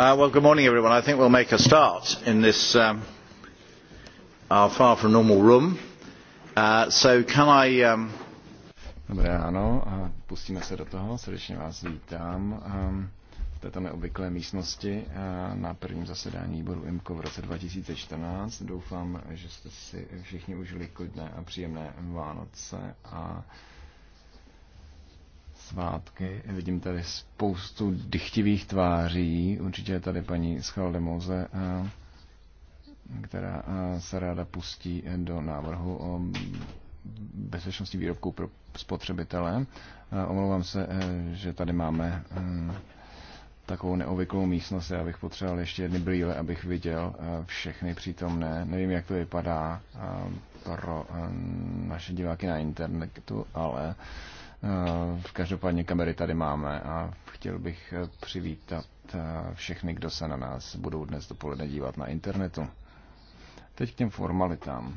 Uh, good morning, everyone. I think will make a start in this um, our far from normal room. Uh, so can I... Um, Dobré ráno, a pustíme se do toho. Srdečně vás vítám um, v této neobvyklé místnosti uh, na prvním zasedání výboru IMCO v roce 2014. Doufám, že jste si všichni užili klidné a příjemné Vánoce a svátky. Vidím tady spoustu dychtivých tváří. Určitě je tady paní Schaldemouze, eh, která eh, se ráda pustí eh, do návrhu o bezpečnosti výrobků pro spotřebitele. Omlouvám se, že tady máme takovou neobvyklou místnost. Já bych potřeboval ještě jedny brýle, abych viděl všechny přítomné. Nevím, jak to vypadá pro naše diváky na internetu, ale v eh, každopádně kamery tady máme a chtěl bych eh, přivítat eh, všechny, kdo se na nás budou dnes dopoledne dívat na internetu. Teď k těm formalitám.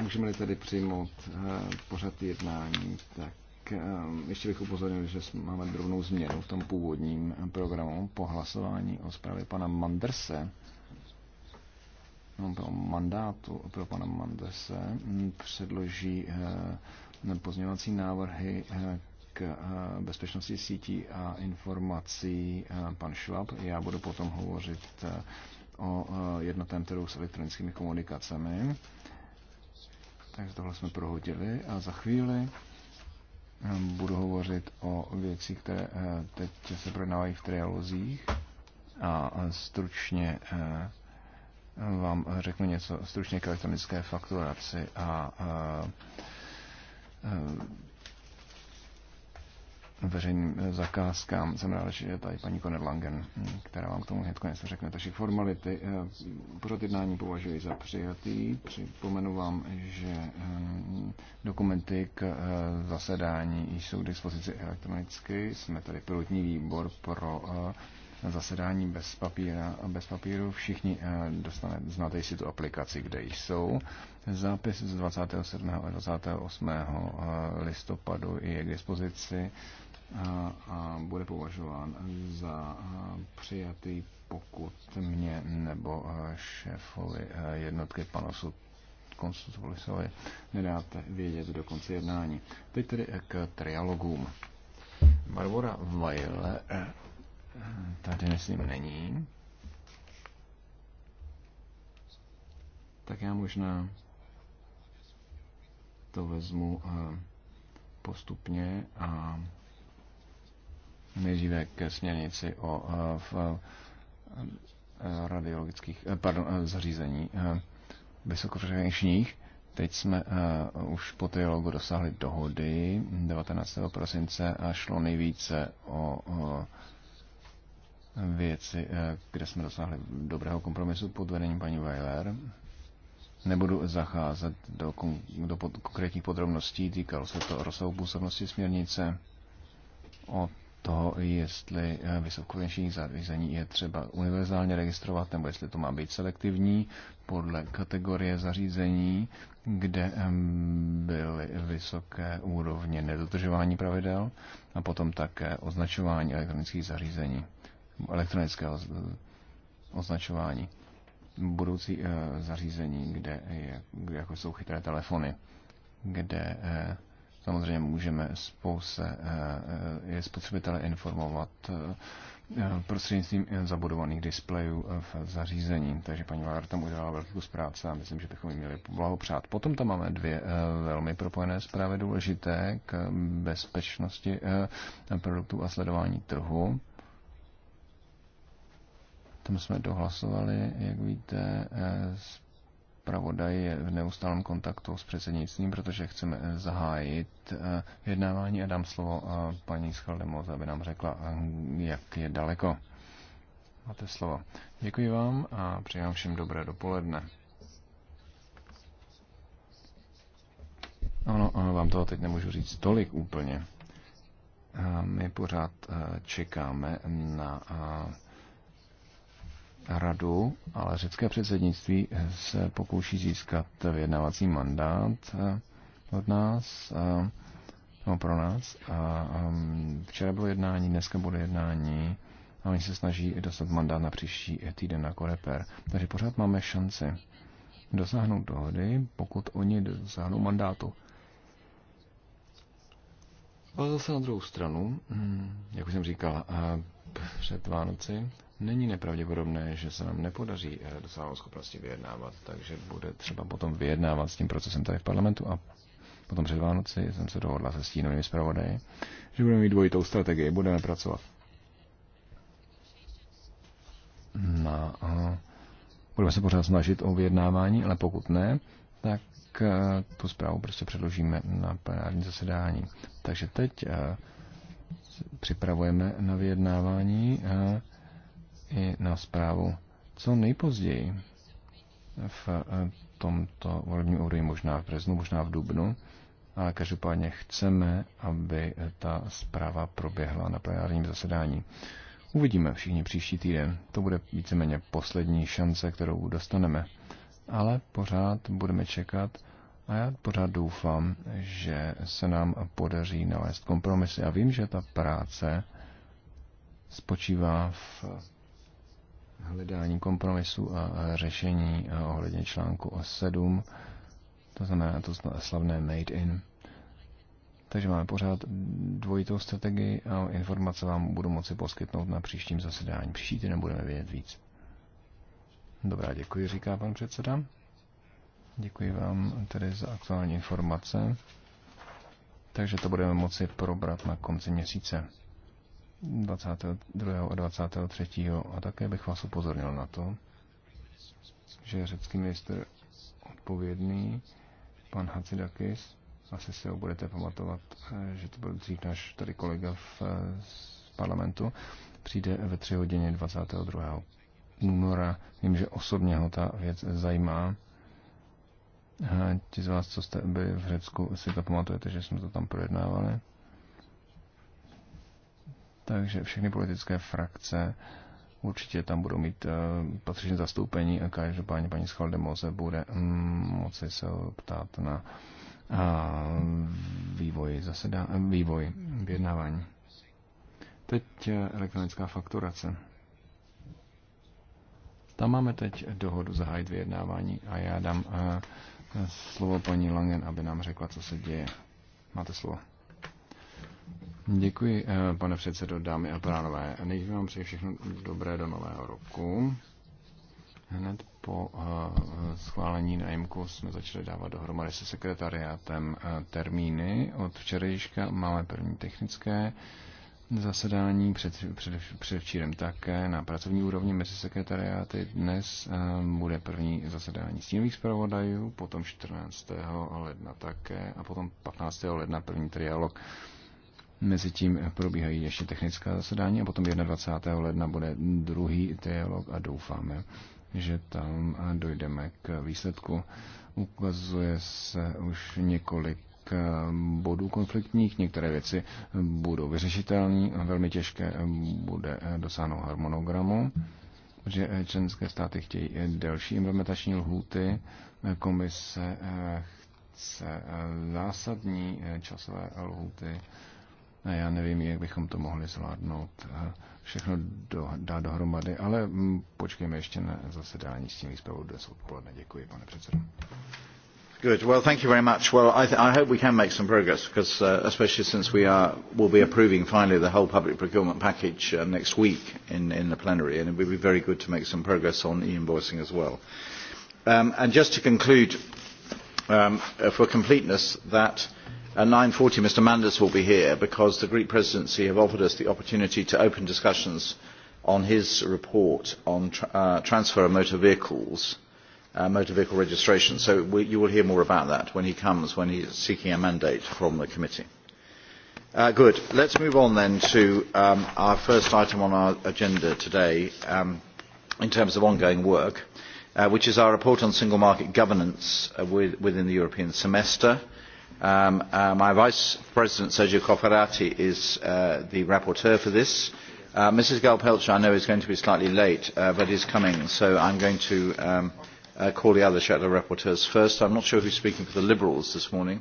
Můžeme-li tady přijmout pořad jednání, tak ještě bych upozornil, že máme drobnou změnu v tom původním programu po hlasování o zprávě pana Manderse toho mandátu pro pana Mandese mm, předloží eh, pozměňovací návrhy eh, k eh, bezpečnosti sítí a informací pan Švab. Já budu potom hovořit o jednotném trhu s elektronickými komunikacemi. Takže tohle jsme prohodili a za chvíli budu hovořit o věci, které teď se projednávají v trialozích a stručně vám řeknu něco stručně k elektronické fakturaci a veřejným zakázkám. Jsem rád, že je tady paní Koner Langen, která vám k tomu hned něco řekne. Takže formality eh, pořad jednání považuji za přijatý. Připomenu vám, že hm, dokumenty k eh, zasedání jsou k dispozici elektronicky. Jsme tady pilotní výbor pro eh, zasedání bez, papíra, bez papíru. Všichni eh, dostane, znáte si tu aplikaci, kde jsou. Zápis z 27. a 28. Eh, listopadu je k dispozici a, eh, a bude považován za přijatý, pokud mě nebo šéfovi jednotky panosu konstituovali nedáte vědět do konce jednání. Teď tedy k trialogům. Barbara Vajle Tady myslím není. Tak já možná to vezmu eh, postupně a nejdříve k směrnici o eh, v eh, radiologických pardon, zařízení vysokofrekvenčních. Teď jsme uh, už po teologu dosáhli dohody 19. prosince a šlo nejvíce o uh, věci, eh, kde jsme dosáhli dobrého kompromisu pod vedením paní Weiler. Nebudu zacházet do, do pod, konkrétních podrobností, týkalo se to rozsahu působnosti směrnice, o toho, jestli eh, vysokovenčních zařízení je třeba univerzálně registrovat, nebo jestli to má být selektivní podle kategorie zařízení, kde ehm, byly vysoké úrovně nedodržování pravidel a potom také označování elektronických zařízení elektronického označování budoucí eh, zařízení, kde, je, kde jako jsou chytré telefony, kde eh, samozřejmě můžeme spouze je eh, spotřebitele informovat prostřednictvím zabudovaných displejů v zařízení. Takže paní Valár tam udělala velký kus práce a myslím, že bychom jí měli blahopřát. Potom tam máme dvě velmi propojené zprávy důležité k bezpečnosti produktů a sledování trhu. Tam jsme dohlasovali, jak víte, eh, zpravodaj je v neustálém kontaktu s předsednictvím, protože chceme eh, zahájit eh, vyjednávání a dám slovo paní Schaldemoz, aby nám řekla, jak je daleko. Máte slovo. Děkuji vám a přeji vám všem dobré dopoledne. Ano, vám toho teď nemůžu říct tolik úplně. My pořád čekáme na radu, ale řecké předsednictví se pokouší získat vyjednávací mandát eh, od nás, eh, no pro nás. A ehm, včera bylo jednání, dneska bude jednání a oni se snaží dostat mandát na příští týden na Koreper. Takže pořád máme šanci dosáhnout dohody, pokud oni dosáhnou mandátu. Ale zase na druhou stranu, hm, jak už jsem říkal, eh, před Vánoci Není nepravděpodobné, že se nám nepodaří eh, dosáhnout schopnosti vyjednávat, takže bude třeba potom vyjednávat s tím procesem tady v parlamentu a potom před Vánoci jsem se dohodla se stínovými zpravodaji, že budeme mít dvojitou strategii, budeme pracovat na, eh, budeme se pořád snažit o vyjednávání, ale pokud ne, tak eh, tu zprávu prostě předložíme na plenární zasedání. Takže teď připravujeme na vyjednávání. A, i na zprávu co nejpozději v eh, tomto volebním období, možná v březnu, možná v dubnu, a každopádně chceme, aby eh, ta zpráva proběhla na plenárním zasedání. Uvidíme všichni příští týden. To bude víceméně poslední šance, kterou dostaneme. Ale pořád budeme čekat a já pořád doufám, že se nám podaří nalézt kompromisy. A vím, že ta práce spočívá v hledání kompromisu a řešení ohledně článku o 7, to znamená to slavné made in. Takže máme pořád dvojitou strategii a informace vám budu moci poskytnout na příštím zasedání. Příští týden budeme vědět víc. Dobrá, děkuji, říká pan předseda. Děkuji vám tedy za aktuální informace. Takže to budeme moci probrat na konci měsíce. 22. a 23. a také bych vás upozornil na to, že řecký minister odpovědný, pan Hacidakis, asi si ho budete pamatovat, že to byl dřív náš tady kolega v, z parlamentu, přijde ve 3 hodině 22. února. Vím, že osobně ho ta věc zajímá. ti z vás, co jste byli v Řecku, si to pamatujete, že jsme to tam projednávali. Takže všechny politické frakce určitě tam budou mít eh, patřičné zastoupení a každopádně paní Schaldemose bude mm, moci se ptát na eh, vývoj, zasedá, vývoj vyjednávání. Teď eh, elektronická fakturace. Tam máme teď dohodu zahájit vyjednávání a já dám slovo paní Langen, aby nám řekla, co se děje. Máte slovo. Děkuji, eh, pane předsedo, dámy a pánové. Nejdřív vám přeji všechno dobré do nového roku. Hned po eh, schválení nájemku jsme začali dávat dohromady se sekretariátem eh, termíny. Od včerejška máme první technické zasedání, před, před, předevčírem také na pracovní úrovni mezi sekretariáty. Dnes bude první zasedání stínových zpravodajů, potom 14. ledna také a potom 15. ledna první trialog. Mezitím probíhají ještě technická zasedání a potom 21. ledna bude druhý dialog a doufáme, že tam dojdeme k výsledku. Ukazuje se už několik eh, bodů konfliktních, některé věci budou vyřešitelné, velmi těžké bude eh, dosáhnout harmonogramu, že eh, členské státy chtějí delší implementační lhůty, komise chce zásadní časové lhůty a já nevím, jak bychom to mohli zvládnout eh, všechno do, dát dohromady, ale mm, počkejme ještě na zasedání s tím výzpravou dnes odpoledne. Děkuji, pane předsedo. Good. Well, thank you very much. Well, I, th- I hope we can make some progress, because uh, especially since we are will be approving finally the whole public procurement package uh, next week in, in the plenary, and it would be very good to make some progress on e-invoicing as well. Um, and just to conclude, um, uh, for completeness, that at nine forty Mr Manders will be here because the Greek presidency has offered us the opportunity to open discussions on his report on tra uh, transfer of motor vehicles, and uh, motor vehicle registration. So you will hear more about that when he comes, when he is seeking a mandate from the committee. Uh, let us move on then to um, our first item on our agenda today um, in terms of ongoing work, which is our report on single market governance within the European semester. Um, uh, my Vice President Sergio Cofferati is uh, the rapporteur for this. Uh, mrs gll pelcz I know, is going to be slightly late, but is coming, so i am going to um, call the other shadow rapporteurs first. i am not sure who is speaking for the Liberals this morning.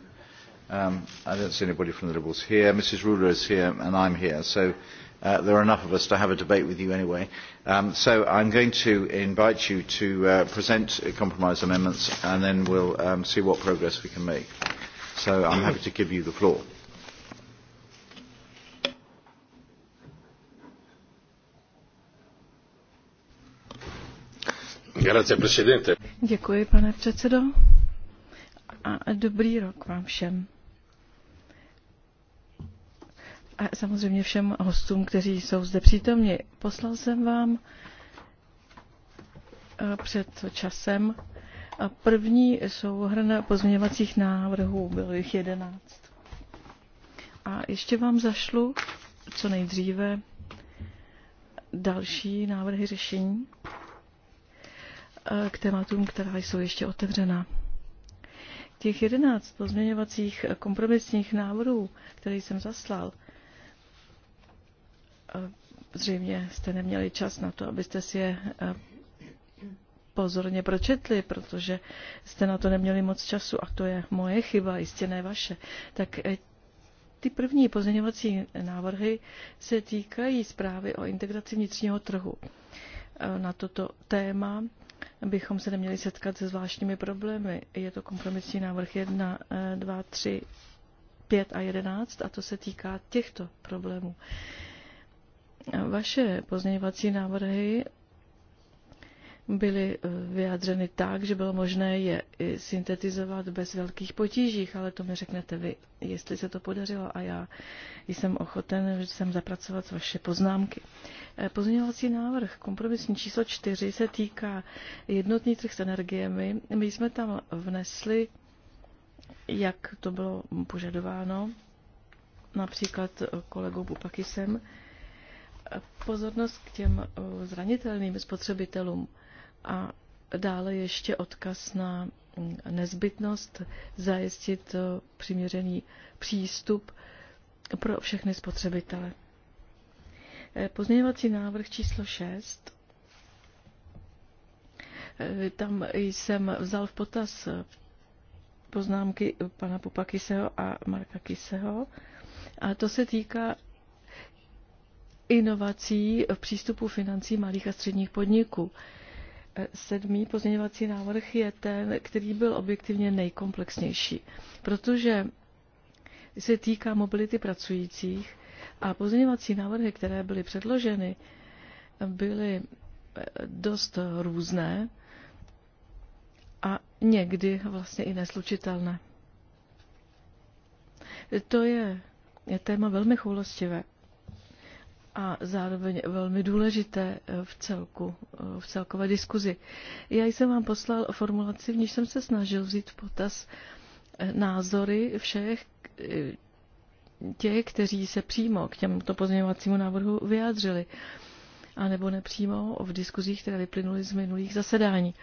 Um, i do not see anybody from the Liberals here. Mrs. rhle is here, and i am here, so there are enough of us to have a debate with you anyway. so i am going to invite you to present compromise amendments, and then we will see what progress we can make. So I'm happy to give you the floor. Děkuji, pane předsedo. A dobrý rok vám všem. A samozřejmě všem hostům, kteří jsou zde přítomni. Poslal jsem vám eh, před časem a první souhrn pozměňovacích návrhů, bylo jich jedenáct. A ještě vám zašlu co nejdříve další návrhy řešení eh, k tématům, která jsou ještě otevřena. Těch jedenáct pozměňovacích kompromisních návrhů, které jsem zaslal, eh, zřejmě jste neměli čas na to, abyste si je eh, pozorně pročetli, protože jste na to neměli moc času a to je moje chyba, jistě ne vaše. Tak eh, ty první pozměňovací návrhy se týkají zprávy o integraci vnitřního trhu. Eh, na toto téma bychom se neměli setkat se zvláštními problémy. Je to kompromisní návrh 1, 2, 3, 5 a 11 a to se týká těchto problémů. Vaše pozměňovací návrhy byly eh, vyjádřeny tak, že bylo možné je syntetizovat bez velkých potíží, ale to mi řeknete vy, jestli se to podařilo a já jsem ochoten, že jsem zapracovat vaše poznámky. Eh, pozměňovací návrh, kompromisní číslo 4, se týká jednotný trh s energiemi. My jsme tam vnesli, jak to bylo požadováno, například eh, kolegou Bupakisem, pozornost k těm zranitelným spotřebitelům. A dále ještě odkaz na nezbytnost zajistit eh, přiměřený přístup pro všechny spotřebitele. Eh, pozměňovací návrh číslo 6. Eh, tam jsem vzal v potaz poznámky pana Pupa Kiseho a Marka Kiseho. A to se týká inovací v přístupu financí malých a středních podniků. Sedmý pozměňovací návrh je ten, který byl objektivně nejkomplexnější, protože se týká mobility pracujících a pozměňovací návrhy, které byly předloženy, byly eh, dost různé a někdy vlastně i neslučitelné. To je, je téma velmi choulostivé a zároveň velmi důležité eh, v, celku, eh, v celkové diskuzi. Já jsem vám poslal formulaci, v níž jsem se snažil vzít v potaz eh, názory všech těch, kteří se přímo k těmto pozměňovacímu návrhu vyjádřili a nebo nepřímo v diskuzích, které vyplynuly z minulých zasedání.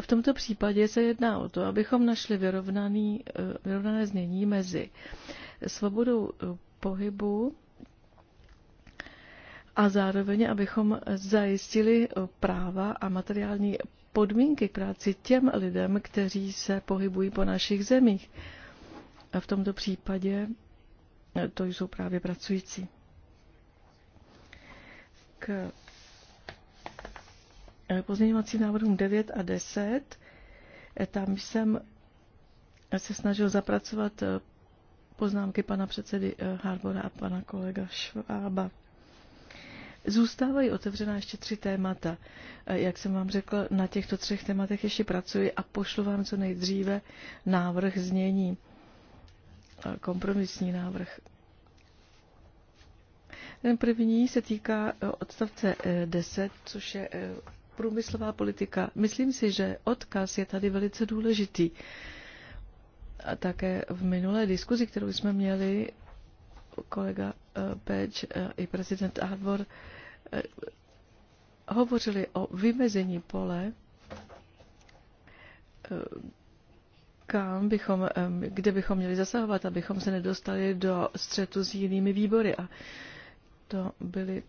V tomto případě se jedná o to, abychom našli vyrovnaný, vyrovnané znění mezi svobodou pohybu a zároveň, abychom zajistili eh, práva a materiální podmínky k práci těm lidem, kteří se pohybují po našich zemích. A v tomto případě eh, to jsou právě pracující. K eh, pozměňovacím návrhům 9 a 10, tam jsem se snažil zapracovat poznámky pana předsedy Harbora a pana kolega Švába. Zůstávají otevřená ještě tři témata. Eh, jak jsem vám řekla, na těchto třech tématech ještě pracuji a pošlu vám co nejdříve návrh znění, eh, kompromisní návrh. Ten první se týká eh, odstavce 10, což je průmyslová politika. Myslím si, že odkaz je tady velice důležitý. A také v minulé diskuzi, kterou jsme měli, kolega Beč eh, eh, i prezident Arbor eh, hovořili o vymezení pole, kam bychom, kde bychom měli zasahovat, abychom se nedostali do střetu s jinými výbory. A to byly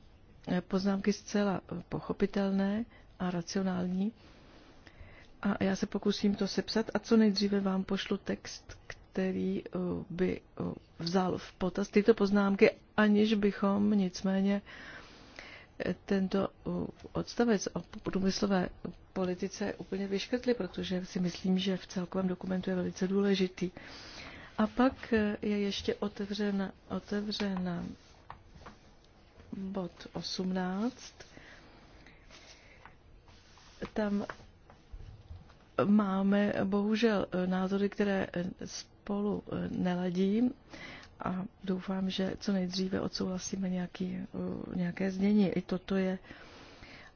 poznámky zcela pochopitelné a racionální. A já se pokusím to sepsat a co nejdříve vám pošlu text, který eh, by eh, vzal v potaz tyto poznámky, aniž bychom nicméně eh, tento odstavec o průmyslové politice úplně vyškrtli, protože si myslím, že v celkovém dokumentu je velice důležitý. A pak je ještě otevřena, otevřena bod 18. Tam máme bohužel názory, které spolu eh, neladí a doufám, že co nejdříve odsouhlasíme nějaký, eh, nějaké změny. I toto je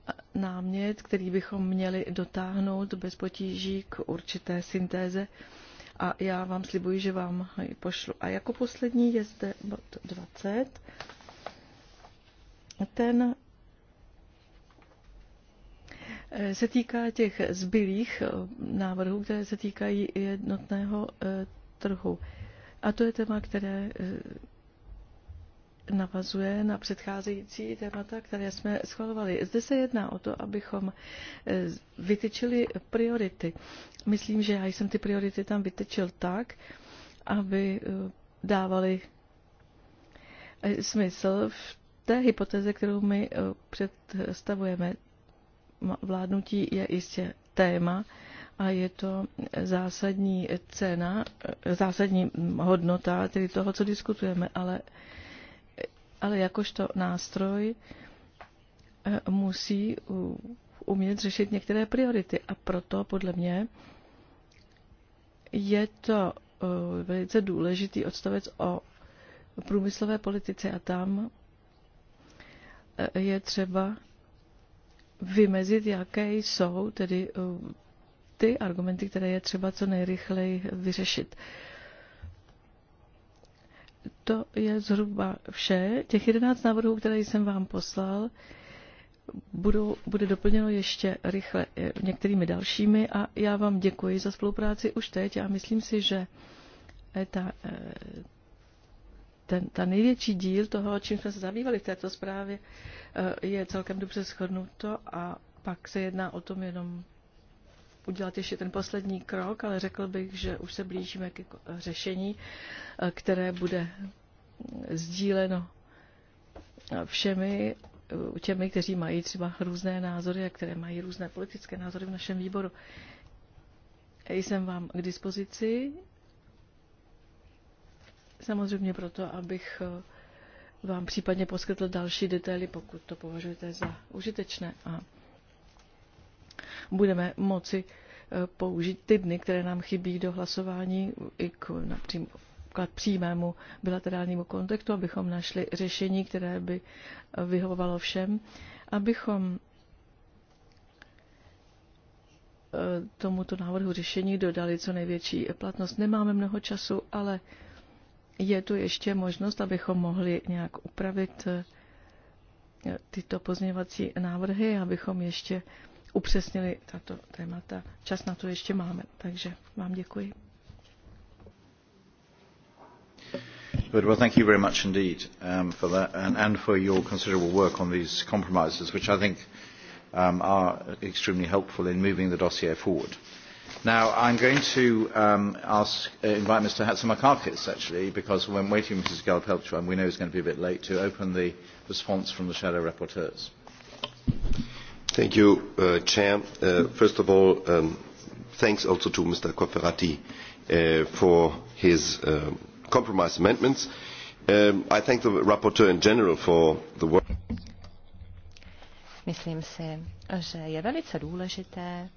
eh, námět, který bychom měli dotáhnout bez potíží k určité syntéze a já vám slibuji, že vám ji pošlu. A jako poslední je zde bod 20. Ten se týká těch zbylých návrhů, které se týkají jednotného trhu. A to je téma, které eh, navazuje na předcházející témata, které jsme schvalovali. Zde se jedná o to, abychom eh, vytyčili priority. Myslím, že já jsem ty priority tam vytyčil tak, aby eh, dávali smysl v té hypotéze, kterou my představujeme. Vládnutí je jistě téma, a je to zásadní cena, zásadní hodnota tedy toho, co diskutujeme, ale, ale jakožto nástroj eh, musí umět řešit některé priority a proto podle mě je to eh, velice důležitý odstavec o průmyslové politice a tam eh, je třeba vymezit, jaké jsou tedy ty argumenty, které je třeba co nejrychleji vyřešit. To je zhruba vše. Těch 11 návrhů, které jsem vám poslal, budou, bude doplněno ještě rychle eh, některými dalšími a já vám děkuji za spolupráci už teď a myslím si, že eh, ta, eh, ten, ta největší díl toho, čím jsme se zabývali v této zprávě, je celkem dobře shodnuto a pak se jedná o tom jenom udělat ještě ten poslední krok, ale řekl bych, že už se blížíme k řešení, eh, které bude sdíleno eh, všemi eh, těmi, kteří mají třeba různé názory a které mají různé politické názory v našem výboru. Jsem vám k dispozici, samozřejmě proto, abych vám případně poskytl další detaily, pokud to považujete za užitečné. A budeme moci eh, použít ty dny, které nám chybí do hlasování i k například přímému bilaterálnímu kontaktu, abychom našli řešení, které by eh, vyhovovalo všem, abychom eh, tomuto návrhu řešení dodali co největší platnost. Nemáme mnoho času, ale je tu ještě možnost, abychom mohli nějak upravit tyto pozměňovací návrhy, abychom ještě upřesnili tato témata. Čas na to ještě máme, takže vám děkuji. But, Well, thank you very much indeed um, for that and, and for your considerable work on these compromises, which I think um, are extremely helpful in moving the dossier forward. Now, I'm going to um, ask, uh, invite Mr. Hatzimakakis, actually, because when waiting for Mrs. Galpelchuan, we know it's going to be a bit late, to open the response from the shadow rapporteurs. Thank you, uh, Chair. Uh, first of all, um, thanks also to Mr. Cofferati uh, for his um, compromise amendments. Um, I thank the rapporteur in general for the work. Myslím si, že je velice důležité,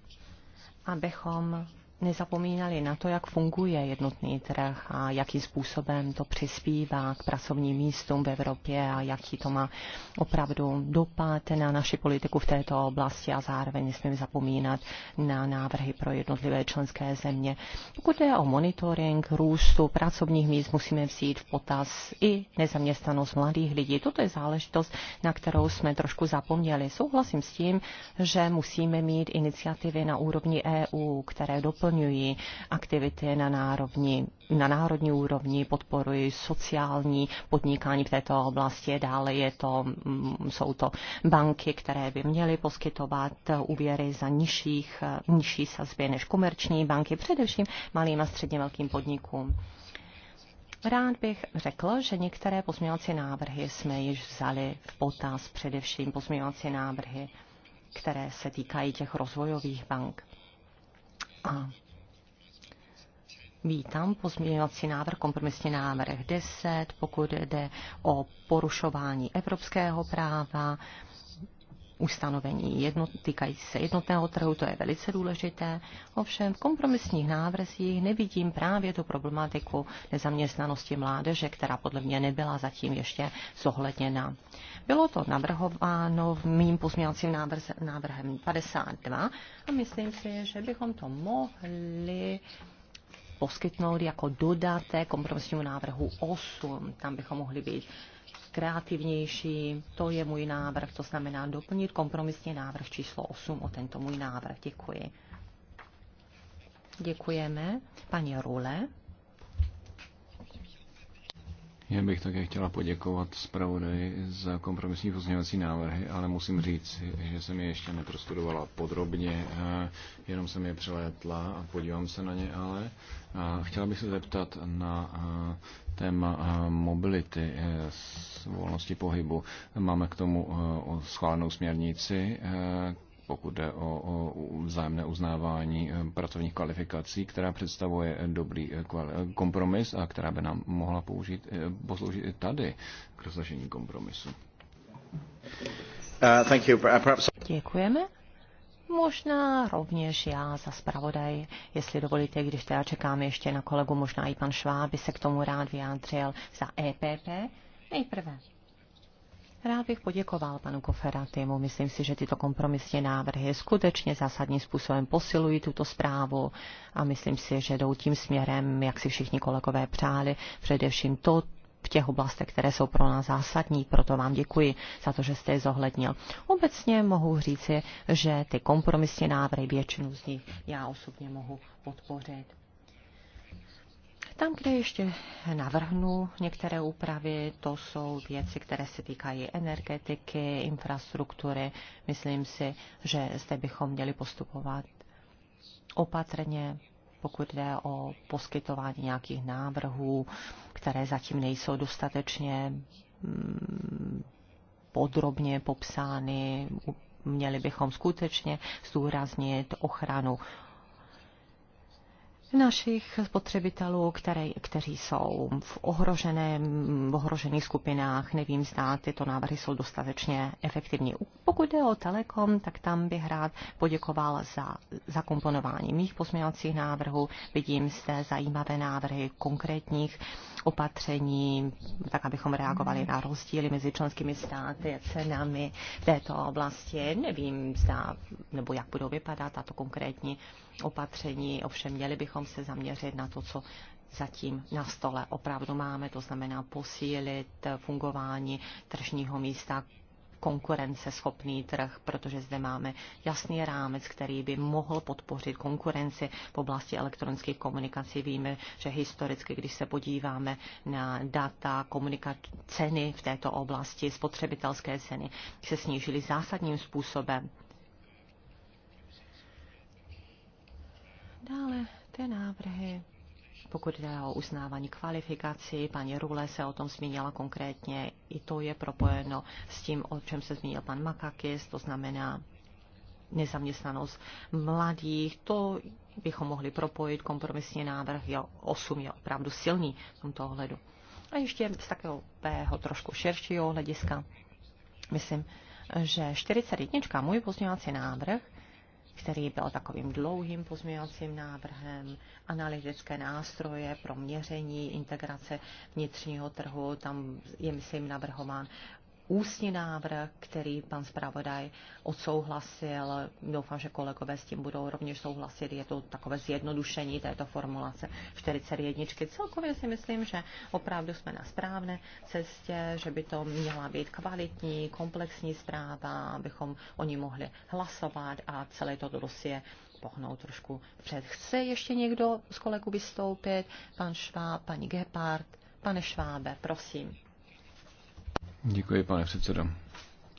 abychom nezapomínali na to, jak funguje jednotný trh a jakým způsobem to přispívá k pracovním místům v Evropě a jaký to má opravdu dopad na naši politiku v této oblasti a zároveň nesmím zapomínat na návrhy pro jednotlivé členské země. Pokud jde o monitoring růstu pracovních míst, musíme vzít v potaz i nezaměstnanost mladých lidí. Toto je záležitost, na kterou jsme trošku zapomněli. Souhlasím s tím, že musíme mít iniciativy na úrovni EU, které doplňují doplňují aktivity na národní, na národní úrovni, podporují sociální podnikání v této oblasti. Dále je to, mm, jsou to banky, které by měly poskytovat úvěry za nižších, nižší sazby než komerční banky, především malým a středně velkým podnikům. Rád bych řekl, že některé pozměňovací návrhy jsme již vzali v potaz, především pozměňovací návrhy, které se týkají těch rozvojových bank. A vítám pozměňovací návrh, kompromisní návrh 10, pokud jde o porušování evropského práva, ustanovení jednot, týkající se jednotného trhu, to je velice důležité. Ovšem v kompromisních návrzích nevidím právě tu problematiku nezaměstnanosti mládeže, která podle mě nebyla zatím ještě zohledněna. Bylo to navrhováno v mým pozměňovacím návrhem 52 a myslím si, že bychom to mohli poskytnout jako dodatek kompromisního návrhu 8. Tam bychom mohli být kreativnější. To je můj návrh, to znamená doplnit kompromisní návrh číslo 8 o tento můj návrh. Děkuji. Děkujeme. Paní Rule. Já bych také chtěla poděkovat zpravodaji za kompromisní pozměňovací návrhy, ale musím říct, že jsem je ještě neprostudovala podrobně, jenom jsem je přelétla a podívám se na ně, ale chtěla bych se zeptat na téma mobility, e, volnosti pohybu. Máme k tomu e, schválenou směrnici, e, pokud jde o, o vzájemné uznávání eh, pracovních kvalifikací, která představuje dobrý eh, eh, kompromis a která by nám mohla použít, posloužit i tady k dosažení kompromisu. Uh, uh, Děkujeme. Možná rovněž já za zpravodaj, jestli dovolíte, když teda čekám ještě na kolegu, možná i pan Šváb by se k tomu rád vyjádřil za EPP. Nejprve Rád bych poděkoval panu Koferatimu. Myslím si, že tyto kompromisní návrhy skutečně zásadním způsobem posilují tuto zprávu a myslím si, že jdou tím směrem, jak si všichni kolegové přáli, především to, v těch oblastech, které jsou pro nás zásadní, proto vám děkuji za to, že jste je zohlednil. Obecně mohu říci, že ty kompromisní návrhy většinu z nich já osobně mohu podpořit. Tam, kde ještě navrhnu některé úpravy, to jsou věci, které se týkají energetiky, infrastruktury. Myslím si, že zde bychom měli postupovat opatrně, pokud jde o poskytování nějakých návrhů, které zatím nejsou dostatečně mm, podrobně popsány. Měli bychom skutečně zdůraznit ochranu našich spotřebitelů, které, kteří jsou v, ohroženém, v ohrožených skupinách. Nevím, zda tyto návrhy jsou dostatečně efektivní. Pokud jde o Telekom, tak tam bych rád poděkoval za zakomponování mých pozměňovacích návrhů. Vidím zde zajímavé návrhy konkrétních opatření, tak abychom reagovali na rozdíly mezi členskými státy a cenami této oblasti. Nevím, zda, nebo jak budou vypadat tato konkrétní opatření, ovšem měli bychom se zaměřit na to, co zatím na stole opravdu máme, to znamená posílit fungování tržního místa, konkurenceschopný trh, protože zde máme jasný rámec, který by mohl podpořit konkurenci v oblasti elektronických komunikací. Víme, že historicky, když se podíváme na data, komunikace, ceny v této oblasti, spotřebitelské ceny se snížily zásadním způsobem Dále ty návrhy, pokud jde o uznávání kvalifikací, paní Rule se o tom zmínila konkrétně, i to je propojeno s tím, o čem se zmínil pan Makakis, to znamená nezaměstnanost mladých, to bychom mohli propojit, kompromisní návrh je 8 je opravdu silný v tomto ohledu. A ještě z takového trošku širšího hlediska, myslím, že 41, můj pozměňovací návrh, který byl takovým dlouhým pozměňovacím návrhem, analytické nástroje pro měření integrace vnitřního trhu, tam je, myslím, navrhován ústní návrh, který pan zpravodaj odsouhlasil. Doufám, že kolegové s tím budou rovněž souhlasit. Je to takové zjednodušení této formulace 41. Celkově si myslím, že opravdu jsme na správné cestě, že by to měla být kvalitní, komplexní zpráva, abychom o ní mohli hlasovat a celé to dosie pohnout trošku před. Chce ještě někdo z kolegů vystoupit? Pan Šváb, paní Gepard, pane Švábe, prosím. Děkuji, pane předsedo.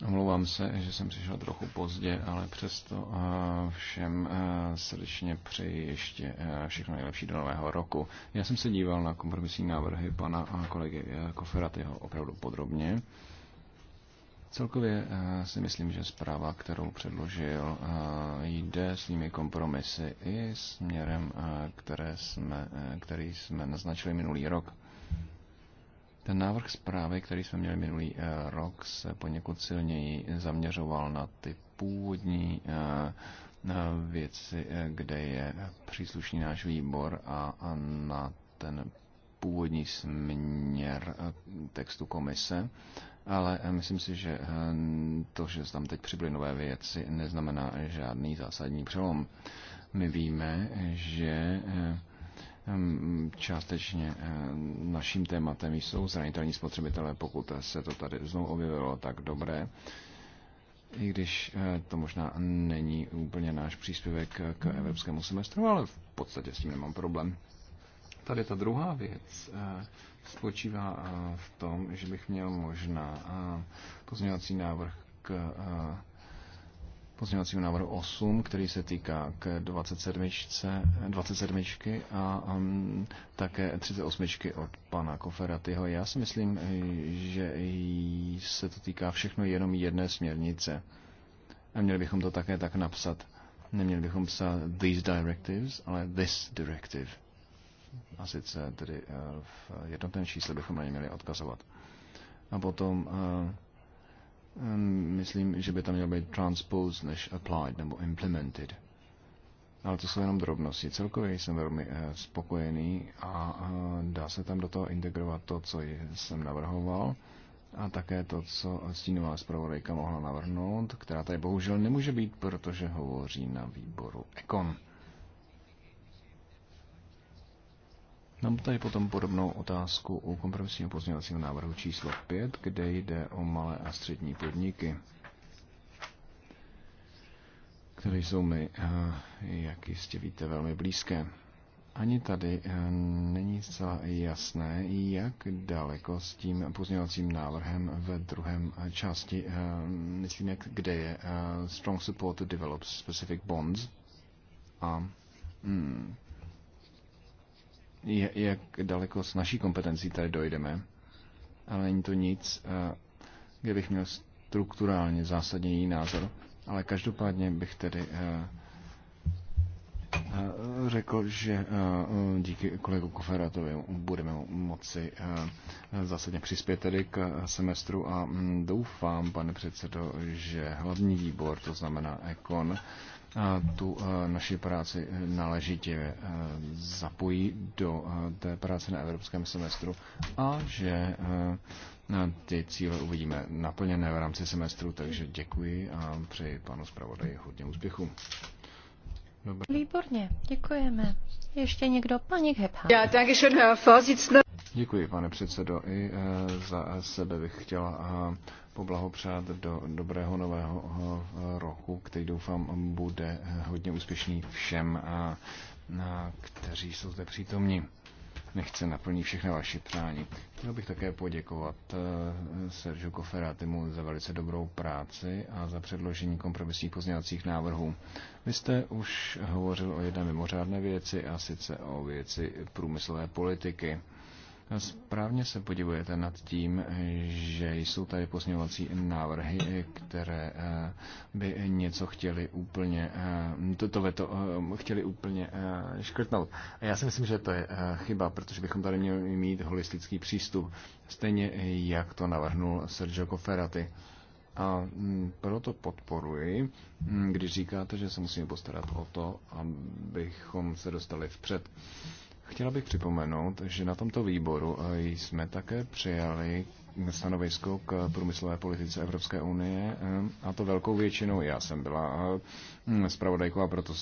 Omlouvám se, že jsem přišel trochu pozdě, ale přesto eh, všem eh, srdečně přeji ještě eh, všechno nejlepší do nového roku. Já jsem se díval na kompromisní návrhy pana kolegy Koferatyho opravdu podrobně. Celkově si myslím, že zpráva, kterou předložil, jde svými kompromisy i směrem, které jsme, který jsme naznačili minulý rok. Ten návrh zprávy, který jsme měli minulý eh, rok, se poněkud silněji zaměřoval na ty původní eh, eh, věci, kde je příslušný náš výbor a na ten původní směr textu komise, ale myslím si, že to, že tam teď přibyly nové věci, neznamená žádný zásadní přelom. My víme, že Ehm, částečně ehm, naším tématem jsou zranitelní spotřebitelé, pokud se to tady znovu objevilo tak dobré. I když eh, to možná není úplně náš příspěvek k evropskému semestru, ale v podstatě s tím nemám problém. Tady ta druhá věc eh, spočívá eh, v tom, že bych měl možná pozměňovací návrh k pozměňovacímu návrhu 8, který se týká k 27, 27 a um, také 38 od pana Koferatyho. Já si myslím, že se to týká všechno jenom jedné směrnice. A měli bychom to také tak napsat. Neměli bychom psát these directives, ale this directive. A sice tedy eh, v jednotném čísle bychom na ně měli odkazovat. A potom uh, Ehm, myslím, že by tam měl být transpose než applied nebo implemented. Ale to jsou jenom drobnosti. Celkově jsem velmi eh, spokojený a eh, dá se tam do toho integrovat to, co jsem navrhoval a také to, co stínová zpravodajka mohla navrhnout, která tady bohužel nemůže být, protože hovoří na výboru econ. Mám tady potom podobnou otázku u kompromisního pozměňovacího návrhu číslo 5, kde jde o malé a střední podniky, které jsou mi, eh, jak jistě víte, velmi blízké. Ani tady eh, není zcela jasné, jak daleko s tím pozměňovacím návrhem ve druhém eh, části, myslím, jak kde je Strong Support to Develop Specific Bonds a hmm, jak daleko s naší kompetencí tady dojdeme, ale není to nic, eh, kde bych měl strukturálně zásadně jiný názor, ale každopádně bych tedy eh, eh, řekl, že díky kolegu Koferatovi budeme moci zásadně přispět tedy k semestru a mm, doufám, pane předsedo, že hlavní výbor, to znamená Ekon, tu e, naši práci e, náležitě e, zapojí do té práce na evropském semestru a že ty cíle uvidíme naplněné v rámci semestru, takže děkuji a přeji panu zpravodaji hodně úspěchů. Dobrý. Výborně, děkujeme. Ještě někdo? Paní Gebhardt. Děkuji, pane předsedo. I za sebe bych chtěla poblahopřát do dobrého nového eh, roku, který doufám bude eh, hodně úspěšný všem, eh, a, a, kteří jsou zde přítomní. Nechce naplnit všechny vaše přání. Chtěl bych také poděkovat Seržu Koferatimu za velice dobrou práci a za předložení kompromisních pozněvacích návrhů. Vy jste už hovořil o jedné mimořádné věci a sice o věci průmyslové politiky Správně se podívujete nad tím, že jsou tady pozměňovací návrhy, které eh, by něco chtěli úplně, toto eh, veto eh, chtěli úplně škrtnout. A já si myslím, že to je chyba, protože bychom tady měli mít holistický přístup, stejně jak to navrhnul Sergio Coferati. A mm, proto podporuji, mm, když říkáte, že se musíme postarat o to, abychom se dostali vpřed. Chtěla bych připomenout, že na tomto výboru eh, jsme také přijali stanovisko k průmyslové politice Evropské unie eh, a to velkou většinou. Já jsem byla eh, mm, zpravodajkou a proto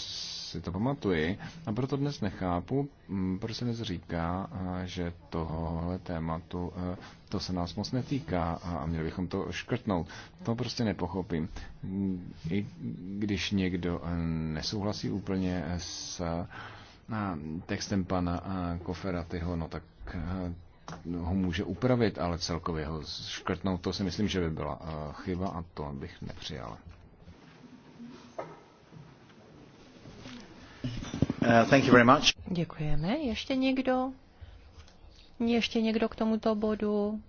si to pamatuji a proto dnes nechápu, mm, proč se dnes říká, že tohohle tématu to se nás moc netýká a měli bychom to škrtnout. To prostě nepochopím. I když někdo nesouhlasí úplně s textem pana Koferatyho, no tak ho může upravit, ale celkově ho škrtnout, to si myslím, že by byla chyba a to bych nepřijal. Uh, thank you very much. Děkujeme. Ještě někdo? Ještě někdo k tomuto bodu?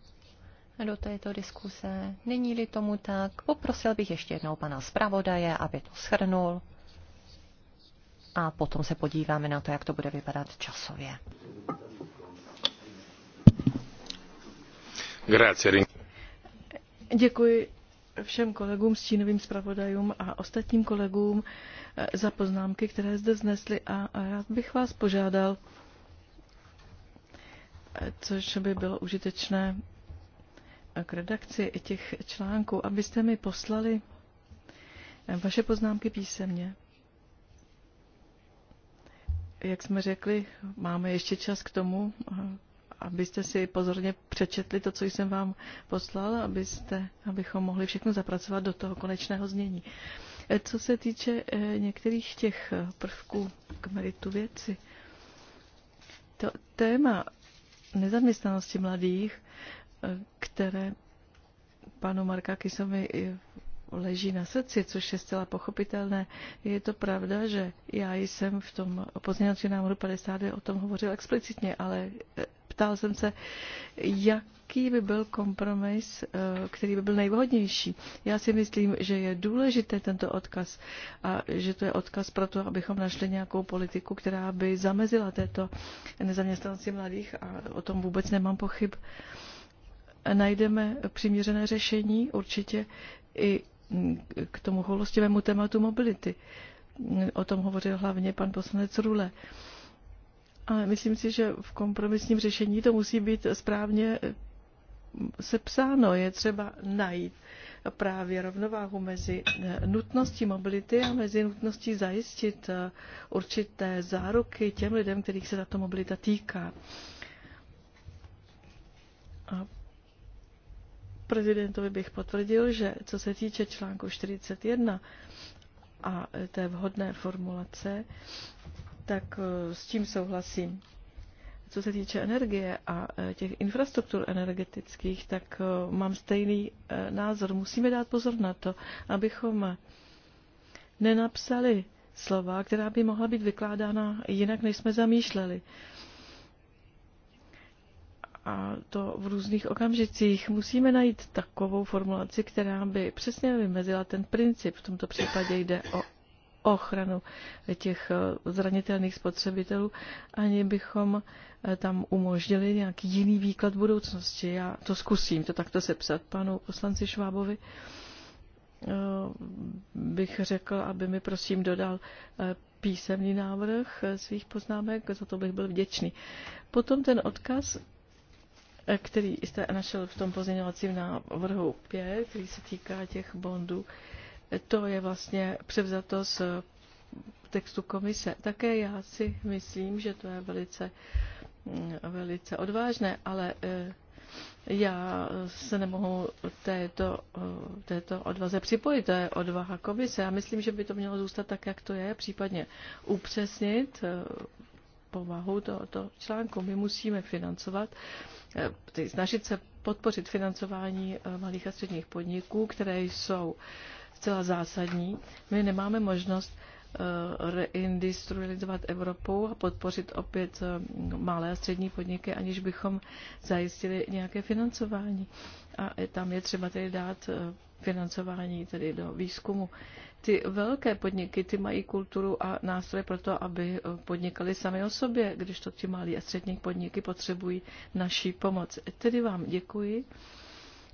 do této diskuse. Není-li tomu tak, poprosil bych ještě jednou pana zpravodaje, aby to shrnul a potom se podíváme na to, jak to bude vypadat časově. Grazie. Děkuji všem kolegům, stínovým zpravodajům a ostatním kolegům eh, za poznámky, které zde znesli a rád bych vás požádal, eh, což by bylo užitečné eh, k redakci těch článků, abyste mi poslali vaše poznámky písemně jak jsme řekli, máme ještě čas k tomu, abyste si pozorně přečetli to, co jsem vám poslal, abyste, abychom mohli všechno zapracovat do toho konečného znění. E, co se týče e, některých těch prvků k meritu věci, to téma nezaměstnanosti mladých, e, které panu Markakisovi leží na srdci, což je zcela pochopitelné. Je to pravda, že já jsem v tom pozměňovacím návrhu 52 o tom hovořil explicitně, ale e, ptal jsem se, jaký by byl kompromis, e, který by byl nejvhodnější. Já si myslím, že je důležité tento odkaz a že to je odkaz pro to, abychom našli nějakou politiku, která by zamezila této nezaměstnanosti mladých a o tom vůbec nemám pochyb. Najdeme přiměřené řešení, určitě i k tomu holostivému tématu mobility. O tom hovořil hlavně pan poslanec Rule. Ale myslím si, že v kompromisním řešení to musí být správně eh, sepsáno. Je třeba najít právě rovnováhu mezi eh, nutností mobility a mezi nutností zajistit eh, určité záruky těm lidem, kterých se tato mobilita týká. prezidentovi bych potvrdil, že co se týče článku 41 a té vhodné formulace, tak e, s tím souhlasím. Co se týče energie a e, těch infrastruktur energetických, tak e, mám stejný názor. Musíme dát pozor na to, abychom nenapsali slova, která by mohla být vykládána jinak, než jsme zamýšleli. Uh, a to v různých okamžicích. Musíme najít takovou formulaci, která by přesně vymezila ten princip. V tomto případě jde o ochranu těch eh, zranitelných spotřebitelů, ani bychom eh, tam umožnili nějaký jiný výklad budoucnosti. Já to zkusím to takto sepsat panu poslanci Švábovi. Eh, bych řekl, aby mi prosím dodal písemný návrh svých poznámek, za to bych byl vděčný. Potom ten odkaz Eh, který jste našel v tom pozměňovacím návrhu 5, který se týká těch bondů. To je vlastně převzato z textu komise. Také já si myslím, že to je velice, mm, velice odvážné, ale eh, já se nemohu této, eh, této odvaze připojit, to je odvaha komise. Já myslím, že by to mělo zůstat tak, jak to je, případně upřesnit povahu tohoto článku. My musíme financovat uh, Eh, snažit se podpořit financování eh, malých a středních podniků, které jsou zcela zásadní. My nemáme možnost eh, reindustrializovat Evropu a podpořit opět malé a střední podniky, aniž bychom zajistili nějaké financování. A tam je třeba tedy dát financování tedy do výzkumu. Ty velké podniky, ty mají kulturu a nástroje pro to, aby eh, podnikali sami o sobě, když to ty malí a střední podniky potřebují naší pomoc. Tedy vám děkuji.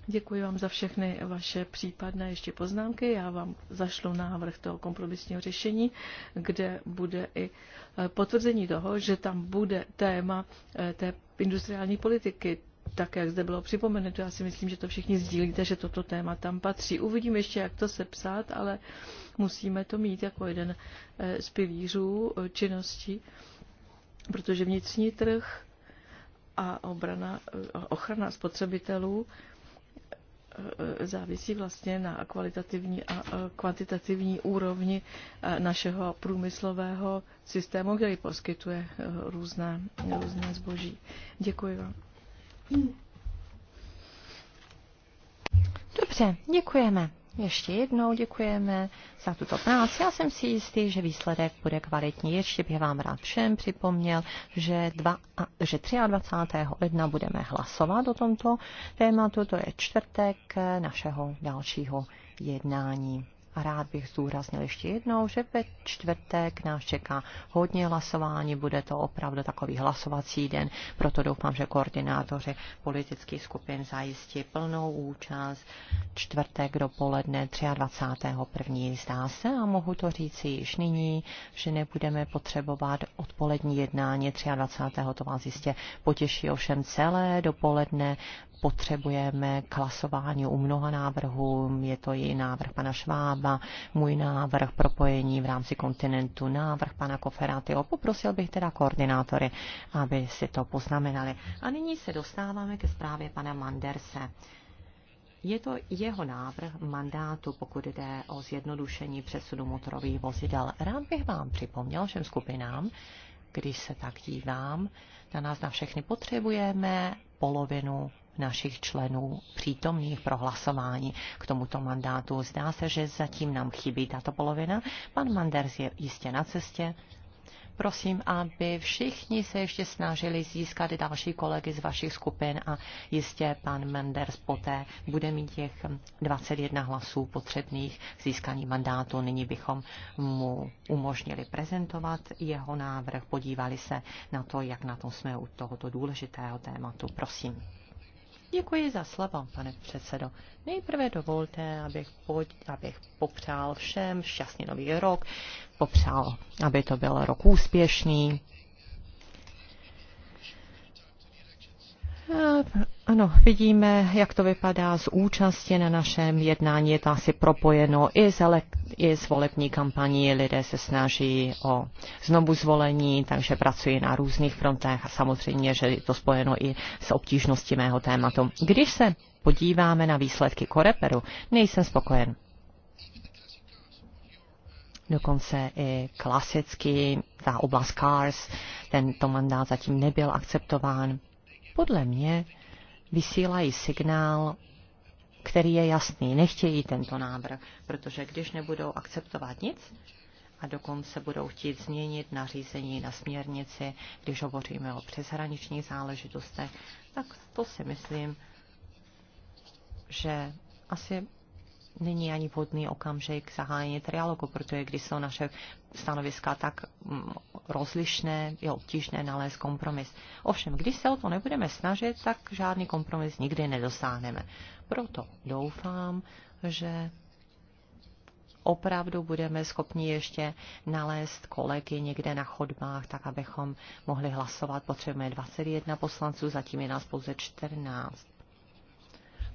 Děkuji vám za všechny vaše případné ještě poznámky. Já vám zašlu návrh toho kompromisního řešení, kde bude i eh, potvrzení toho, že tam bude téma eh, té industriální politiky tak, jak zde bylo připomenuto, já si myslím, že to všichni sdílíte, že toto téma tam patří. Uvidíme ještě, jak to sepsat, ale musíme to mít jako jeden eh, z pilířů eh, činnosti, protože vnitřní trh a obrana, eh, ochrana spotřebitelů závisí vlastně na kvalitativní a kvantitativní úrovni našeho průmyslového systému, který poskytuje různé, různé zboží. Děkuji vám. Dobře, děkujeme. Ještě jednou děkujeme za tuto práci. Já jsem si jistý, že výsledek bude kvalitní. Ještě bych vám rád všem připomněl, že, dva, že 23. ledna budeme hlasovat o tomto tématu. To je čtvrtek našeho dalšího jednání a rád bych zúraznil ještě jednou, že ve čtvrtek nás čeká hodně hlasování, bude to opravdu takový hlasovací den, proto doufám, že koordinátoři politických skupin zajistí plnou účast čtvrtek dopoledne 23.1. zdá se a mohu to říci již nyní, že nebudeme potřebovat odpolední jednání 23. to vás jistě potěší ovšem celé dopoledne potřebujeme k hlasování u mnoha návrhů. Je to i návrh pana Švába, můj návrh propojení v rámci kontinentu, návrh pana Koferátyho. Poprosil bych teda koordinátory, aby si to poznamenali. A nyní se dostáváme ke zprávě pana Manderse. Je to jeho návrh mandátu, pokud jde o zjednodušení přesunu motorových vozidel. Rád bych vám připomněl všem skupinám, když se tak dívám, na nás na všechny potřebujeme polovinu našich členů přítomných pro hlasování k tomuto mandátu. Zdá se, že zatím nám chybí tato polovina. Pan Manders je jistě na cestě. Prosím, aby všichni se ještě snažili získat další kolegy z vašich skupin a jistě pan Menders poté bude mít těch 21 hlasů potřebných k získání mandátu. Nyní bychom mu umožnili prezentovat jeho návrh, podívali se na to, jak na tom jsme u tohoto důležitého tématu. Prosím. Děkuji za slovo, pane předsedo. Nejprve dovolte, abych, pod, abych popřál všem šťastný nový rok, popřál, aby to byl rok úspěšný. Ano, vidíme, jak to vypadá z účastí na našem jednání. Je to asi propojeno i s, elek- i s volební kampaní. Lidé se snaží o znovu zvolení, takže pracují na různých frontách a samozřejmě, že je to spojeno i s obtížností mého tématu. Když se podíváme na výsledky Koreperu, nejsem spokojen. Dokonce i klasicky, ta oblast CARS, tento mandát zatím nebyl akceptován. Podle mě vysílají signál, který je jasný. Nechtějí tento návrh, protože když nebudou akceptovat nic, a dokonce budou chtít změnit nařízení na směrnici, když hovoříme o přeshraničních záležitostech, tak to si myslím, že asi není ani vhodný okamžik zahájení trialogu, protože když jsou naše stanoviska tak mm, rozlišné, je obtížné nalézt kompromis. Ovšem, když se o to nebudeme snažit, tak žádný kompromis nikdy nedosáhneme. Proto doufám, že opravdu budeme schopni ještě nalézt kolegy někde na chodbách, tak abychom mohli hlasovat. Potřebujeme 21 poslanců, zatím je nás pouze 14.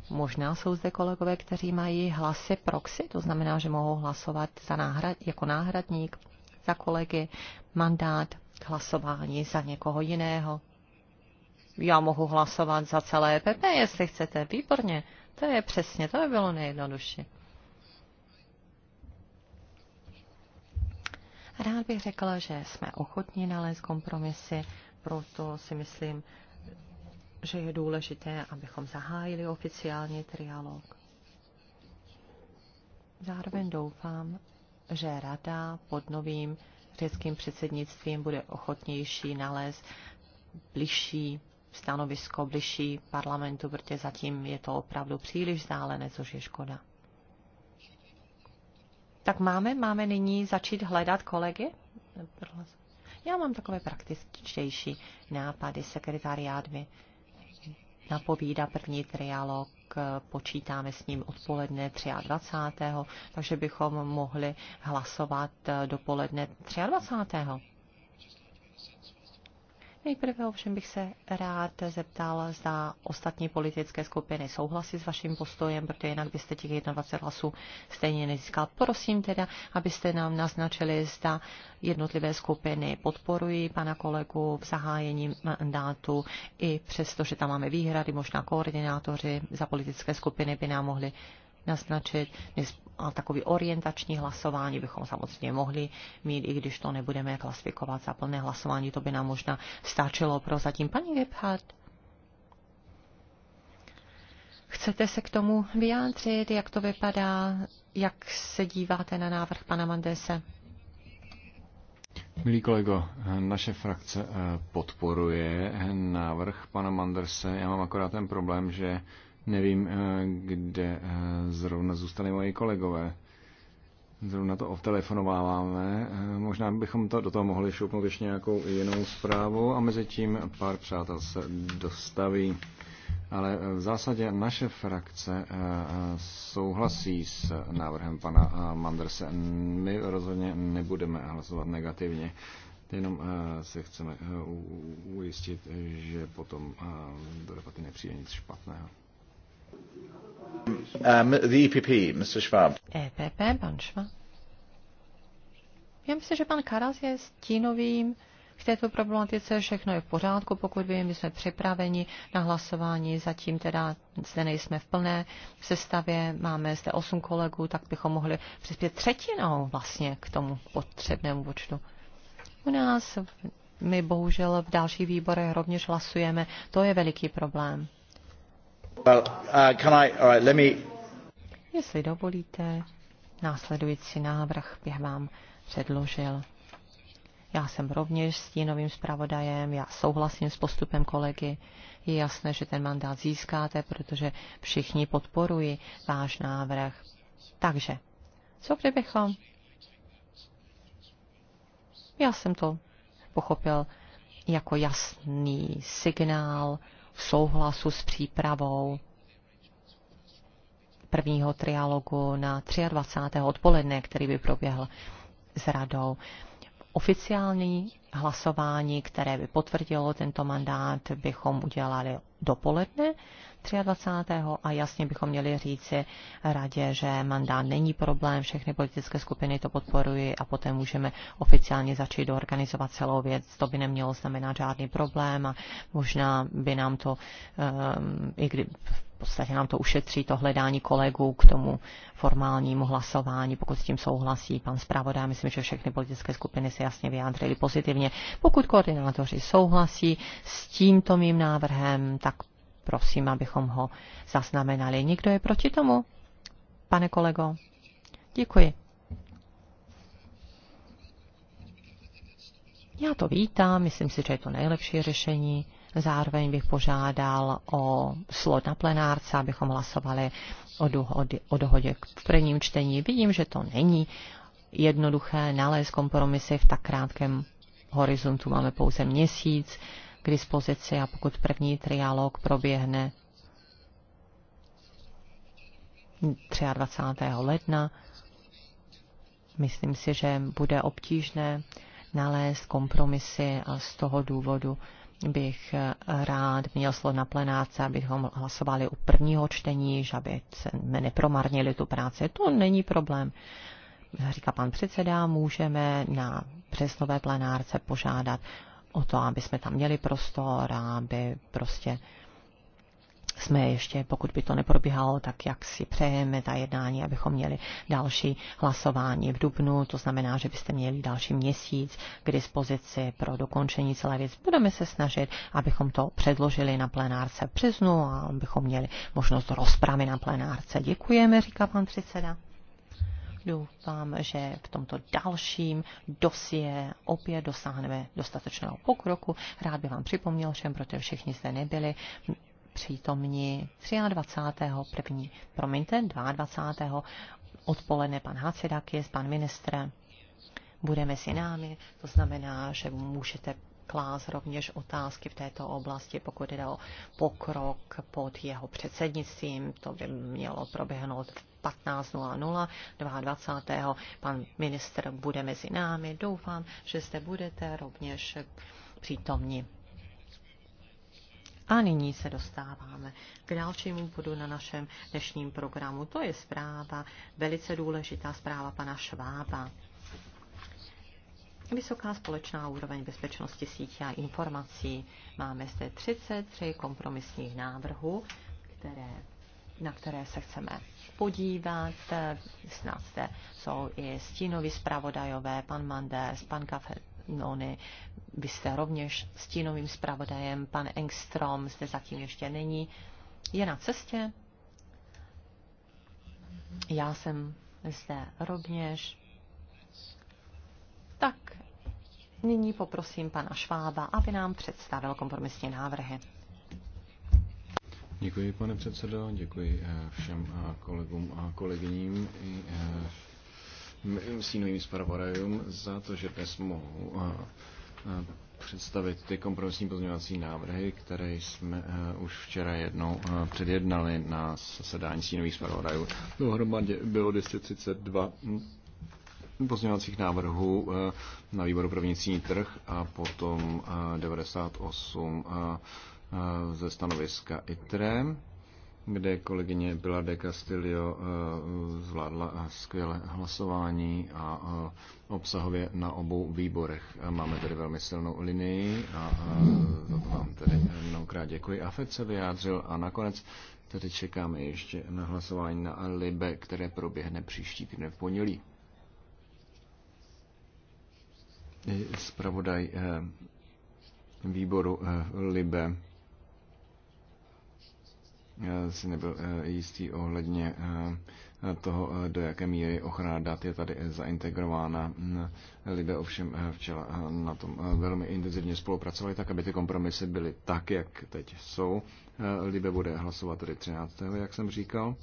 Možná jsou zde kolegové, kteří mají hlasy proxy, to znamená, že mohou hlasovat za náhrad, jako náhradník, za kolegy, mandát, hlasování za někoho jiného. Já mohu hlasovat za celé PP, e jestli chcete, výborně. To je přesně, to by bylo nejjednodušší. Rád bych řekla, že jsme ochotní nalézt kompromisy, proto si myslím, že je důležité, abychom zahájili oficiálně trialog. Zároveň doufám, že Rada pod novým řeckým předsednictvím bude ochotnější nalézt bližší stanovisko, bližší parlamentu, protože zatím je to opravdu příliš zálené, což je škoda. Tak máme, máme nyní začít hledat kolegy? Já mám takové praktičtější nápady. Sekretariát mi napovídá první trialog počítáme s ním odpoledne 23. takže bychom mohli hlasovat dopoledne 23. Nejprve ovšem bych se rád zeptal, zda ostatní politické skupiny souhlasí s vaším postojem, protože jinak byste těch 21 hlasů stejně nezískal. Prosím teda, abyste nám naznačili, zda jednotlivé skupiny podporují pana kolegu v zahájení mandátu, i přesto, že tam máme výhrady, možná koordinátoři za politické skupiny by nám mohli naznačit. A takový orientační hlasování bychom samozřejmě mohli mít, i když to nebudeme klasifikovat za plné hlasování, to by nám možná stačilo pro zatím. Paní Gebhardt, chcete se k tomu vyjádřit, jak to vypadá, jak se díváte na návrh pana Mandese? Milí kolego, naše frakce eh, podporuje návrh pana Manderse. Já mám akorát ten problém, že Nevím, eh, kde eh, zrovna zůstali moji kolegové. Zrovna to ovtelefonováváme. Eh, možná bychom to do toho mohli šoupnout ještě nějakou jinou zprávu a mezi tím pár přátel se dostaví. Ale v zásadě naše frakce souhlasí s návrhem pana Manderse. My rozhodně nebudeme hlasovat negativně. Jenom se chceme ujistit, že potom do debaty nepřijde nic špatného. Um, the EPP, Mr. Schwab. EPP, pan Schwab. Já myslím, že pan Karas je stínovým k této problematice. Všechno je v pořádku, pokud vím, my jsme připraveni na hlasování, zatím teda zde nejsme v plné sestavě, máme zde osm kolegů, tak bychom mohli přispět třetinou vlastně k tomu potřebnému počtu. U nás my bohužel v dalších výborech rovněž hlasujeme, to je veliký problém. Uh, Jestli dovolíte, následující návrh bych vám předložil. Já jsem rovněž stínovým zpravodajem, já souhlasím s postupem kolegy. Je jasné, že ten mandát získáte, protože všichni podporují váš návrh. Takže, co kdybychom? Já jsem to pochopil jako jasný signál souhlasu s přípravou prvního trialogu na 23. odpoledne, který by proběhl s radou. Oficiální hlasování, které by potvrdilo tento mandát, bychom udělali dopoledne 23. a jasně bychom měli říci radě, že mandát není problém, všechny politické skupiny to podporují a poté můžeme oficiálně začít organizovat celou věc. To by nemělo znamenat žádný problém a možná by nám to, eh, i kdy v podstatě nám to ušetří to hledání kolegů k tomu formálnímu hlasování, pokud s tím souhlasí pan zpravodaj. Myslím, že všechny politické skupiny se jasně vyjádřily pozitivně pozitivně. Pokud koordinátoři souhlasí s tímto mým návrhem, tak prosím, abychom ho zaznamenali. Nikdo je proti tomu? Pane kolego, děkuji. Já to vítám, myslím si, že je to nejlepší řešení. Zároveň bych požádal o slot na plenárce, abychom hlasovali o, dohody, o dohodě v prvním čtení. Vidím, že to není jednoduché nalézt kompromisy v tak krátkém horizontu máme pouze měsíc k dispozici a pokud první trialog proběhne 23. ledna, myslím si, že bude obtížné nalézt kompromisy a z toho důvodu bych rád měl slovo na plenáce, abychom hlasovali u prvního čtení, že aby jsme nepromarnili tu práci. To není problém. Říká pan předseda, můžeme na březnové plenárce požádat o to, aby jsme tam měli prostor a aby prostě jsme ještě, pokud by to neprobíhalo, tak jak si přejeme ta jednání, abychom měli další hlasování v Dubnu, to znamená, že byste měli další měsíc k dispozici pro dokončení celé věci. Budeme se snažit, abychom to předložili na plenárce v březnu a abychom měli možnost rozpravy na plenárce. Děkujeme, říká pan předseda. Doufám, že v tomto dalším dosie opět dosáhneme dostatečného pokroku. Rád bych vám připomněl všem, protože všichni zde nebyli přítomní 23. promiňte, 22. odpoledne pan Hacidakis, pan ministr, Budeme si námi, to znamená, že můžete klást rovněž otázky v této oblasti, pokud jde o pokrok pod jeho předsednictvím. To by mělo proběhnout v 15.00 22. Pan minister bude mezi námi. Doufám, že zde budete rovněž přítomni. A nyní se dostáváme k dalšímu bodu na našem dnešním programu. To je zpráva, velice důležitá zpráva pana Švába. Vysoká společná úroveň bezpečnosti sítí a informací. Máme zde 33 kompromisních návrhů, které, na které se chceme podívat. Eh, snad zde jsou i stínoví zpravodajové, pan Manders, pan Kafenony. Vy jste rovněž stínovým zpravodajem, pan Engstrom zde zatím ještě není. Je na cestě. Já jsem zde rovněž. Tak, nyní poprosím pana Švába, aby nám představil kompromisní návrhy. Děkuji, pane předsedo, děkuji eh, všem eh, kolegům a kolegyním i eh, sínovým zpravodajům za to, že dnes mohu představit ty kompromisní pozměňovací návrhy, které jsme už včera jednou předjednali na zasedání sínových zpravodajů. Dohromadě bylo 232 hm, pozměňovacích návrhů na výboru pro vnitřní trh a potom 98 Eh, ze stanoviska ITRE, kde kolegyně Pilar de Castillo eh, zvládla skvělé hlasování a eh, obsahově na obou výborech. Máme tedy velmi silnou linii a za to vám tedy mnohokrát děkuji. AFED se vyjádřil a nakonec tedy čekáme ještě na hlasování na LIBE, které proběhne příští týden v pondělí. Spravodaj výboru LIBE Eh, si nebyl eh, jistý ohledně eh, toho, do jaké míry ochrana dat je tady zaintegrována. Mm, lidé ovšem včela na tom velmi intenzivně spolupracovali, tak aby ty kompromisy byly tak, jak teď jsou. Libe bude hlasovat tedy 13. jak jsem říkal.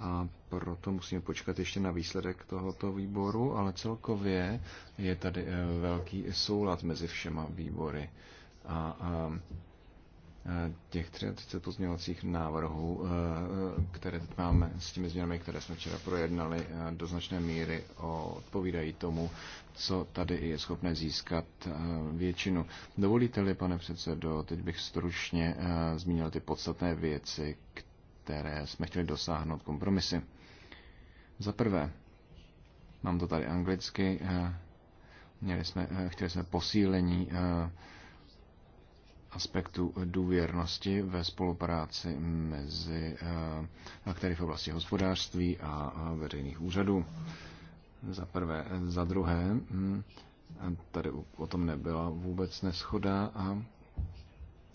A proto musíme počkat ještě na výsledek tohoto výboru, ale celkově je tady velký soulad mezi všema výbory. A, a těch 33 pozměňovacích návrhů, eh, které teď máme s těmi změnami, které jsme včera projednali, eh, do značné míry odpovídají tomu, co tady je schopné získat eh, většinu. Dovolíte-li, pane předsedo, teď bych stručně zmínil ty podstatné věci, které jsme chtěli dosáhnout kompromisy. Za prvé, mám to tady anglicky, měli jsme, chtěli jsme posílení aspektu důvěrnosti ve spolupráci mezi eh, aktéry v oblasti hospodářství a veřejných úřadů. Za prvé. Za druhé, hm, tady o tom nebyla vůbec neschoda a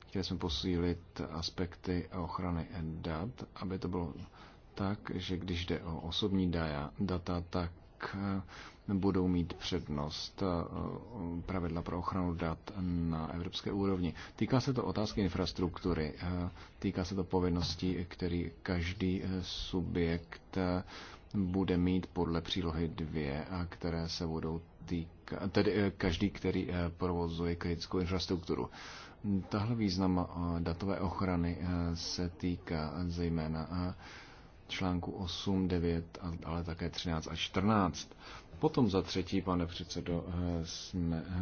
chtěli jsme posílit aspekty ochrany dat, aby to bylo tak, že když jde o osobní data, tak eh, budou mít přednost eh, pravidla pro ochranu dat na evropské úrovni. Týká se to otázky infrastruktury, eh, týká se to povinností, který každý eh, subjekt bude mít podle přílohy dvě, a které se budou týkat, tedy každý, který provozuje kritickou infrastrukturu. Tahle význam datové ochrany se týká zejména článku 8, 9, ale také 13 a 14. Potom za třetí, pane předsedo, eh, jsme eh,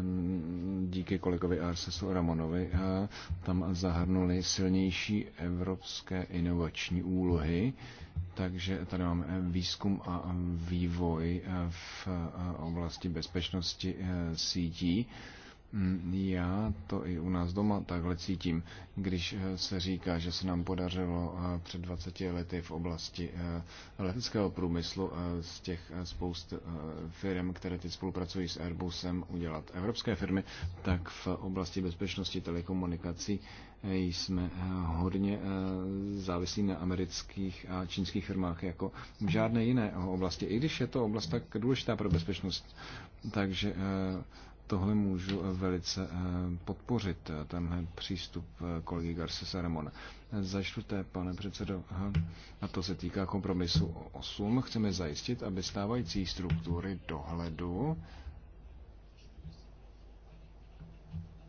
díky kolegovi Arsesu Ramonovi eh, tam zahrnuli silnější evropské inovační úlohy, takže tady máme výzkum a vývoj v oblasti bezpečnosti sítí Mm, já to i u nás doma takhle cítím, když eh, se říká, že se nám podařilo eh, před 20 lety v oblasti eh, leteckého průmyslu z těch spoust firm, které teď spolupracují s Airbusem, udělat evropské firmy, tak v oblasti bezpečnosti telekomunikací jsme hodně závislí na amerických a čínských firmách jako v žádné jiné oblasti, i když je to oblast tak důležitá pro bezpečnost. Takže tohle můžu eh, velice eh, podpořit, eh, tenhle přístup kolegy Garce Saramona. Za čtvrté, pane předsedo, a to se týká kompromisu 8, chceme zajistit, aby stávající struktury dohledu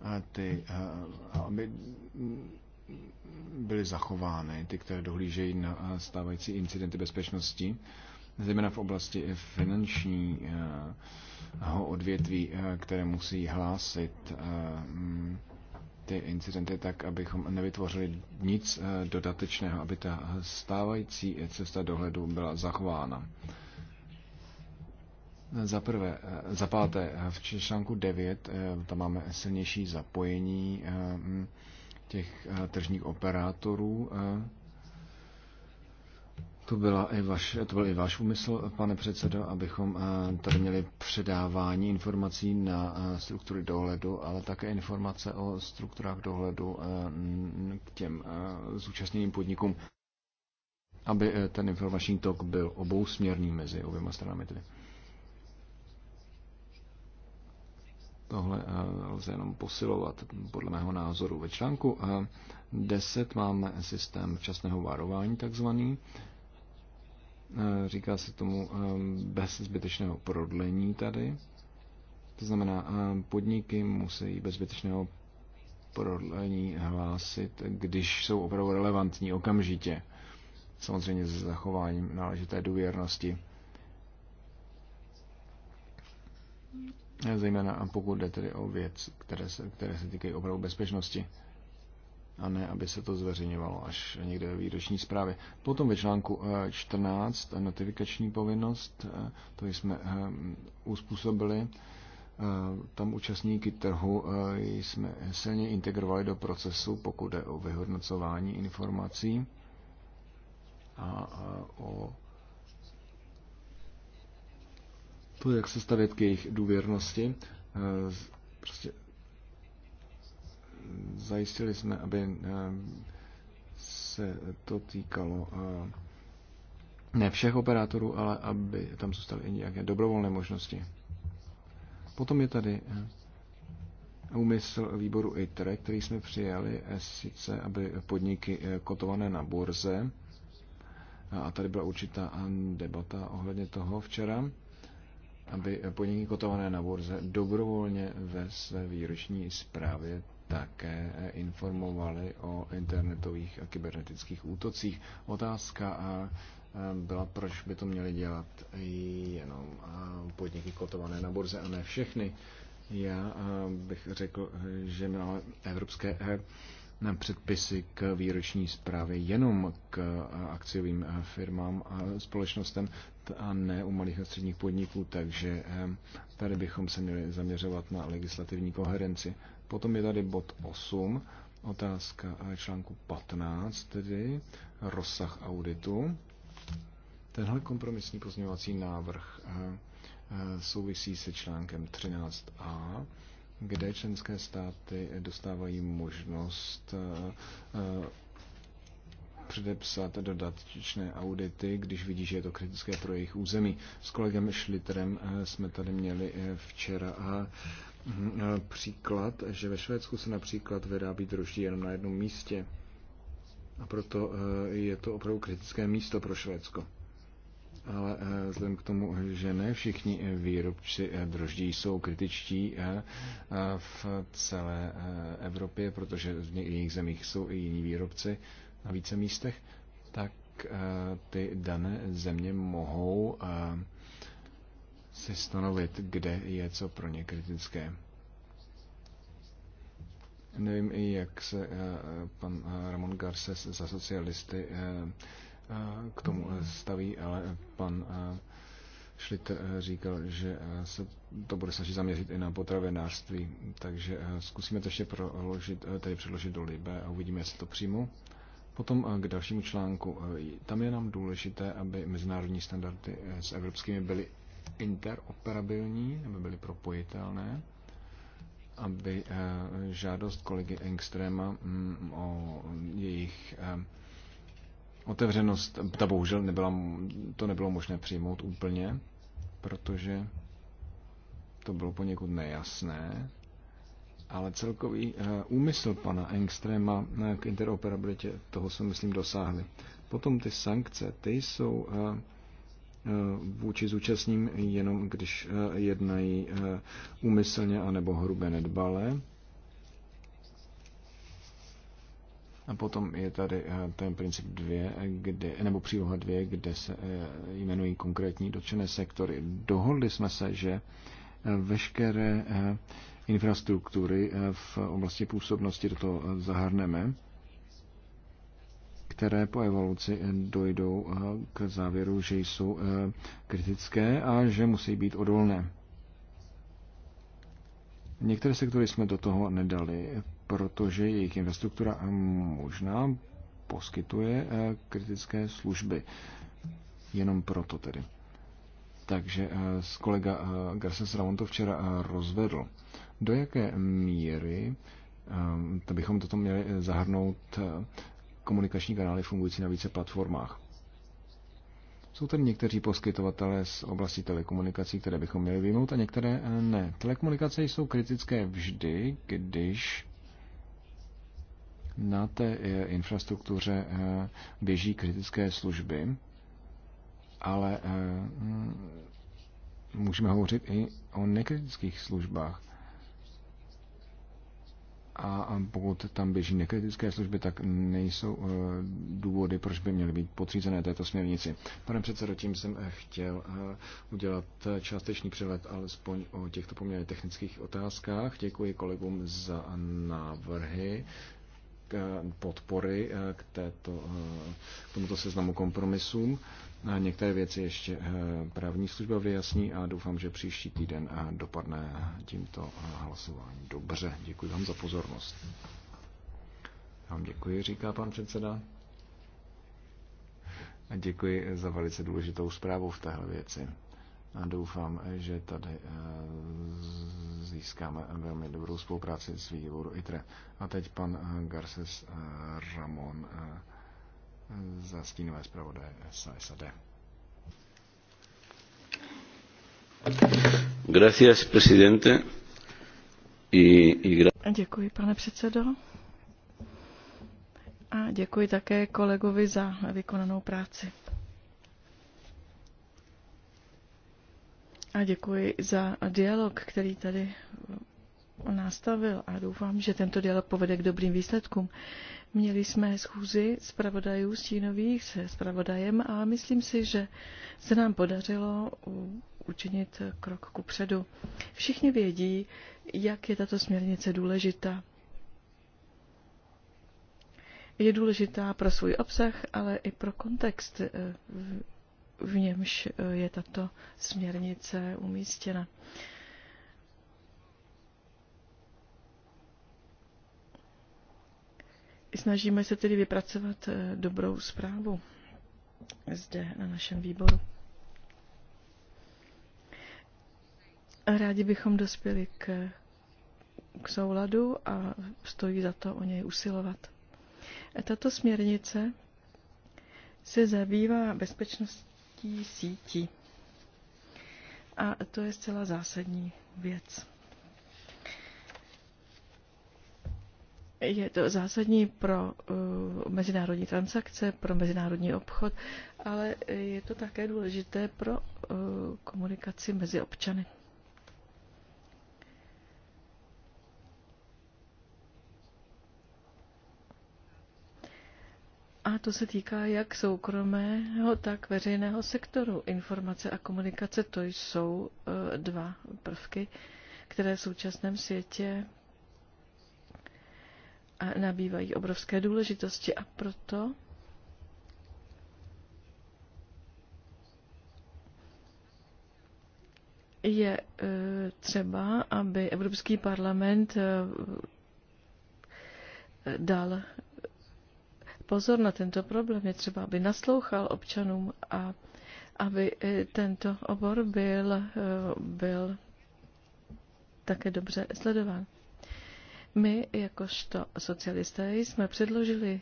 a ty, aby byly zachovány, ty, které dohlížejí na stávající incidenty bezpečnosti, zejména v oblasti finanční odvětví, eh, které musí hlásit eh, mm, ty incidenty tak, abychom nevytvořili nic eh, dodatečného, aby ta stávající cesta dohledu byla zachována. Za prvé, za páté, v článku 9 tam máme silnější zapojení těch tržních operátorů to, byla i vaš, to byl i váš úmysl, pane předsedo, abychom eh, tady měli předávání informací na eh, struktury dohledu, ale také informace o strukturách dohledu eh, k těm zúčastněným podnikům, aby ten informační tok byl obousměrný mezi oběma stranami. Tedy. Tohle lze jenom posilovat, podle mého názoru. Ve článku 10 máme systém včasného varování takzvaný, Eh, říká se tomu eh, bez zbytečného prodlení tady. To znamená, eh, podniky musí bez zbytečného prodlení hlásit, když jsou opravdu relevantní okamžitě. Samozřejmě se zachováním náležité důvěrnosti. Zejména pokud jde tedy o věc, které se, které se týkají opravdu bezpečnosti a ne, aby se to zveřejňovalo až někde ve výroční zprávě. Potom ve článku 14 eh, notifikační povinnost, eh, to jsme eh, uspůsobili, tam účastníky trhu jsme silně integrovali do procesu, pokud jde o vyhodnocování informací a o to, jak se stavět k jejich důvěrnosti. Prostě zajistili jsme, aby eh, se to týkalo eh, ne všech operátorů, ale aby tam zůstaly i nějaké dobrovolné možnosti. Potom je tady eh, úmysl výboru ITER, který jsme přijali, sice aby podniky kotované na burze, a tady byla určitá debata ohledně toho včera, aby podniky kotované na burze dobrovolně ve své výroční zprávě také eh, informovali o internetových a kybernetických útocích. Otázka eh, eh, byla, proč by to měli dělat jenom podniky kotované na burze a ne všechny. Já bych řekl, že na evropské na předpisy k výroční zprávě jenom k akciovým firmám a společnostem a ne u malých a středních podniků, takže tady bychom se měli zaměřovat na legislativní koherenci. Potom je tady bod 8, otázka eh, článku 15, tedy rozsah auditu. Tenhle kompromisní pozměňovací návrh eh, eh, souvisí se článkem 13a, kde členské státy dostávají možnost předepsat dodatečné audity, když vidí, že je to kritické pro jejich území. S kolegem Schlitterem jsme tady měli včera a příklad, že ve Švédsku se například vyrábí droždí jenom na jednom místě. A proto eh, je to opravdu kritické místo pro Švédsko. Ale eh, vzhledem k tomu, že ne všichni eh, výrobci droždí jsou kritičtí v celé Evropě, protože v jiných zemích jsou i jiní výrobci na více místech, tak ty dané země mohou si stanovit, kde je co pro ně kritické. Nevím i, jak se eh, pan eh, Ramon Garces za socialisty eh, k tomu staví, ale pan Schlitter říkal, že se to bude snažit zaměřit i na potravinářství, takže zkusíme to ještě proložit, tady předložit do Libe a uvidíme, jestli to přijmu. Potom k dalšímu článku. Tam je nám důležité, aby mezinárodní standardy s evropskými byly interoperabilní, aby byly propojitelné, aby eh, žádost kolegy Engstrema mm, o jejich eh, otevřenost, ta bohužel nebyla, to nebylo možné přijmout úplně, protože to bylo poněkud nejasné, ale celkový eh, úmysl pana Engstrema k interoperabilitě, toho jsme, myslím, dosáhli. Potom ty sankce, ty jsou Eh, vůči zúčastním jenom, když eh, jednají eh, úmyslně anebo hrubě nedbalé. A potom je tady ten princip dvě, kde, nebo příloha dvě, kde se jmenují konkrétní dotčené sektory. Dohodli jsme se, že veškeré infrastruktury v oblasti působnosti do toho zahrneme které po evoluci eh, dojdou eh, k závěru, že jsou eh, kritické a že musí být odolné. Některé sektory jsme do toho nedali, protože jejich infrastruktura možná poskytuje kritické služby. Jenom proto tedy. Takže s kolega Garces Ramon to včera rozvedl. Do jaké míry to bychom toto měli zahrnout komunikační kanály fungující na více platformách. Jsou tady někteří poskytovatelé z oblasti telekomunikací, které bychom měli vyjmout a některé eh, ne. Telekomunikace jsou kritické vždy, když na té eh, infrastruktuře eh, běží kritické služby, ale hm, můžeme hovořit i o nekritických službách a pokud tam běží nekritické služby, tak nejsou eh, důvody, proč by měly být podřízené této směrnici. Pane předsedo, tím jsem eh, chtěl eh, udělat částečný přehled alespoň o těchto poměrně technických otázkách. Děkuji kolegům za návrhy podpory k, této, k tomuto seznamu kompromisům některé věci ještě eh, právní služba vyjasní a doufám, že příští týden eh, dopadne tímto eh, hlasování. Dobře, děkuji vám za pozornost. Vám děkuji, říká pan předseda. A děkuji za velice důležitou zprávu v téhle věci. A doufám, že tady získáme velmi dobrou spolupráci s výboru ITRE. A teď pan Garces Ramon za stínové zpravodaje SASD. Gracias, presidente. I, i gra- děkuji, pane předsedo. A děkuji také kolegovi za vykonanou práci. A děkuji za dialog, který tady nastavil a doufám, že tento dialog povede k dobrým výsledkům. Měli jsme schůzi zpravodajů stínových se zpravodajem a myslím si, že se nám podařilo učinit krok ku předu. Všichni vědí, jak je tato směrnice důležitá. Je důležitá pro svůj obsah, ale i pro kontext, eh, v němž eh, je tato směrnice umístěna. Snažíme se tedy vypracovat eh, dobrou zprávu zde na našem výboru. Rádi bychom dospěli k, k souladu a stojí za to o něj usilovat. Tato směrnice se zabývá bezpečností sítí. A to je zcela zásadní věc. Je to zásadní pro eh, mezinárodní transakce, pro mezinárodní obchod, ale je to také důležité pro eh, komunikaci mezi občany. A to se týká jak soukromého, tak veřejného sektoru. Informace a komunikace to jsou eh, dva prvky, které v současném světě a nabývají obrovské důležitosti a proto je e, třeba, aby Evropský parlament e, dal pozor na tento problém. Je třeba, aby naslouchal občanům a aby e, tento obor byl, byl také dobře sledován. My, jakožto socialisté, jsme předložili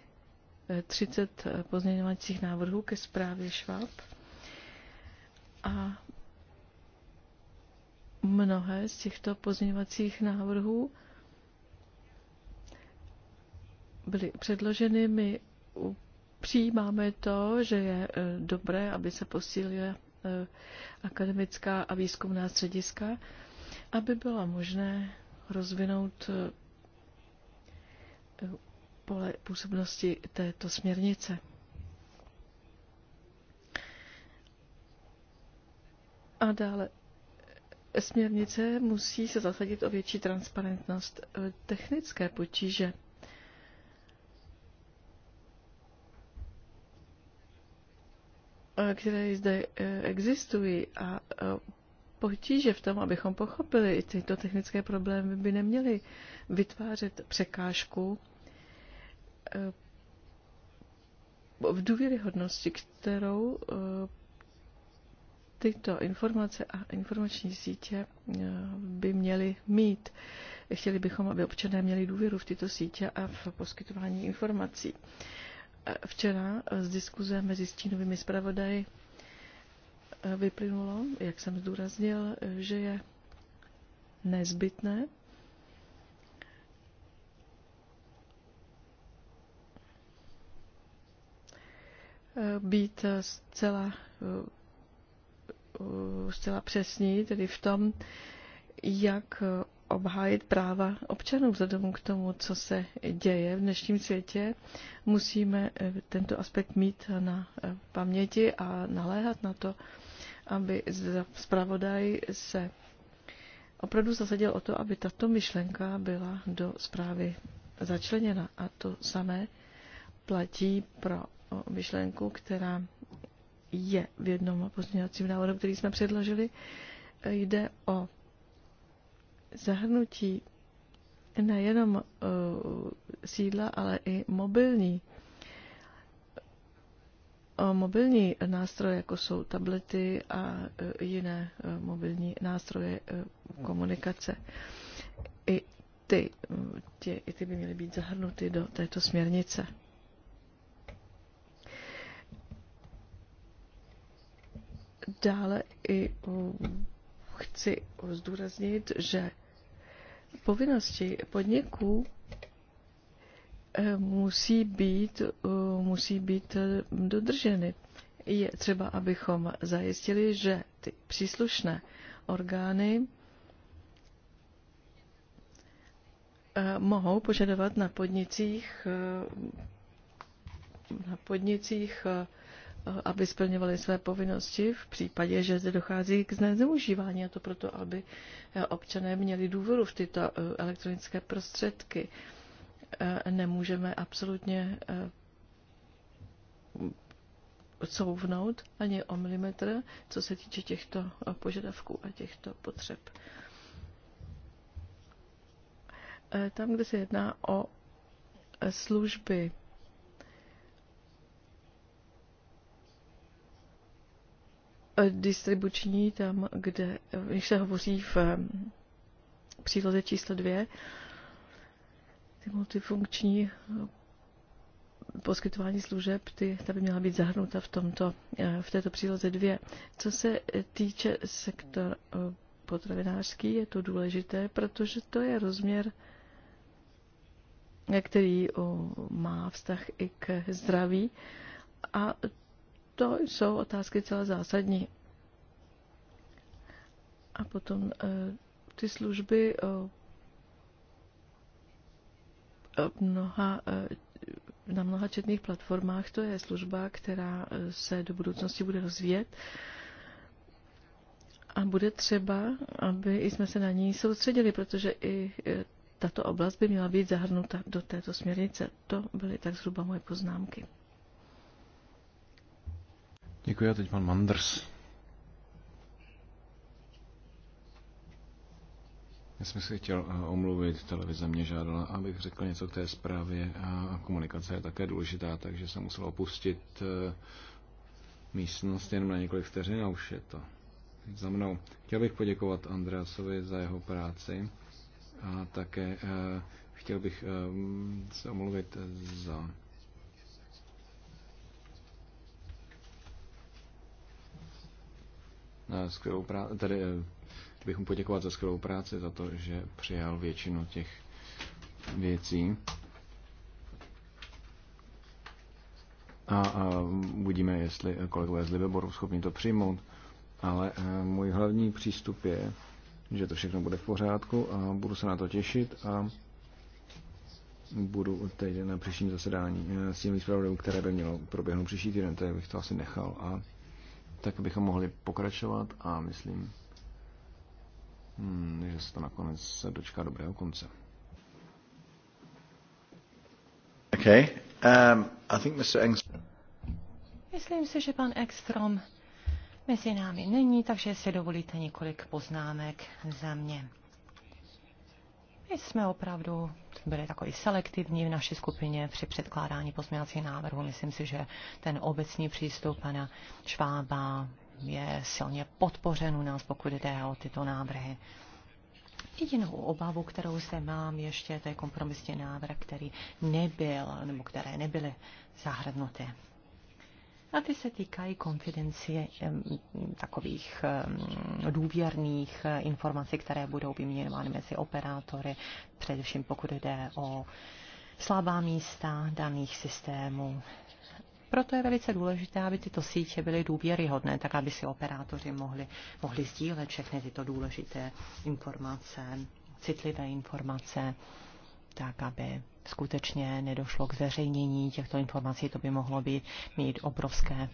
30 eh, eh, pozměňovacích návrhů ke zprávě Schwab a mnohé z těchto pozměňovacích návrhů byly předloženy. My přijímáme to, že je eh, dobré, aby se posílila akademická a výzkumná střediska, aby bylo možné rozvinout pole působnosti této směrnice. A dále směrnice musí se zasadit o větší transparentnost eh, technické potíže. Eh, které zde eh, existují a potíže v tom, abychom pochopili tyto technické problémy, by neměly vytvářet překážku Eh, v důvěryhodnosti, kterou eh, tyto informace a informační sítě eh, by měly mít. Chtěli bychom, aby občané měli důvěru v tyto sítě a v poskytování informací. Včera z diskuze mezi stínovými zpravodaji vyplynulo, jak jsem zdůraznil, že je nezbytné být eh, zcela, eh, eh, zcela přesní, tedy v tom, jak obhájit práva občanů vzhledem k tomu, co se děje v dnešním světě. Musíme tento aspekt mít na paměti a naléhat na to, aby zpravodaj se opravdu zasadil o to, aby tato myšlenka byla do zprávy začleněna. A to samé platí pro o myšlenku, která je v jednom pozměňovacím návodu, který jsme předložili. Jde o zahrnutí nejenom uh, sídla, ale i mobilní e, mobilní nástroje, jako jsou tablety a e, jiné mobilní nástroje komunikace. I ty, ty, i ty by měly být zahrnuty do této směrnice. Dále i chci zdůraznit, že povinnosti podniků e, musí být, musí být e, dodrženy. Je třeba, abychom zajistili, že ty příslušné orgány e, mohou požadovat na podnicích na podnicích aby splňovali své povinnosti v případě, že zde dochází k zneužívání, a to proto, aby občané měli důvěru v tyto eh, elektronické prostředky. Eh, nemůžeme absolutně eh, couvnout ani o milimetr, co se týče těchto požadavků a těchto potřeb. Tam, kde se jedná o služby Eh, distribuční, tam, kde, eh, když se hovoří v eh, příloze číslo dvě, ty multifunkční poskytování služeb, ty, ta by měla být zahrnuta v, tomto, v této příloze dvě. Co se týče sektor potravinářský, je to důležité, protože to je rozměr, který má vztah i k zdraví a to jsou otázky celá zásadní. A potom eh, ty služby eh, eh, mnoha, na mnoha četných platformách, to je služba, která se do budoucnosti bude rozvíjet a bude třeba, aby jsme se na ní soustředili, protože i tato oblast by měla být zahrnuta do této směrnice. To byly tak zhruba moje poznámky. Děkuji a teď pan Manders. Já jsem si chtěl eh, omluvit, televize mě žádala, abych řekl něco k té zprávě a komunikace je také důležitá, takže jsem musel opustit eh, místnost Jen na několik vteřin a už je to za mnou. Chtěl bych poděkovat Andreasovi za jeho práci a také eh, chtěl bych se omluvit za Eh, skvělou práci, tedy eh, bych mu poděkovat za skvělou práci, za to, že přijal většinu těch věcí. A, a uvidíme, jestli kolegové z Libe schopni to přijmout. Ale eh, můj hlavní přístup je, že to všechno bude v pořádku a budu se na to těšit a budu teď na příštím zasedání s tím zpravodajů, které by mělo proběhnout příští týden, tak bych to asi nechal a tak bychom mohli pokračovat a myslím, hmm, že se to nakonec dočká dobrého konce. Okay. Um, I think Mr. Myslím si, že pan Ekstrom mezi námi není, takže si dovolíte několik poznámek za mě. My jsme opravdu byli takový selektivní v naší skupině při předkládání pozměňovacích návrhů. Myslím si, že ten obecný přístup pana Švába je silně podpořen u nás, pokud jde o tyto návrhy. Jedinou obavu, kterou zde mám ještě, to je kompromisní návrh, který nebyl, nebo které nebyly zahrnuty. A ty se týkají konfidenci takových důvěrných eh, informací, které budou vyměňovány mezi operátory, především pokud jde o slabá místa daných systémů. Proto je velice důležité, aby tyto sítě byly důvěryhodné, tak aby si operátoři mohli, mohli sdílet všechny tyto důležité informace, citlivé informace tak aby skutečně nedošlo k zveřejnění těchto informací, to by mohlo být, mít obrovské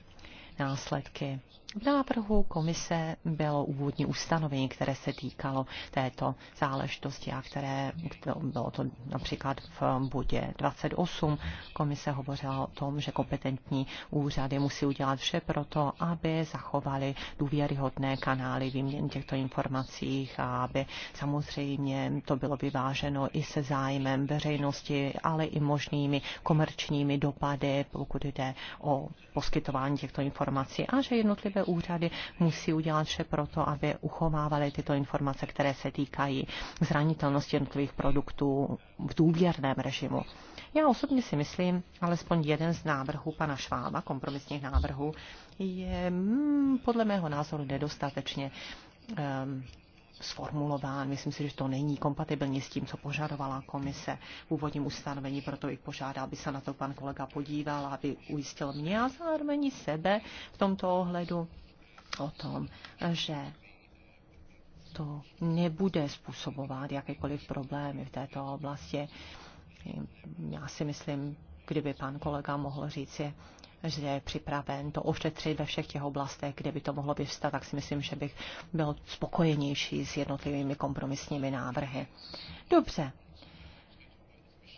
následky. V návrhu komise bylo úvodní ustanovení, které se týkalo této záležitosti a které bylo to například v bodě 28. Komise hovořila o tom, že kompetentní úřady musí udělat vše proto, aby zachovali důvěryhodné kanály výměn těchto informací a aby samozřejmě to bylo vyváženo i se zájmem veřejnosti, ale i možnými komerčními dopady, pokud jde o poskytování těchto informací informací a že jednotlivé úřady musí udělat vše proto, aby uchovávaly tyto informace, které se týkají zranitelnosti jednotlivých produktů v důvěrném režimu. Já osobně si myslím, alespoň jeden z návrhů pana Švába, kompromisních návrhů, je hmm, podle mého názoru nedostatečně um, sformulován. Myslím si, že to není kompatibilní s tím, co požadovala komise v úvodním ustanovení, proto i požádá, aby se na to pan kolega podíval, aby ujistil mě a zároveň sebe v tomto ohledu o tom, že to nebude způsobovat jakékoliv problémy v této oblasti. Já si myslím, kdyby pan kolega mohl říci že je připraven to ošetřit ve všech těch oblastech, kde by to mohlo vyvstat, tak si myslím, že bych byl spokojenější s jednotlivými kompromisními návrhy. Dobře.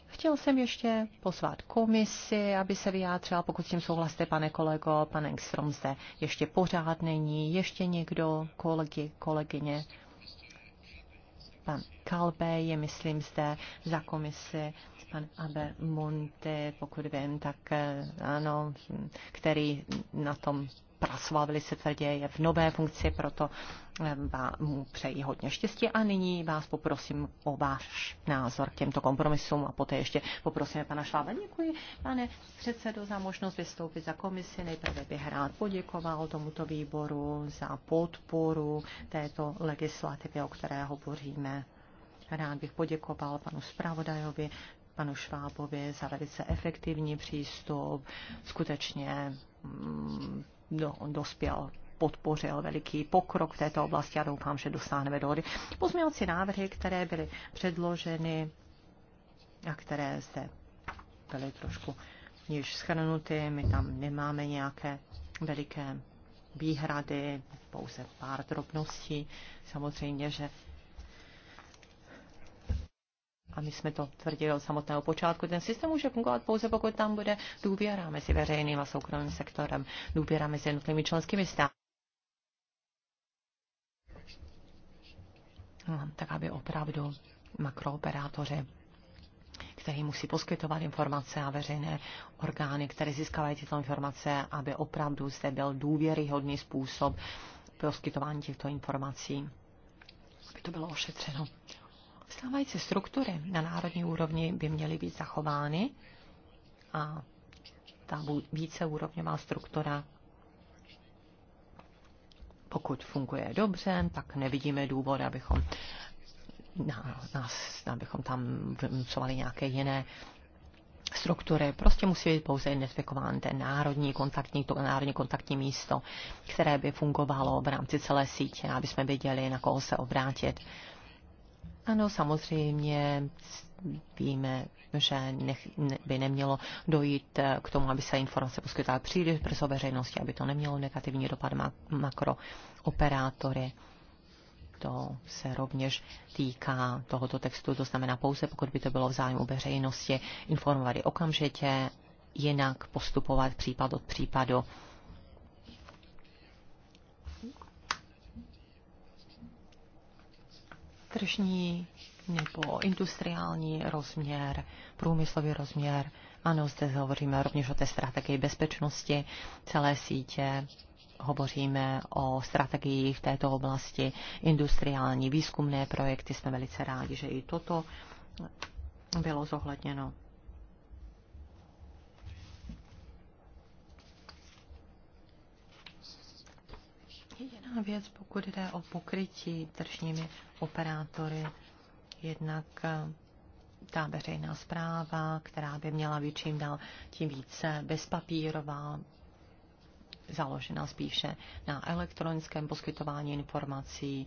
Chtěl jsem ještě pozvat komisi, aby se vyjádřila, pokud s tím souhlasíte, pane kolego, pane Engstrom zde ještě pořád není, ještě někdo, kolegy, kolegyně, pan Kalbe je, myslím, zde za komisi pan Abe Monte, pokud vím, tak eh, ano, který na tom prasoval velice tvrdě, je v nové funkci, proto eh, mu přeji hodně štěstí a nyní vás poprosím o váš názor k těmto kompromisům a poté ještě poprosíme pana Švába. Děkuji, pane předsedo, za možnost vystoupit za komisi. Nejprve bych rád poděkoval tomuto výboru za podporu této legislativy, o které hovoříme. Rád bych poděkoval panu zpravodajovi panu Švábovi za velice efektivní přístup. Skutečně mm, on dospěl podpořil veliký pokrok v této oblasti a doufám, že dosáhneme dohody. Pozměňovací návrhy, které byly předloženy a které zde byly trošku již schrnuty, my tam nemáme nějaké veliké výhrady, pouze pár drobností. Samozřejmě, že a my jsme to tvrdili od samotného počátku, ten systém může fungovat pouze, pokud tam bude důvěra mezi veřejným a soukromým sektorem, důvěra mezi jednotlivými členskými státy. No, tak aby opravdu makrooperátoři, kteří musí poskytovat informace a veřejné orgány, které získávají tyto informace, aby opravdu zde byl důvěryhodný způsob poskytování těchto informací, aby to bylo ošetřeno. Stávající struktury na národní úrovni by měly být zachovány a ta víceúrovňová struktura, pokud funguje dobře, tak nevidíme důvod, abychom, nás, abychom tam vnucovali nějaké jiné struktury. Prostě musí být pouze identifikován ten národní kontaktní, to národní kontaktní místo, které by fungovalo v rámci celé sítě, aby jsme věděli, na koho se obrátit. Ano, samozřejmě víme, že nech, ne, by nemělo dojít eh, k tomu, aby se informace poskytala příliš brzo veřejnosti, aby to nemělo negativní dopad na makrooperátory. To se rovněž týká tohoto textu, to znamená pouze, pokud by to bylo v zájmu veřejnosti, informovali okamžitě, jinak postupovat případ od případu. tržní nebo industriální rozměr, průmyslový rozměr. Ano, zde hovoříme rovněž o té strategii bezpečnosti celé sítě, hovoříme o strategii v této oblasti, industriální výzkumné projekty. Jsme velice rádi, že i toto bylo zohledněno. Stejná věc, pokud jde o pokrytí tržními operátory, jednak eh, ta veřejná zpráva, která by měla být čím dál tím více bezpapírová, založena spíše na elektronickém poskytování informací.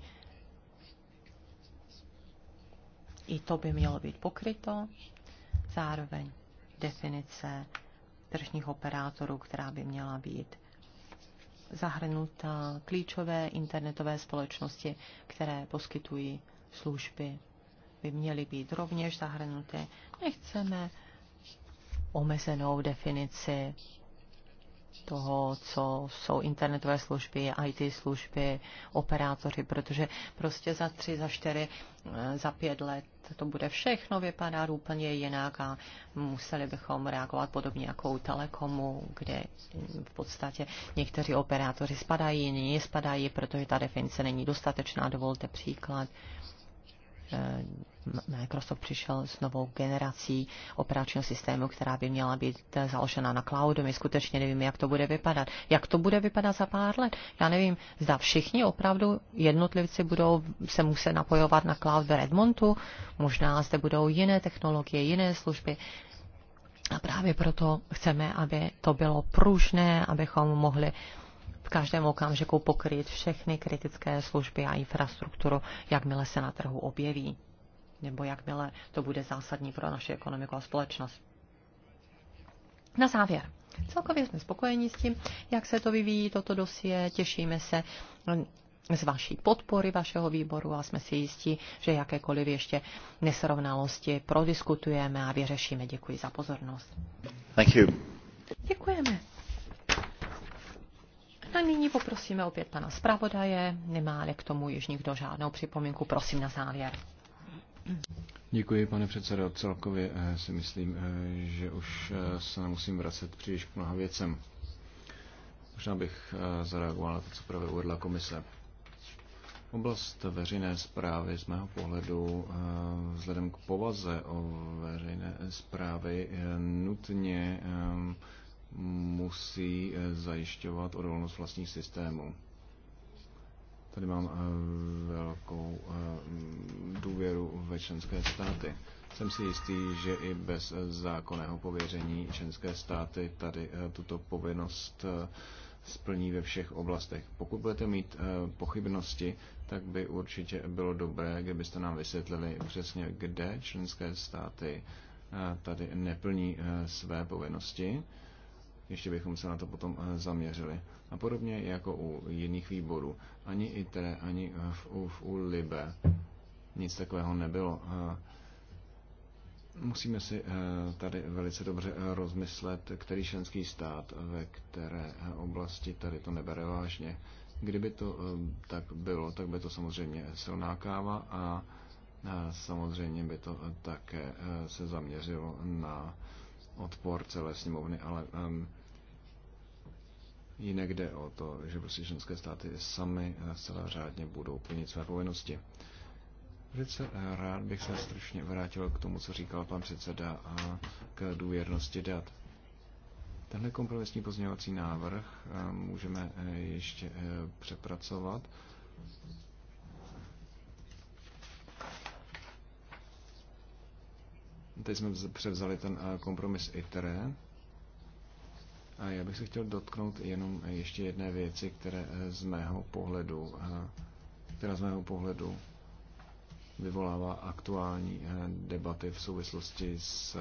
I to by mělo být pokryto. Zároveň definice tržních operátorů, která by měla být zahrnout klíčové internetové společnosti, které poskytují služby. By měly být rovněž zahrnuty. Nechceme omezenou definici toho, co jsou internetové služby, IT služby, operátoři, protože prostě za tři, za čtyři, eh, za pět let to bude všechno vypadat úplně jinak a museli bychom reagovat podobně jako u Telekomu, kde v podstatě někteří operátoři spadají, jiní spadají, protože ta definice není dostatečná. Dovolte příklad. Eh, Microsoft přišel s novou generací operačního systému, která by měla být eh, založena na cloudu. My skutečně nevíme, jak to bude vypadat. Jak to bude vypadat za pár let? Já nevím, zda všichni opravdu jednotlivci budou se muset napojovat na cloud v Redmontu, možná zde budou jiné technologie, jiné služby. A právě proto chceme, aby to bylo pružné, abychom mohli v každém okamžiku pokryt všechny kritické služby a infrastrukturu, jakmile se na trhu objeví, nebo jakmile to bude zásadní pro naši ekonomiku a společnost. Na závěr. Celkově jsme spokojeni s tím, jak se to vyvíjí, toto dosie. Těšíme se z vaší podpory vašeho výboru a jsme si jistí, že jakékoliv ještě nesrovnalosti prodiskutujeme a vyřešíme. Děkuji za pozornost. Thank you. Děkujeme. A nyní poprosíme opět pana zpravodaje. Nemá-li k tomu již nikdo žádnou připomínku, prosím na závěr. Děkuji, pane předsedo. Celkově eh, si myslím, eh, že už eh, se nemusím vracet příliš k mnoha věcem. Možná bych zareagoval na to, co právě uvedla komise. Oblast veřejné zprávy z mého pohledu vzhledem k povaze o veřejné zprávy nutně musí eh, zajišťovat odolnost vlastních systémů. Tady mám eh, velkou eh, důvěru ve členské státy. Jsem si jistý, že i bez zákonného pověření členské státy tady tuto povinnost splní ve všech oblastech. Pokud budete mít pochybnosti, tak by určitě bylo dobré, kdybyste nám vysvětlili přesně, kde členské státy tady neplní své povinnosti ještě bychom se na to potom eh, zaměřili. A podobně jako u jiných výborů, ani ITRE, ani eh, v, u, u LIBE nic takového nebylo. Eh, musíme si tady velice dobře rozmyslet, který členský stát, ve které oblasti tady to nebere vážně. Kdyby to tak bylo, tak by to samozřejmě silná káva a samozřejmě by to také se zaměřilo na odpor celé sněmovny, ale ehm, Jinak jde o to, že prostě členské státy sami eh, zcela řádně budou plnit své povinnosti. Velice eh, rád bych se stručně vrátil k tomu, co říkal pan předseda a k důvěrnosti dat. Tenhle kompromisní pozměňovací návrh eh, můžeme ještě přepracovat. Teď jsme převzali ten kompromis ITERE a já bych se chtěl dotknout jenom ještě jedné věci, které eh, z mého pohledu, eh, která z mého pohledu vyvolává aktuální eh, debaty v souvislosti s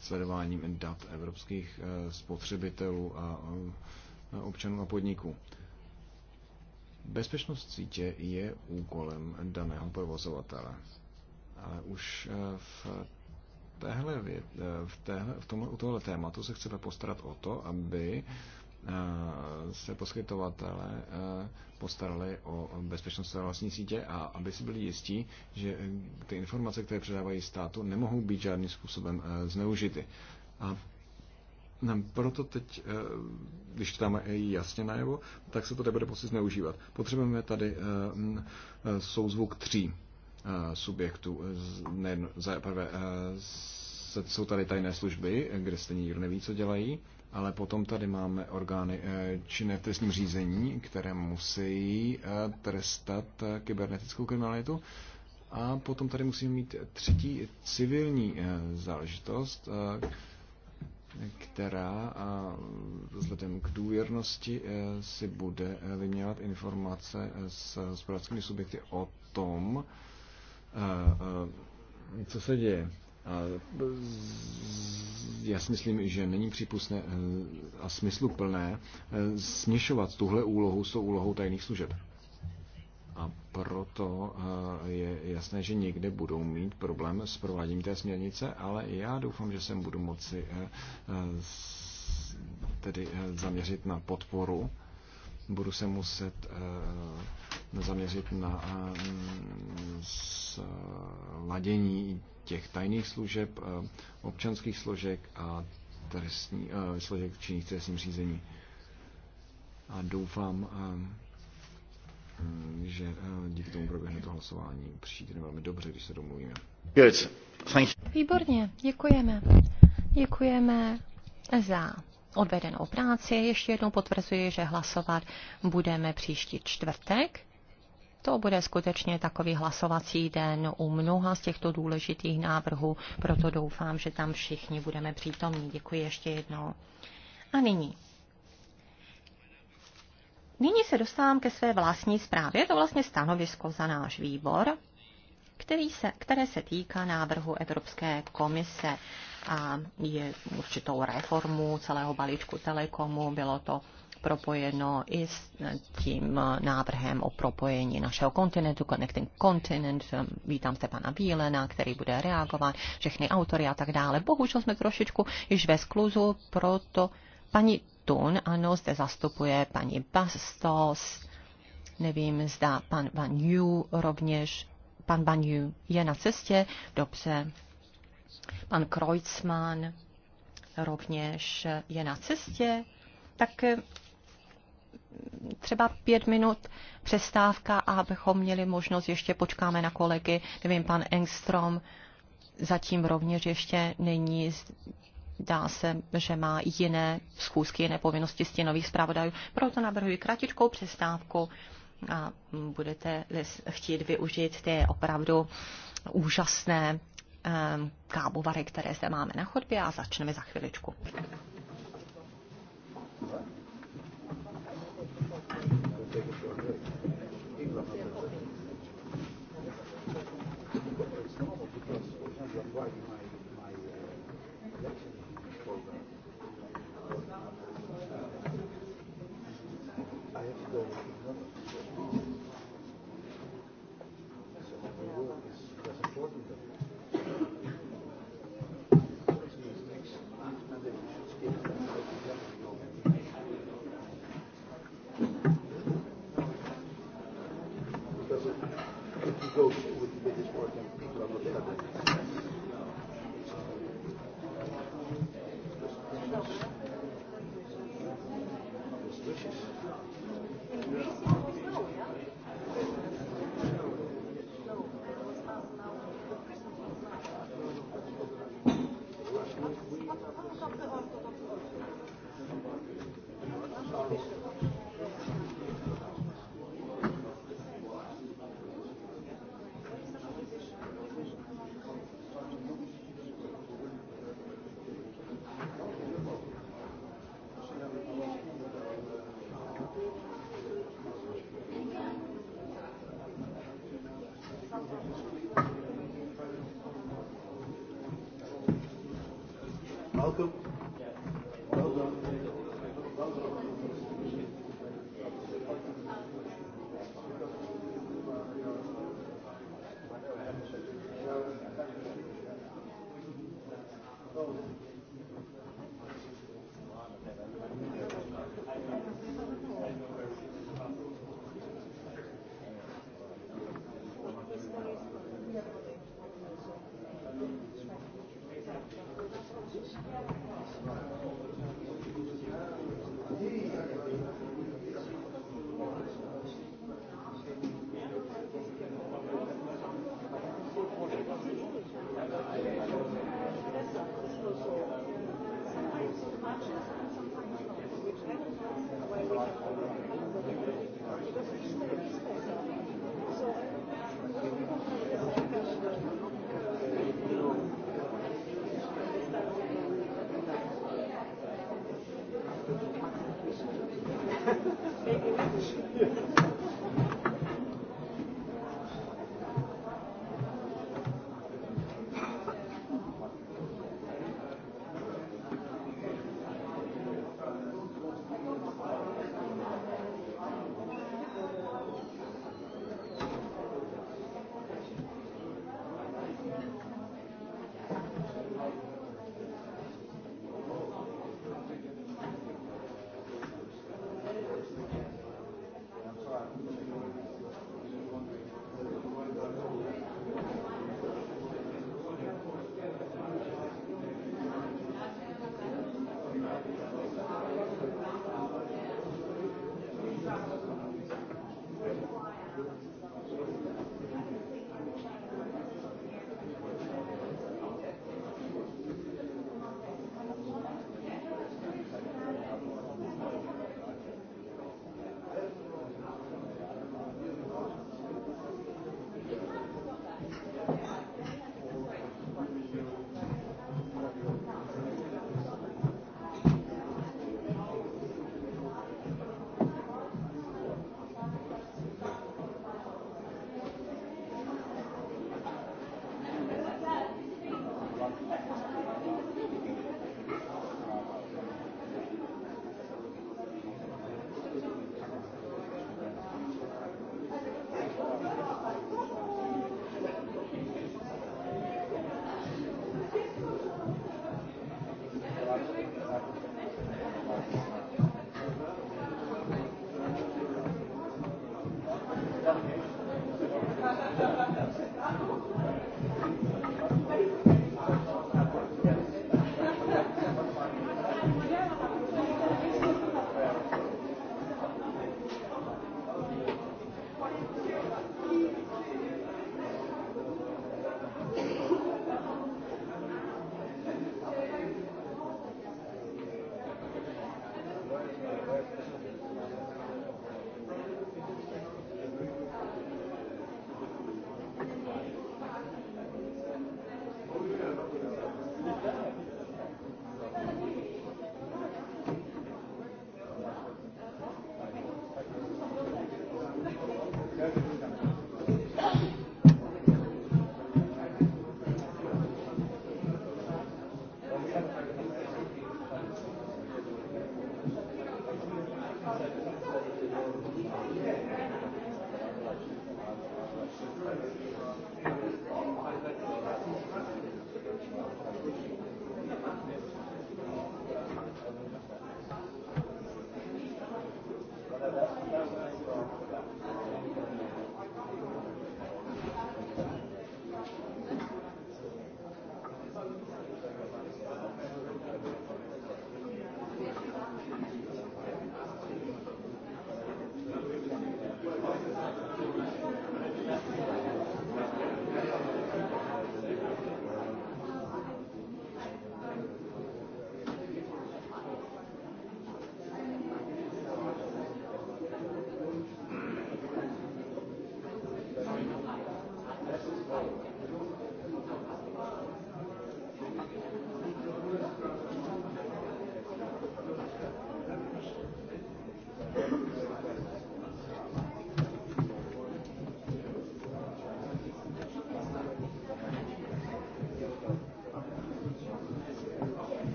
sledováním dat evropských spotřebitelů a občanů a podniků. Bezpečnost sítě je úkolem daného provozovatele, ale už v téhle věc, eh, v, téhle, v, tomhle, u tohle tématu se chceme postarat o to, aby eh, se poskytovatele eh, postarali o bezpečnost své vlastní sítě a aby si byli jistí, že ty informace, které předávají státu, nemohou být žádným způsobem zneužity. A proto teď, když to tam je jasně najevo, tak se to nebude prostě zneužívat. Potřebujeme tady souzvuk tří Eh, subjektů. Eh, nejen za prvé eh, jsou tady tajné služby, kde stejně nikdo neví, co dělají, ale potom tady máme orgány činné v trestním řízení, které musí trestat kybernetickou kriminalitu. A potom tady musíme mít třetí civilní záležitost, která vzhledem k důvěrnosti si bude vyměňovat informace s hospodářskými subjekty o tom, co se děje. A já si myslím, že není přípustné eh, a smysluplné eh, směšovat tuhle úlohu s tou úlohou tajných služeb. A proto eh, je jasné, že někde budou mít problém s prováděním té směrnice, ale já doufám, že se budu moci tedy zaměřit na podporu. Budu se muset zaměřit na eh, sladění těch tajných služeb, eh, občanských složek a trestní, eh, složek činných trestním řízení. A doufám, že díky tomu proběhne to hlasování přijde velmi dobře, když se domluvíme. Výborně, děkujeme. Děkujeme za odvedenou práci. Ještě jednou potvrzuji, že hlasovat budeme příští čtvrtek to bude skutečně takový hlasovací den u mnoha z těchto důležitých návrhů, proto doufám, že tam všichni budeme přítomní. Děkuji ještě jednou. A nyní. Nyní se dostávám ke své vlastní zprávě. Je to vlastně stanovisko za náš výbor, který se, které se týká návrhu Evropské komise a je určitou reformu celého balíčku telekomu. Bylo to propojeno i s tím návrhem o propojení našeho kontinentu, Connecting Continent. Vítám se pana Bílena, který bude reagovat, všechny autory a tak dále. Bohužel jsme trošičku již ve skluzu, proto paní Tun, ano, zde zastupuje paní Bastos, nevím, zda pan Van Yu rovněž, pan Van Yu je na cestě, dobře, pan Kreutzmann rovněž je na cestě, tak třeba pět minut přestávka a abychom měli možnost, ještě počkáme na kolegy, nevím, pan Engstrom zatím rovněž ještě není Dá se, že má jiné schůzky, jiné povinnosti stěnových zpravodajů. Proto navrhuji kratičkou přestávku a budete chtít využít ty opravdu úžasné ehm, kábovary, které zde máme na chodbě a začneme za chviličku. why you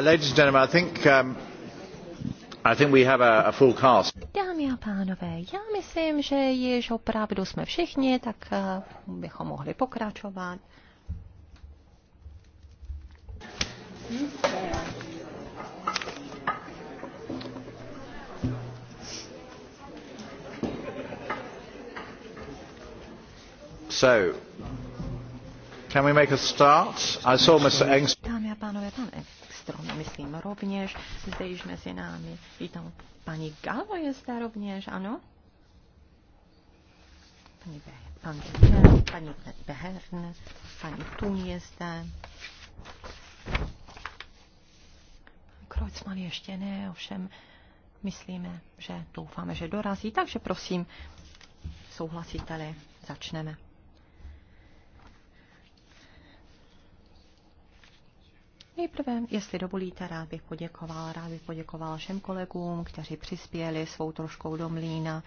Uh, ladies and gentlemen, I think, um, I think we have a, a full cast. Dámy a pánové, já myslím, že již opravdu jsme všichni, tak uh, bychom mohli pokračovat. So, can we make a start? I saw Mr. Engström zde již mezi námi. Vítám paní Galvo je zde rovněž, ano? Paní pan Beher, paní Behern, paní Tun je zde. Kreutzmann ještě ne, ovšem myslíme, že doufáme, že dorazí, takže prosím, souhlasíte-li, začneme. Nejprve, jestli dovolíte, rád bych poděkoval, rád bych poděkoval všem kolegům, kteří přispěli svou troškou do mlína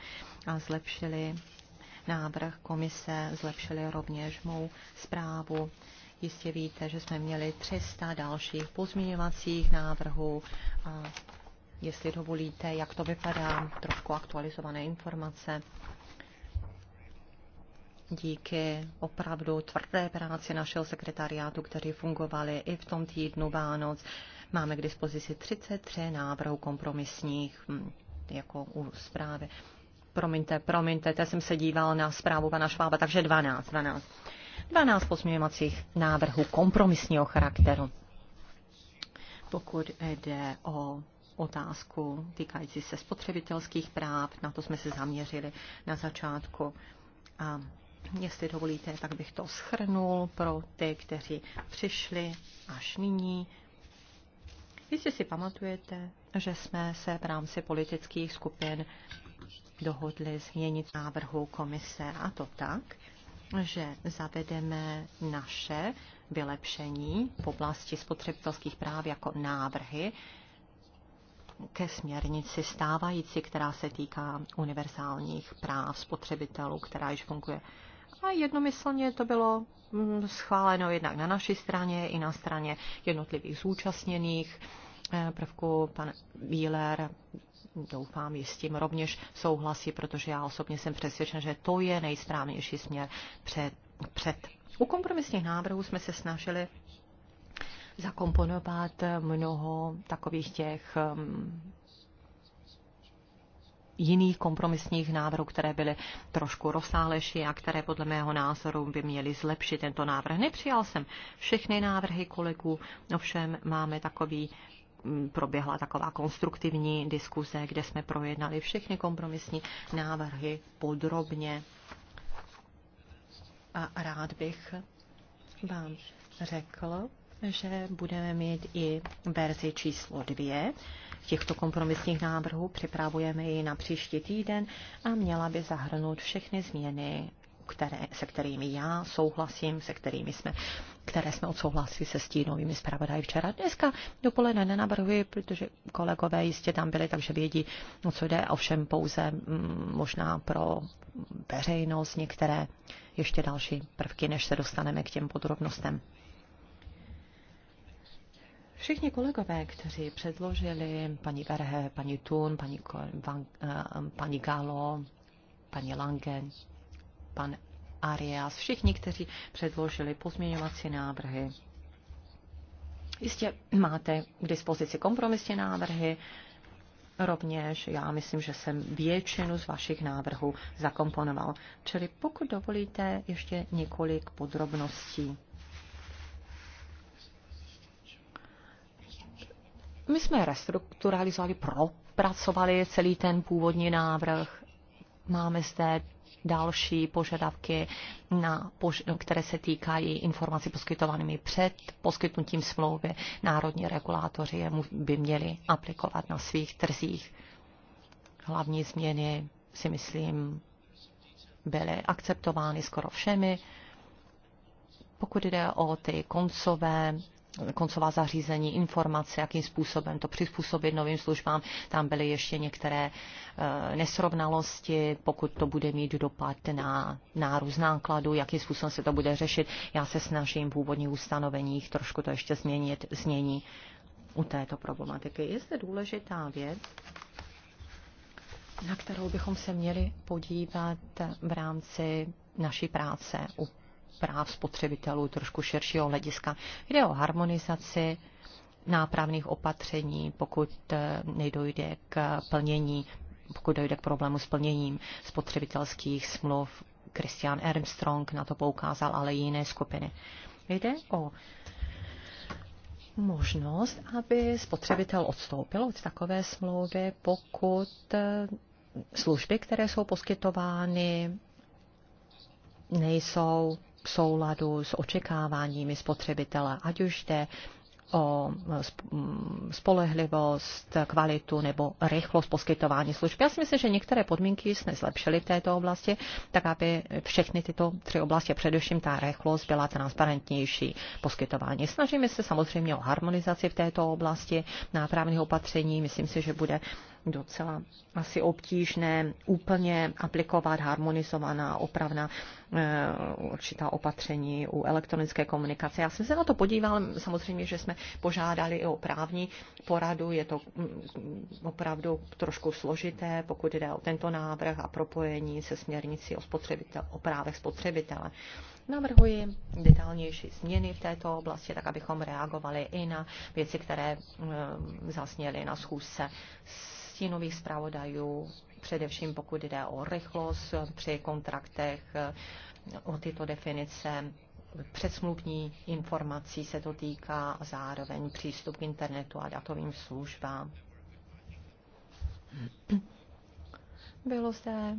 a zlepšili návrh komise, zlepšili rovněž mou zprávu. Jistě víte, že jsme měli 300 dalších pozměňovacích návrhů a jestli dovolíte, jak to vypadá, trošku aktualizované informace díky opravdu tvrdé práci našeho sekretariátu, který fungovali i v tom týdnu Vánoc. Máme k dispozici 33 návrhů kompromisních hm, jako u zprávy. Promiňte, promiňte, já jsem se díval na zprávu pana Švába, takže 12, 12. 12 posměvacích návrhů kompromisního charakteru. Pokud jde o otázku týkající se spotřebitelských práv, na to jsme se zaměřili na začátku. A Jestli dovolíte, tak bych to schrnul pro ty, kteří přišli až nyní. Jestli si pamatujete, že jsme se v rámci politických skupin dohodli změnit návrhu komise a to tak, že zavedeme naše vylepšení v oblasti spotřebitelských práv jako návrhy ke směrnici stávající, která se týká univerzálních práv spotřebitelů, která již funguje a jednomyslně to bylo mm, schváleno jednak na naší straně i na straně jednotlivých zúčastněných eh, Prvku Pan Bíler, doufám, je s tím rovněž souhlasí, protože já osobně jsem přesvědčen, že to je nejsprávnější směr před. před. U kompromisních návrhů jsme se snažili zakomponovat mnoho takových těch mm, jiných kompromisních návrhů, které byly trošku rozsálejší a které podle mého názoru by měly zlepšit tento návrh. Nepřijal jsem všechny návrhy kolegů, ovšem máme takový mm, proběhla taková konstruktivní diskuze, kde jsme projednali všechny kompromisní návrhy podrobně. A rád bych vám řekl, že budeme mít i verzi číslo dvě těchto kompromisních návrhů. Připravujeme ji na příští týden a měla by zahrnout všechny změny, které, se kterými já souhlasím, se kterými jsme, které jsme odsouhlasili se stínovými zpravodaji včera. Dneska dopoledne nenabrhuji, protože kolegové jistě tam byli, takže vědí, no co jde, ovšem pouze mm, možná pro veřejnost některé ještě další prvky, než se dostaneme k těm podrobnostem. Všichni kolegové, kteří předložili paní Verhe, paní Thun, paní, van, eh, eh, paní Galo, paní Langen, pan Arias, všichni, kteří předložili pozměňovací návrhy, jistě máte k dispozici kompromisní návrhy, rovněž já myslím, že jsem většinu z vašich návrhů zakomponoval. Čili pokud dovolíte, ještě několik podrobností. My jsme restrukturalizovali, propracovali celý ten původní návrh. Máme zde další požadavky, na, které se týkají informací poskytovanými před poskytnutím smlouvy. Národní regulátoři je by měli aplikovat na svých trzích. Hlavní změny, si myslím, byly akceptovány skoro všemi. Pokud jde o ty koncové koncová zařízení, informace, jakým způsobem to přizpůsobit novým službám. Tam byly ještě některé eh, nesrovnalosti, pokud to bude mít dopad na nárůst nákladu, jakým způsobem se to bude řešit. Já se snažím v úvodních ustanoveních trošku to ještě změnit, změní u této problematiky. Je zde důležitá věc, na kterou bychom se měli podívat v rámci naší práce u práv spotřebitelů trošku širšího hlediska. Jde o harmonizaci nápravných opatření, pokud eh, nedojde k plnění, pokud dojde k problému s plněním spotřebitelských smluv. Christian Armstrong na to poukázal, ale i jiné skupiny. Jde o možnost, aby spotřebitel odstoupil od takové smlouvy, pokud eh, služby, které jsou poskytovány, nejsou v souladu s očekáváními spotřebitele, ať už jde o mm, mm, spolehlivost, kvalitu nebo rychlost poskytování služby. Já si myslím, že některé podmínky jsme zlepšili v této oblasti, tak aby všechny tyto tři oblasti, především ta rychlost, byla transparentnější poskytování. Snažíme se samozřejmě o harmonizaci v této oblasti nápravných opatření. Myslím si, že bude docela asi obtížné úplně aplikovat harmonizovaná opravná eh, určitá opatření u elektronické komunikace. Já jsem se na to podíval, samozřejmě, že jsme požádali i o právní poradu, je to mm, mm, opravdu trošku složité, pokud jde o tento návrh a propojení se směrnicí o, spotřebitel, o právech spotřebitele. Navrhuji detailnější změny v této oblasti, tak abychom reagovali i na věci, které mm, zasněly na schůzce s stínových zpravodajů, především pokud jde o rychlost při kontraktech, o tyto definice. Přesmluvní informací se to týká a zároveň přístup k internetu a datovým službám. Bylo zde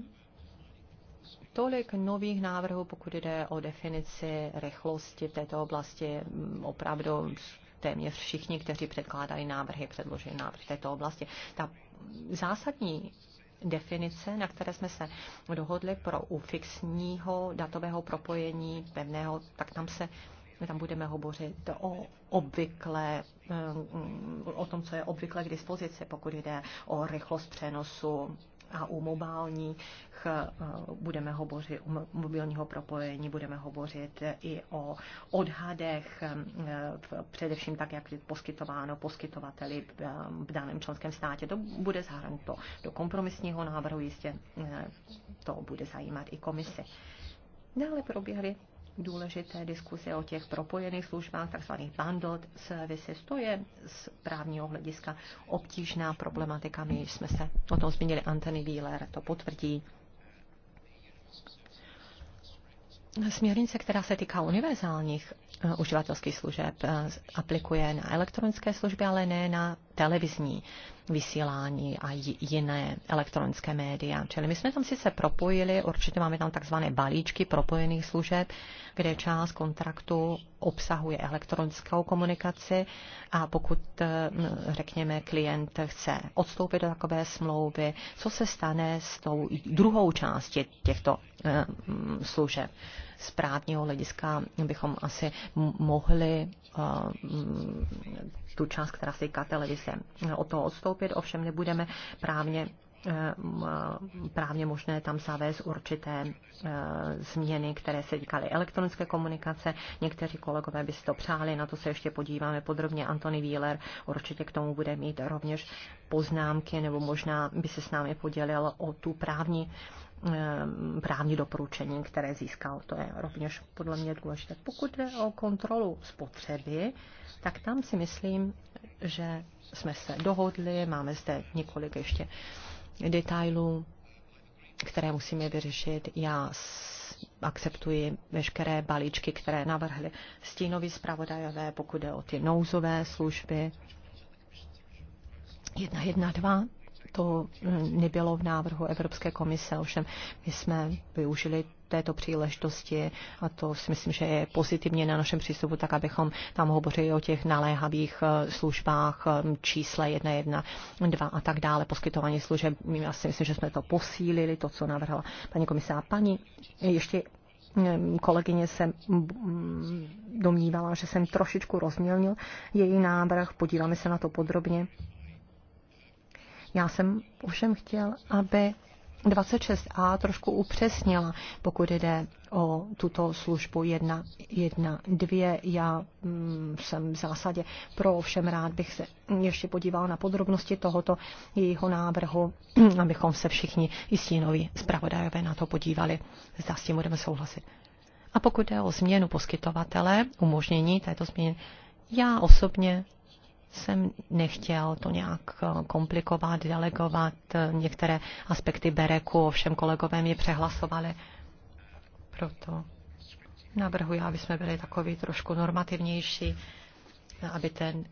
tolik nových návrhů, pokud jde o definici rychlosti v této oblasti. Opravdu téměř všichni, kteří předkládají návrhy, předložili návrh v této oblasti. Ta zásadní definice, na které jsme se dohodli pro u fixního datového propojení pevného, tak tam se my tam budeme hovořit o obvykle, eh, o tom, co je obvykle k dispozici, pokud jde o rychlost přenosu a u mobilních eh, budeme hovořit, u mobilního propojení budeme hovořit eh, i o odhadech, eh, především tak, jak je poskytováno poskytovateli v daném členském státě. To bude zahrnuto do kompromisního návrhu, jistě to bude zajímat i komisi. Dále proběhly důležité diskuse o těch propojených službách, takzvaných bundled services. To je z právního hlediska obtížná problematika. My jsme se o tom zmínili, Anthony Wheeler to potvrdí. Směrnice, která se týká univerzálních eh, uživatelských služeb, eh, aplikuje na elektronické služby, ale ne na televizní vysílání a jiné elektronické média. Čili my jsme tam sice propojili, určitě máme tam takzvané balíčky propojených služeb, kde část kontraktu obsahuje elektronickou komunikaci a pokud, eh, řekněme, klient chce odstoupit do takové smlouvy, co se stane s tou druhou částí těchto eh, služeb z právního hlediska bychom asi mohli eh, tu část, která se týká televize, eh, od toho odstoupit, ovšem nebudeme právně eh, právně možné tam zavést určité změny, které se týkaly elektronické komunikace. Někteří kolegové by si to přáli, na to se ještě podíváme podrobně. Antony Wheeler určitě k tomu bude mít rovněž poznámky, nebo možná by se s námi podělil o tu právní Eh, právní doporučení, které získal. To je rovněž podle mě důležité. Pokud jde o kontrolu spotřeby, tak tam si myslím, že jsme se dohodli, máme zde několik ještě detailů, které musíme vyřešit. Já akceptuji veškeré balíčky, které navrhly stínový zpravodajové, pokud jde o ty nouzové služby. 1, 1, 2 to eh, nebylo v návrhu Evropské komise, ovšem my jsme využili této příležitosti a to si myslím, že je pozitivně na našem přístupu, tak abychom tam hovořili o těch naléhavých eh, službách, eh, čísle 112 a tak dále, poskytování služeb. Já si myslím, že jsme to posílili, to, co navrhla paní komisá. Paní, ještě hm, kolegyně se hm, domnívala, že jsem trošičku rozmělnil její návrh, podíváme se na to podrobně. Já jsem ovšem chtěl, aby 26a trošku upřesnila, pokud jde o tuto službu 1, 1 2. Já mm, jsem v zásadě pro, ovšem rád bych se ještě podíval na podrobnosti tohoto jejího návrhu, abychom se všichni i stínoví zpravodajové na to podívali. Zda s tím budeme souhlasit. A pokud jde o změnu poskytovatele, umožnění této změny, já osobně jsem nechtěl to nějak eh, komplikovat, delegovat. Eh, některé aspekty Bereku ovšem kolegové mě přehlasovali. Proto navrhuji, aby jsme byli takový trošku normativnější, aby ten uh,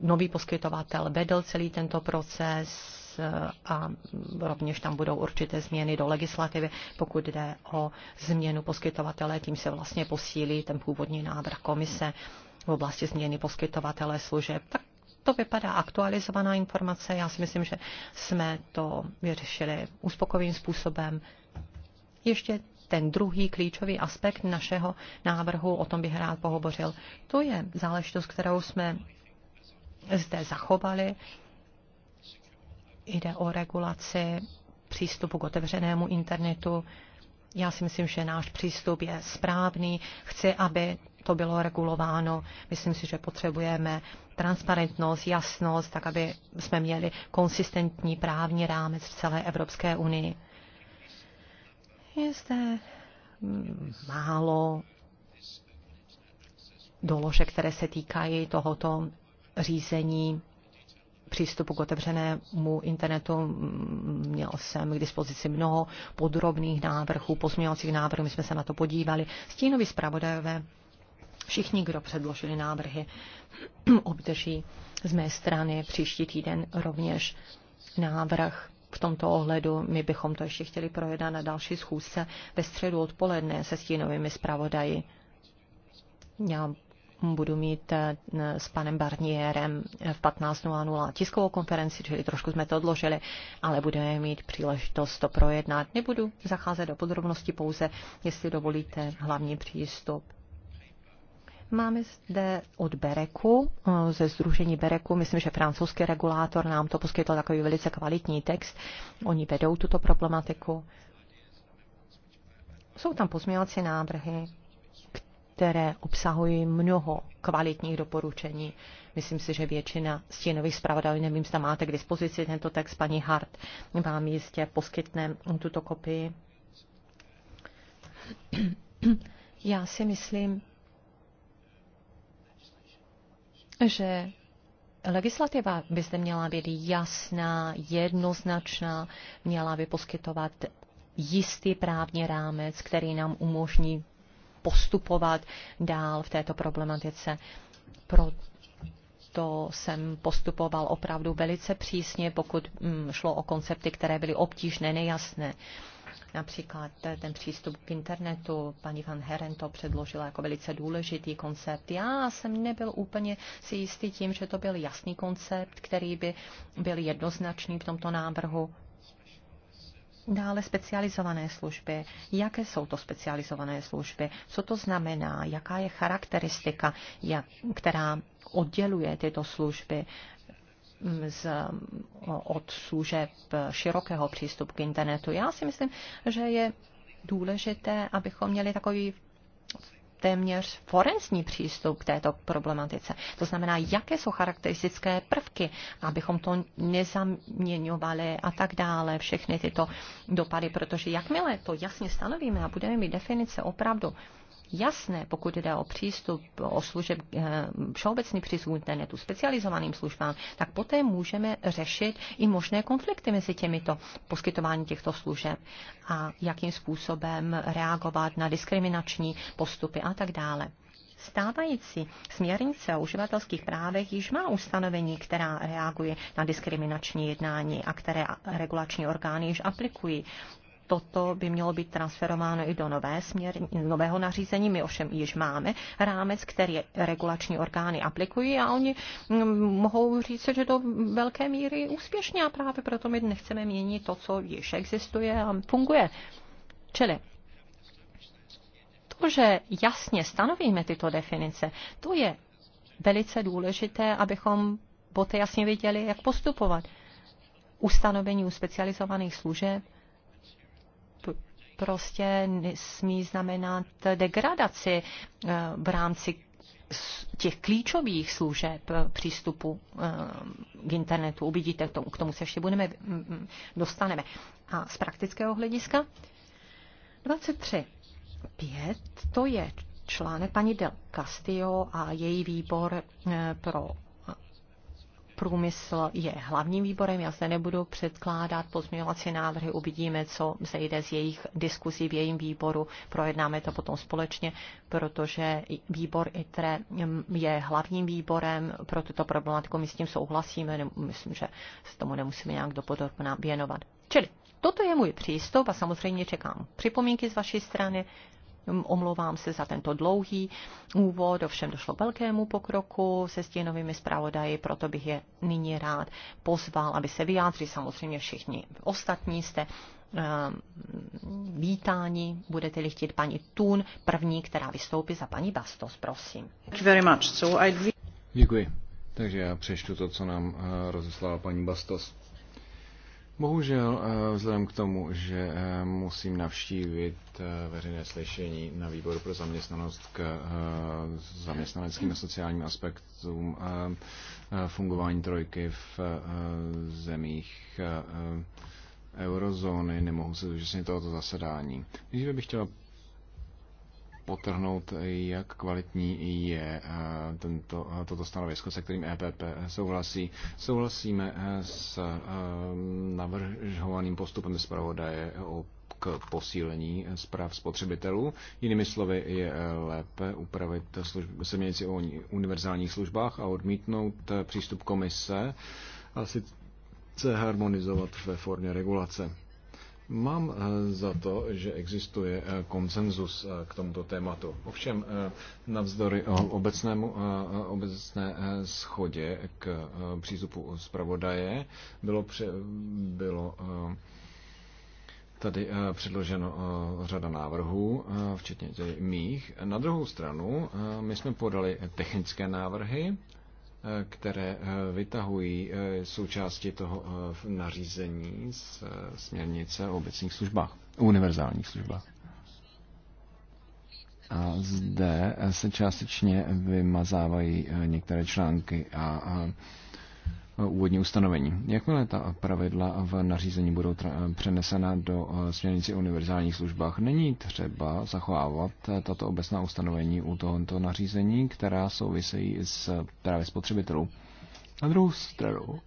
nový poskytovatel vedl celý tento proces a rovněž tam budou určité změny do legislativy, pokud jde o změnu poskytovatele, tím se vlastně posílí ten původní návrh komise v oblasti změny poskytovatele služeb. Tak to vypadá aktualizovaná informace. Já si myslím, že jsme to vyřešili uspokojivým způsobem. Ještě ten druhý klíčový aspekt našeho návrhu, o tom bych rád pohovořil, to je záležitost, kterou jsme zde zachovali. Jde o regulaci přístupu k otevřenému internetu já si myslím, že náš přístup je správný. Chci, aby to bylo regulováno. Myslím si, že potřebujeme transparentnost, jasnost, tak aby jsme měli konsistentní právní rámec v celé Evropské unii. Je zde málo doložek, které se týkají tohoto řízení přístupu k otevřenému internetu. Měl jsem k dispozici mnoho podrobných návrhů, pozměňovacích návrhů, my jsme se na to podívali. Stínovi zpravodajové, všichni, kdo předložili návrhy, obdrží z mé strany příští týden rovněž návrh v tomto ohledu. My bychom to ještě chtěli projednat na další schůzce ve středu odpoledne se stínovými zpravodaji. Já budu mít eh, s panem Barnierem v 15.00 tiskovou konferenci, čili trošku jsme to odložili, ale budeme mít příležitost to projednat. Nebudu zacházet do podrobnosti pouze, jestli dovolíte hlavní přístup. Máme zde od Bereku, eh, ze Združení Bereku, myslím, že francouzský regulátor nám to poskytl takový velice kvalitní text. Oni vedou tuto problematiku. Jsou tam pozměňovací návrhy, které obsahují mnoho kvalitních doporučení. Myslím si, že většina stínových zpravodajů, nevím, zda máte k dispozici tento text, paní Hart vám jistě poskytne tuto kopii. Já si myslím, že legislativa by zde měla být jasná, jednoznačná, měla by poskytovat jistý právní rámec, který nám umožní postupovat dál v této problematice. Pro to jsem postupoval opravdu velice přísně, pokud mm, šlo o koncepty, které byly obtížné, nejasné. Například ten přístup k internetu, paní Van Heren to předložila jako velice důležitý koncept. Já jsem nebyl úplně si jistý tím, že to byl jasný koncept, který by byl jednoznačný v tomto návrhu. Dále specializované služby. Jaké jsou to specializované služby? Co to znamená? Jaká je charakteristika, jak, která odděluje tyto služby mm, z, od služeb širokého přístupu k internetu? Já si myslím, že je důležité, abychom měli takový téměř forenzní přístup k této problematice. To znamená, jaké jsou charakteristické prvky, abychom to nezaměňovali a tak dále, všechny tyto dopady, protože jakmile to jasně stanovíme a budeme mít definice opravdu jasné, pokud jde o přístup, o služeb, eh, všeobecný přístup internetu, specializovaným službám, tak poté můžeme řešit i možné konflikty mezi těmito poskytování těchto služeb a jakým způsobem reagovat na diskriminační postupy a tak dále. Stávající směrnice o uživatelských právech již má ustanovení, která reaguje na diskriminační jednání a které regulační orgány již aplikují toto by mělo být transferováno i do nové směr, nového nařízení. My ovšem již máme rámec, který regulační orgány aplikují a oni mm, mohou říct, že to velké míry úspěšně a právě proto my nechceme měnit to, co již existuje a funguje. Čili to, že jasně stanovíme tyto definice, to je velice důležité, abychom poté jasně věděli, jak postupovat. Ustanovení u specializovaných služeb prostě smí znamenat degradaci eh, v rámci těch klíčových služeb eh, přístupu eh, k internetu. Uvidíte, k tomu, k tomu se ještě budeme, dostaneme. A z praktického hlediska 23. 5. To je článek paní Del Castillo a její výbor pro průmysl je hlavním výborem, já zde nebudu předkládat pozměňovací návrhy, uvidíme, co zejde z jejich diskuzí v jejím výboru, projednáme to potom společně, protože výbor ITRE mm, je hlavním výborem pro tuto problematiku, my s tím souhlasíme, myslím, že se tomu nemusíme nějak dopodrobná věnovat. Čili toto je můj přístup a samozřejmě čekám připomínky z vaší strany Hm, omlouvám se za tento dlouhý úvod, ovšem došlo velkému pokroku se stěnovými zpravodaji, proto bych je nyní rád pozval, aby se vyjádřili samozřejmě všichni. Ostatní jste hm, vítání. budete-li chtít paní Tun, první, která vystoupí za paní Bastos, prosím. Děkuji. Takže já přečtu to, co nám hm, rozeslala paní Bastos. Bohužel, eh, vzhledem k tomu, že eh, musím navštívit eh, veřejné slyšení na výboru pro zaměstnanost k zaměstnaneckým a sociálním aspektům fungování trojky v zemích eurozóny, nemohu se zúčastnit tohoto zasedání. Nejdříve bych chtěla potrhnout, jak kvalitní je eh, tento, eh, toto stanovisko, se kterým EPP souhlasí. Souhlasíme eh, s navrhovaným postupem zpravodaje o k posílení zpráv spotřebitelů. Jinými slovy je lépe upravit služb, směrnici o univerzálních službách a odmítnout přístup komise a sice harmonizovat ve formě regulace. Mám eh, za to, že existuje eh, konsenzus eh, k tomuto tématu. Ovšem, navzdory obecnému, obecné schodě k přístupu zpravodaje bylo, pře, bylo tady předloženo řada návrhů, včetně mých. Na druhou stranu, my jsme podali technické návrhy, které eh, vytahují eh, součásti toho eh, nařízení z směrnice o obecních službách, univerzálních službách. A zde se částečně vymazávají některé články a Eh, úvodní ustanovení. Jakmile ta pravidla v nařízení budou eh, přenesena do eh, směrnici o univerzálních službách, není třeba zachovávat tato obecná ustanovení u tohoto nařízení, která souvisejí s právě spotřebitelů. Na druhou stranu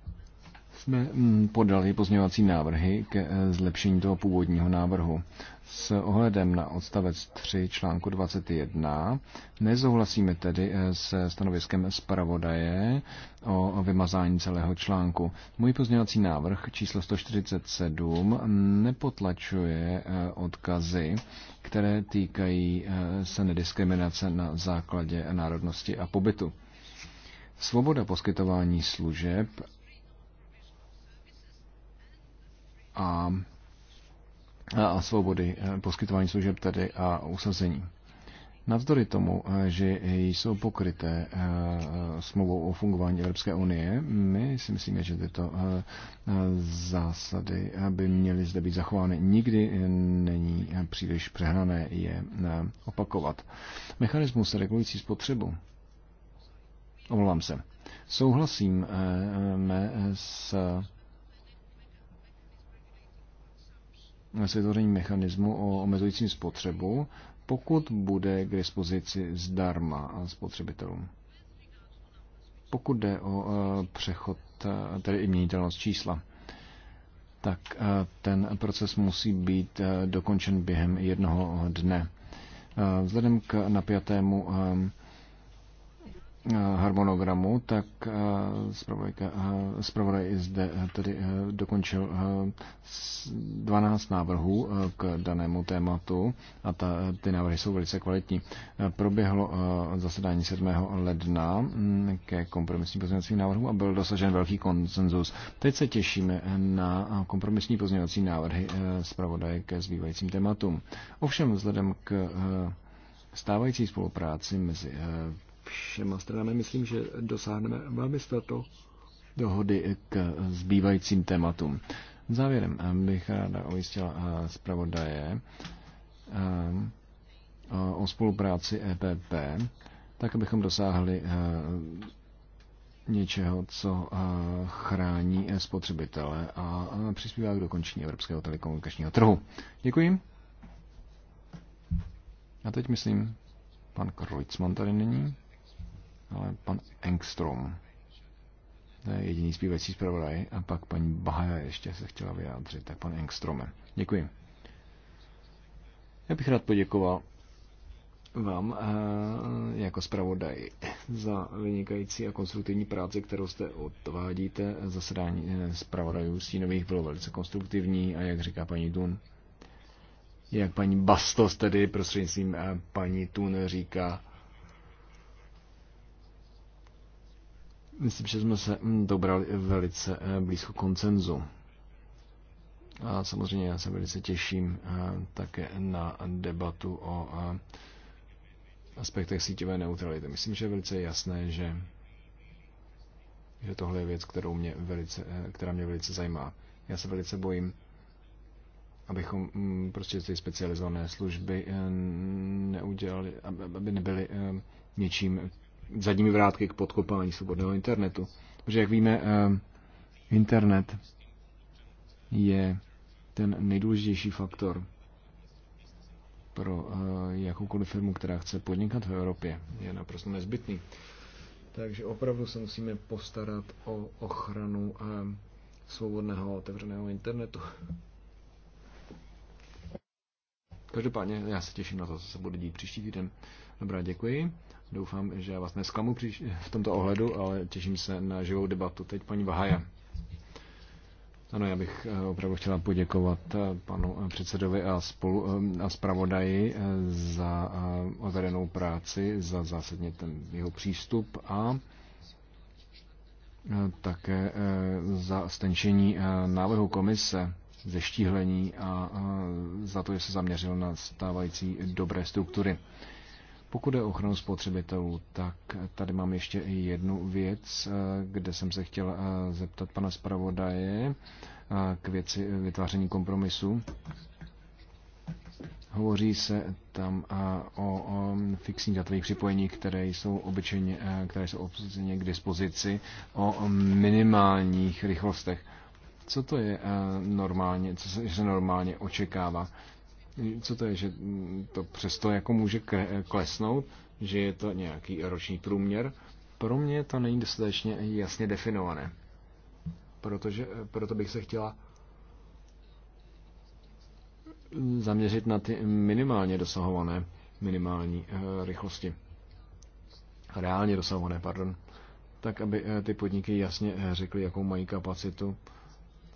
jsme mm, podali pozměňovací návrhy ke zlepšení toho původního návrhu. S ohledem na odstavec 3 článku 21 nezouhlasíme tedy eh, se stanoviskem zpravodaje o vymazání celého článku. Můj pozměňovací návrh číslo 147 nepotlačuje eh, odkazy, které týkají eh, se nediskriminace na základě národnosti a pobytu. Svoboda poskytování služeb a a svobody e, poskytování služeb tedy a usazení. Navzdory tomu, e, že jsou pokryté e, smlouvou o fungování Evropské unie, my si myslíme, že tyto zásady by měly zde být zachovány. Nikdy není příliš přehnané je opakovat. Mechanismus regulující spotřebu. Omlouvám se. Souhlasíme s s vytvořením mechanismu o omezujícím spotřebu, pokud bude k dispozici zdarma spotřebitelům. Pokud jde o e, přechod, e, tedy i měnitelnost čísla, tak e, ten proces musí být dokončen během jednoho dne. Vzhledem k napjatému Eh, harmonogramu, tak eh, eh, zpravodaj zde tedy dokončil 12 návrhů k danému tématu a ta, ty návrhy jsou velice kvalitní. Proběhlo zasedání 7. ledna mm, ke kompromisním pozměňovacím návrhům a byl dosažen velký konsenzus. Teď se těšíme na kompromisní pozměňovací návrhy zpravodaje ke zbývajícím tématům. Ovšem vzhledem k stávající spolupráci mezi všema stranami. Myslím, že dosáhneme velmi snadno dohody k zbývajícím tématům. Závěrem eh, bych ráda ujistila eh, zpravodaje eh, o spolupráci EPP, tak abychom dosáhli něčeho, co chrání spotřebitele a přispívá k dokončení evropského telekomunikačního trhu. Děkuji. A teď myslím, pan Kreutzmann tady není ale pan Engstrom. To je jediný zpívající zpravodaj. A pak paní Bahaja ještě se chtěla vyjádřit. Tak pan Engstrome. Děkuji. Já bych rád poděkoval vám eh, jako zpravodaj za vynikající a konstruktivní práci, kterou jste odvádíte. Zasedání eh, zpravodajů stínových bylo velice konstruktivní a jak říká paní Dun, jak paní Bastos tedy prostřednictvím eh, paní Tun říká, Myslím, že jsme se dobrali mm, velice eh, blízko koncenzu. A samozřejmě já se velice těším eh, také na debatu o eh, aspektech síťové neutrality. Myslím, že je velice jasné, že, že tohle je věc, kterou mě velice, která mě velice zajímá. Já se velice bojím, abychom mm, prostě ty specializované služby neudělali, aby nebyly něčím, zadními vrátky k podkopání svobodného internetu. Protože, jak víme, eh, internet je ten nejdůležitější faktor pro eh, jakoukoliv firmu, která chce podnikat v Evropě. Je naprosto nezbytný. Takže opravdu se musíme postarat o ochranu eh, svobodného otevřeného internetu. Každopádně já se těším na to, co se bude dít příští týden. Dobrá, děkuji. Doufám, že já vás nesklamu v tomto ohledu, ale těším se na živou debatu. Teď paní Vahaja. Ano, já bych eh, opravdu chtěla poděkovat eh, panu eh, předsedovi a, spolu, a zpravodaji za odvedenou práci, za zásadně ten jeho přístup a také za stenčení návrhu komise, ze štíhlení a za to, že se zaměřil na stávající dobré struktury. Pokud je ochranu spotřebitelů, tak tady mám ještě jednu věc, eh, kde jsem se chtěl eh, zeptat pana zpravodaje eh, k věci vytváření kompromisu. Hovoří se tam o, o fixních datových připojení, které jsou obyčejně, které jsou obyčejně k dispozici, o minimálních rychlostech. Co to je normálně, co se normálně očekává? co to je, že to přesto jako může klesnout, že je to nějaký roční průměr. Pro mě to není dostatečně jasně definované. Protože, proto bych se chtěla zaměřit na ty minimálně dosahované minimální eh, rychlosti. Reálně dosahované, pardon. Tak, aby eh, ty podniky jasně eh, řekly, jakou mají kapacitu,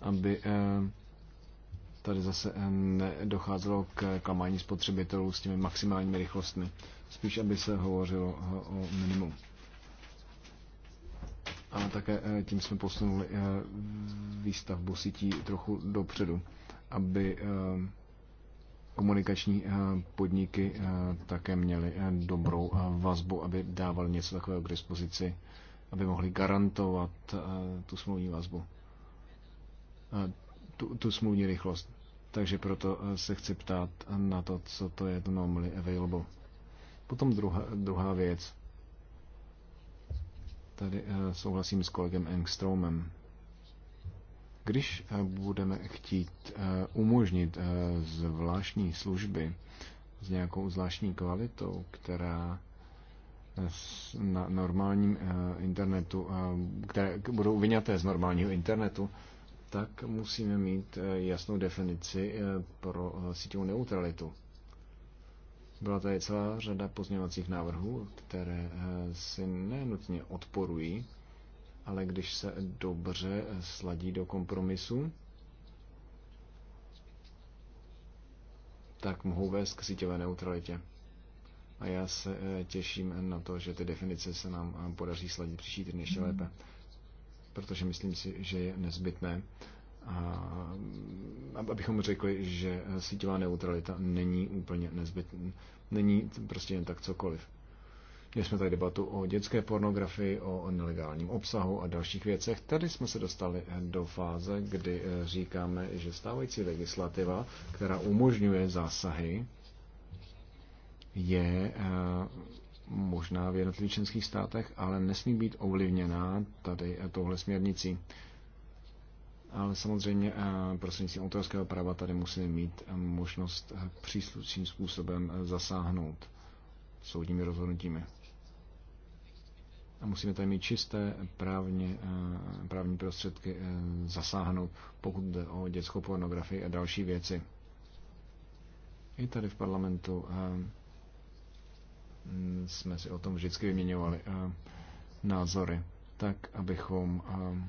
aby tady zase docházelo k klamání spotřebitelů s těmi maximálními rychlostmi. Spíš, aby se hovořilo o minimu. A také eh, tím jsme posunuli eh, výstavbu sítí trochu dopředu, aby komunikační eh, podniky také měly dobrou vazbu, aby dával něco takového k dispozici, aby mohli garantovat tu smluvní vazbu tu, tu smluvní rychlost. Takže proto eh, se chci ptát na to, co to je to normally available. Potom druhá, druhá věc. Tady eh, souhlasím s kolegem Engstromem. Když eh, budeme chtít umožnit zvláštní služby s nějakou zvláštní kvalitou, která na normálním internetu, které budou vyňaté z normálního internetu, tak musíme mít eh, jasnou definici eh, pro eh, síťovou neutralitu. Byla tady celá řada pozměňovacích návrhů, které si nenutně odporují, ale když se dobře sladí do kompromisu, tak mohou vést k síťové neutralitě. A já se těším na to, že ty definice se nám podaří sladit příští týden ještě mhm. lépe protože myslím si, že je nezbytné, a, abychom řekli, že síťová neutralita není úplně nezbytná. Není prostě jen tak cokoliv. Měli jsme tady debatu o dětské pornografii, o nelegálním obsahu a dalších věcech. Tady jsme se dostali do fáze, kdy eh, říkáme, že stávající legislativa, která umožňuje zásahy, je eh, možná v jednotlivých členských státech, ale nesmí být ovlivněná tady eh, touhle směrnicí. Ale samozřejmě eh, prostřednictvím autorského práva tady musíme mít eh, možnost příslušným způsobem zasáhnout soudními rozhodnutími. A musíme tady mít čisté právně, právní prostředky zasáhnout, pokud jde o dětskou pornografii a další věci. I tady v parlamentu Mm, jsme si o tom vždycky vyměňovali eh, názory, tak abychom eh,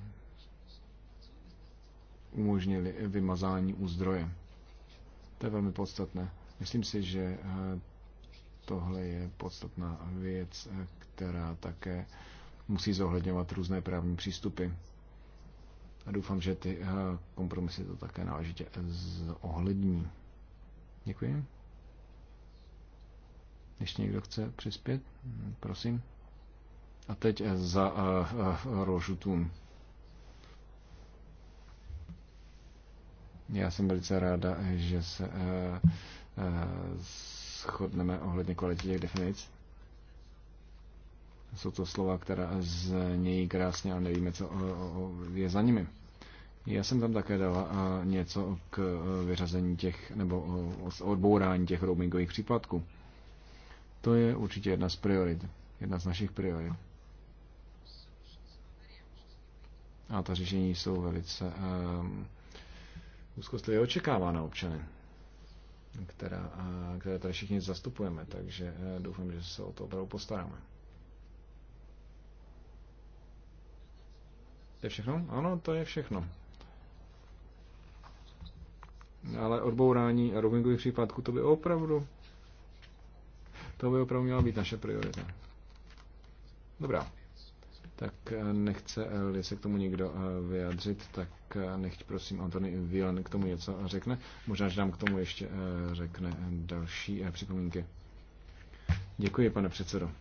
umožnili vymazání úzdroje. To je velmi podstatné. Myslím si, že eh, tohle je podstatná věc, která také musí zohledňovat různé právní přístupy. A doufám, že ty kompromisy to také náležitě zohlední. Děkuji. Ještě někdo chce přispět? Hm, prosím. A teď eh, za uh, eh, uh, eh, rožutům. Já jsem velice ráda, že se uh, uh, shodneme ohledně kvality těch definic. Jsou to slova, která znějí krásně, ale nevíme, co je za nimi. Já jsem tam také dala něco k vyřazení těch, nebo odbourání těch roamingových příplatků. To je určitě jedna z priorit, jedna z našich priorit. A ta řešení jsou velice um, úzkostlivě očekávána občany, která, které tady všichni zastupujeme, takže e, doufám, že se o to opravdu postaráme. To je všechno? Ano, to je všechno. Ale odbourání roamingových případků to by opravdu to by opravdu měla být naše priorita. Dobrá. Tak eh, nechce-li eh, se k tomu někdo eh, vyjádřit, tak nechť prosím Antony Vilen k tomu něco řekne. Možná, že nám k tomu ještě řekne další připomínky. Děkuji, pane předsedo.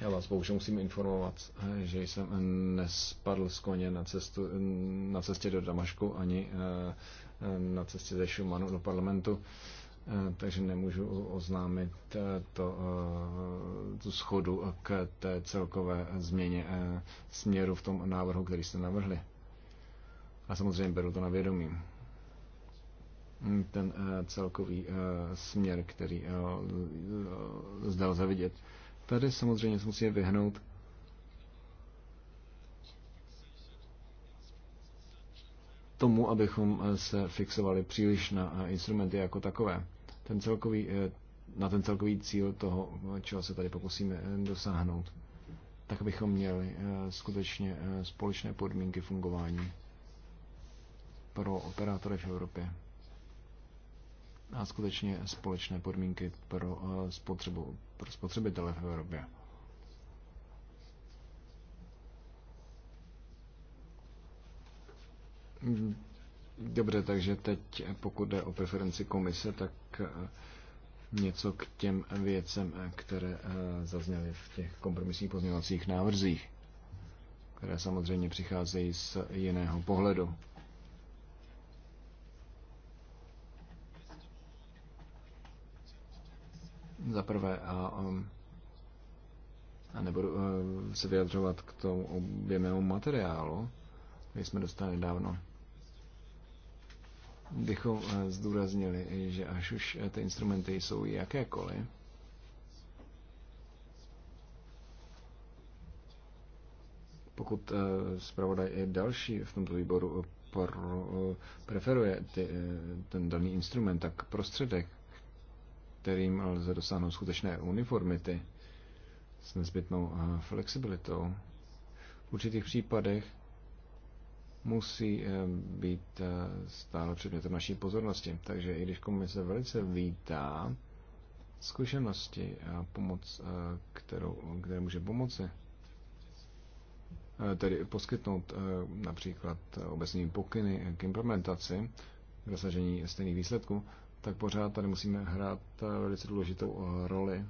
Já vás bohužel musím informovat, že jsem nespadl z koně na, cestu, na cestě do Damašku ani na cestě ze Šumanu do parlamentu. Eh, takže nemůžu oznámit eh, to, eh, tu schodu k té celkové změně směru v tom návrhu, který jste navrhli. A samozřejmě beru to na vědomí. Ten celkový směr, který zde lze vidět. Tady samozřejmě se musíme vyhnout tomu, abychom se fixovali příliš na instrumenty jako takové ten celkový, eh, na ten celkový cíl toho, čeho se tady pokusíme eh, dosáhnout, tak bychom měli eh, skutečně společné podmínky fungování pro operátory v Evropě a skutečně společné podmínky pro, spotřebu, pro spotřebitele v Evropě. Dobře, takže teď pokud jde o preferenci komise, tak eh, něco k těm věcem, eh, které eh, zazněly v těch kompromisních pozměňovacích návrzích, které samozřejmě přicházejí z jiného pohledu. Za prvé, a, um, a nebudu se vyjadřovat k tomu oběmému materiálu, který jsme dostali dávno bychom eh, zdůraznili, že až už eh, ty instrumenty jsou jakékoliv, pokud eh, zpravodaj i další v tomto výboru preferuje ty, ten daný instrument, tak prostředek, kterým lze dosáhnout skutečné uniformity s nezbytnou flexibilitou, v určitých případech musí eh, být eh, stále předmětem naší pozornosti. Takže i když komise velice vítá zkušenosti a pomoc, eh, kterou, které může pomoci, tedy poskytnout například obecní pokyny k implementaci, k dosažení stejných výsledků, tak pořád tady musíme hrát velice důležitou roli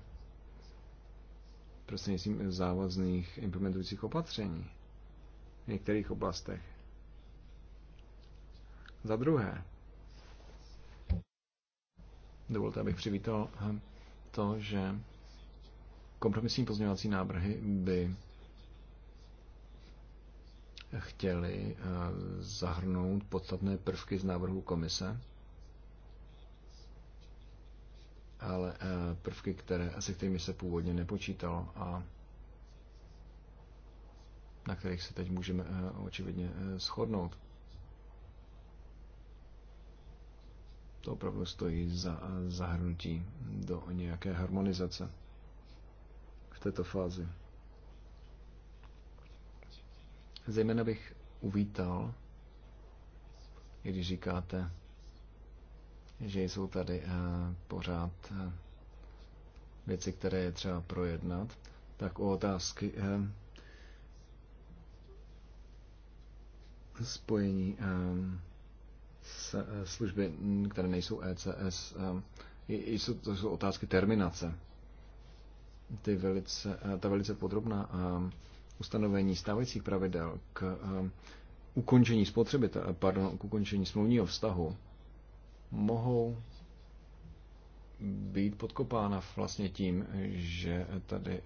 prostřednictvím závazných implementujících opatření v některých oblastech. Za druhé, dovolte, abych přivítal eh, to, že kompromisní pozměňovací návrhy by chtěli eh, zahrnout podstatné prvky z návrhu komise, ale eh, prvky, které, se kterými se původně nepočítalo a na kterých se teď můžeme očividně shodnout. to opravdu stojí za zahrnutí do nějaké harmonizace v této fázi. Zejména bych uvítal, když říkáte, že jsou tady eh, pořád eh, věci, které je třeba projednat, tak u otázky eh, spojení Eh, služby, které nejsou ECS, eh, jsou, to jsou otázky terminace. Ty velice, eh, ta velice podrobná ustanovení stávajících pravidel k ukončení spotřebitele, pardon, k ukončení smluvního vztahu mohou být podkopána vlastně tím, že tady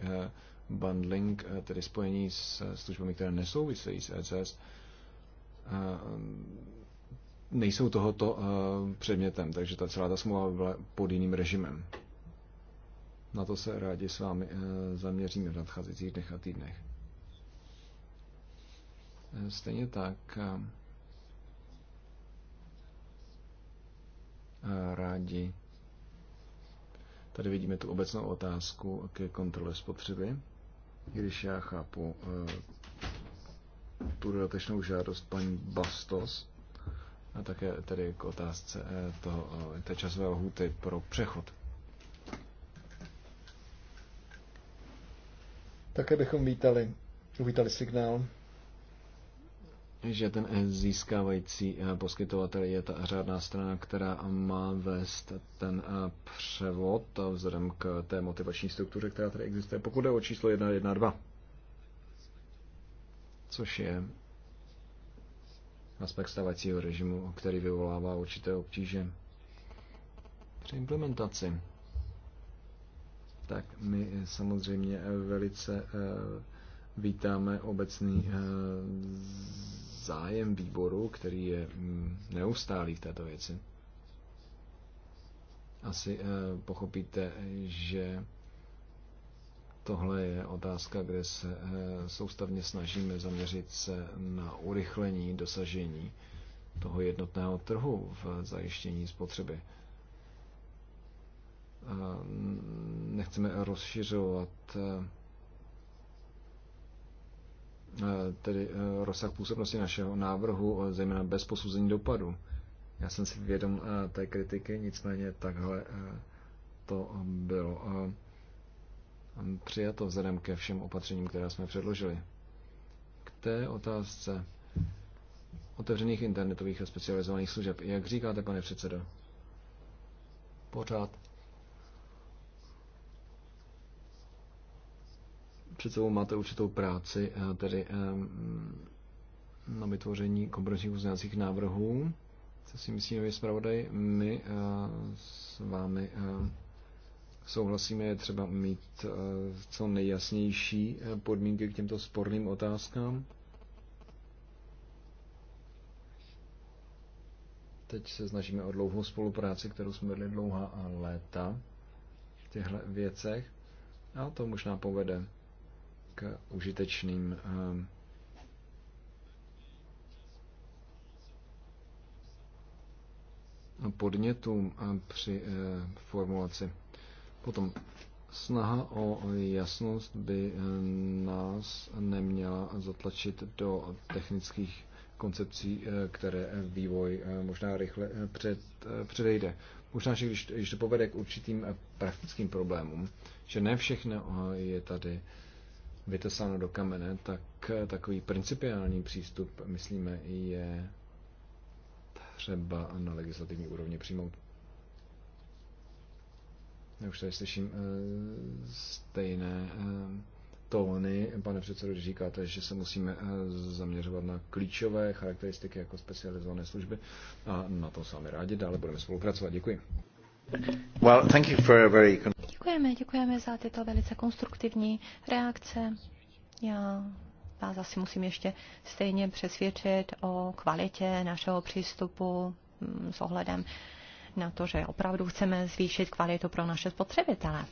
bundling, tedy spojení s službami, které nesouvisejí s ECS, nejsou tohoto eh, předmětem, takže ta celá ta smlouva byla pod jiným režimem. Na to se rádi s vámi eh, zaměříme v nadcházejících dnech a týdnech. Eh, stejně tak rádi tady vidíme tu obecnou otázku ke kontrole spotřeby, když já chápu tu dodatečnou žádost paní Bastos, a také tedy k otázce eh, toho, eh, té časové lhůty pro přechod. Také bychom vítali, uvítali signál, že ten eh, získávající poskytovatel je ta řádná strana, která má vést ten převod vzhledem k té motivační struktuře, která tady existuje, pokud je o číslo 1.1.2, což je aspekt stavacího režimu, který vyvolává určité obtíže při implementaci. Tak my eh, samozřejmě eh, velice eh, vítáme obecný zájem výboru, který je mm, neustálý v této věci. Asi pochopíte, že Tohle je otázka, kde se eh, soustavně snažíme zaměřit se na urychlení dosažení toho jednotného trhu v zajištění spotřeby. Eh, nechceme rozšiřovat eh, tedy rozsah působnosti našeho návrhu, zejména bez posuzení dopadu. Já jsem si vědom té kritiky, nicméně takhle to bylo přijato vzhledem ke všem opatřením, která jsme předložili. K té otázce otevřených internetových a specializovaných služeb. Jak říkáte, pane předsedo? Pořád. Před sebou máte určitou práci, eh, tedy eh, na vytvoření kompromisních uznacích návrhů. Co si myslíme, že zpravodaj, my eh, s vámi souhlasíme, je třeba mít eh, co nejjasnější eh, podmínky k těmto sporným otázkám. Teď se snažíme o dlouhou spolupráci, kterou jsme vedli dlouhá léta v těchto věcech a to možná povede k užitečným eh, podnětům při formulaci Potom snaha o jasnost by eh, nás neměla zatlačit do technických koncepcí, eh, které vývoj eh, možná rychle před, předejde. Možná, že když, když to povede k určitým praktickým problémům, že ne všechno je tady vytesáno do kamene, tak takový principiální přístup, myslíme, je třeba na legislativní úrovni přijmout. Já už tady slyším eh, stejné eh, tóny, pane předsedo, když říkáte, že se musíme eh, zaměřovat na klíčové charakteristiky jako specializované služby a na to sami rádi dále budeme spolupracovat. Děkuji. Well, thank you for a very... Děkujeme, děkujeme za tyto velice konstruktivní reakce. Já vás asi musím ještě stejně přesvědčit o kvalitě našeho přístupu mm, s ohledem na to, že opravdu chceme zvýšit kvalitu pro naše spotřebitele.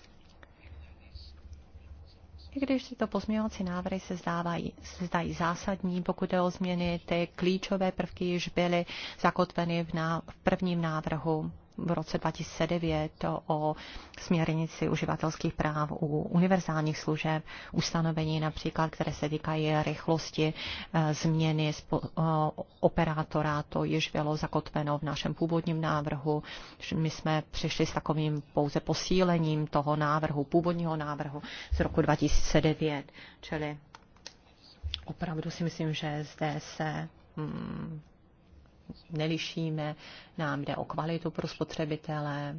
I když tyto pozměňovací návrhy se, zdávají, se zdají zásadní, pokud jde o změny, ty klíčové prvky již byly zakotveny v, ná, v prvním návrhu v roce 2009 o směrnici uživatelských práv u univerzálních služeb, ustanovení například, které se týkají rychlosti eh, změny eh, operátora, to již bylo zakotveno v našem původním návrhu. My jsme přišli s takovým pouze posílením toho návrhu, původního návrhu z roku 2009, čili opravdu si myslím, že zde se hmm, nelišíme, nám jde o kvalitu pro spotřebitele,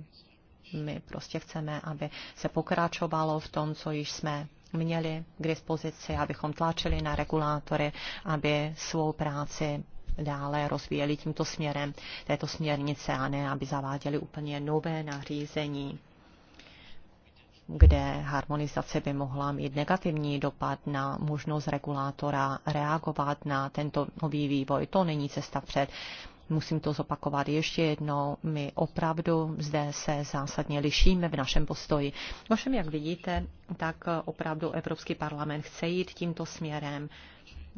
my prostě chceme, aby se pokračovalo v tom, co již jsme měli k dispozici, abychom tlačili na regulátory, aby svou práci dále rozvíjeli tímto směrem této směrnice a ne, aby zaváděli úplně nové nařízení kde harmonizace by mohla mít negativní dopad na možnost regulátora reagovat na tento nový vývoj. To není cesta před. Musím to zopakovat ještě jednou. My opravdu zde se zásadně lišíme v našem postoji. Ovšem, jak vidíte, tak opravdu Evropský parlament chce jít tímto směrem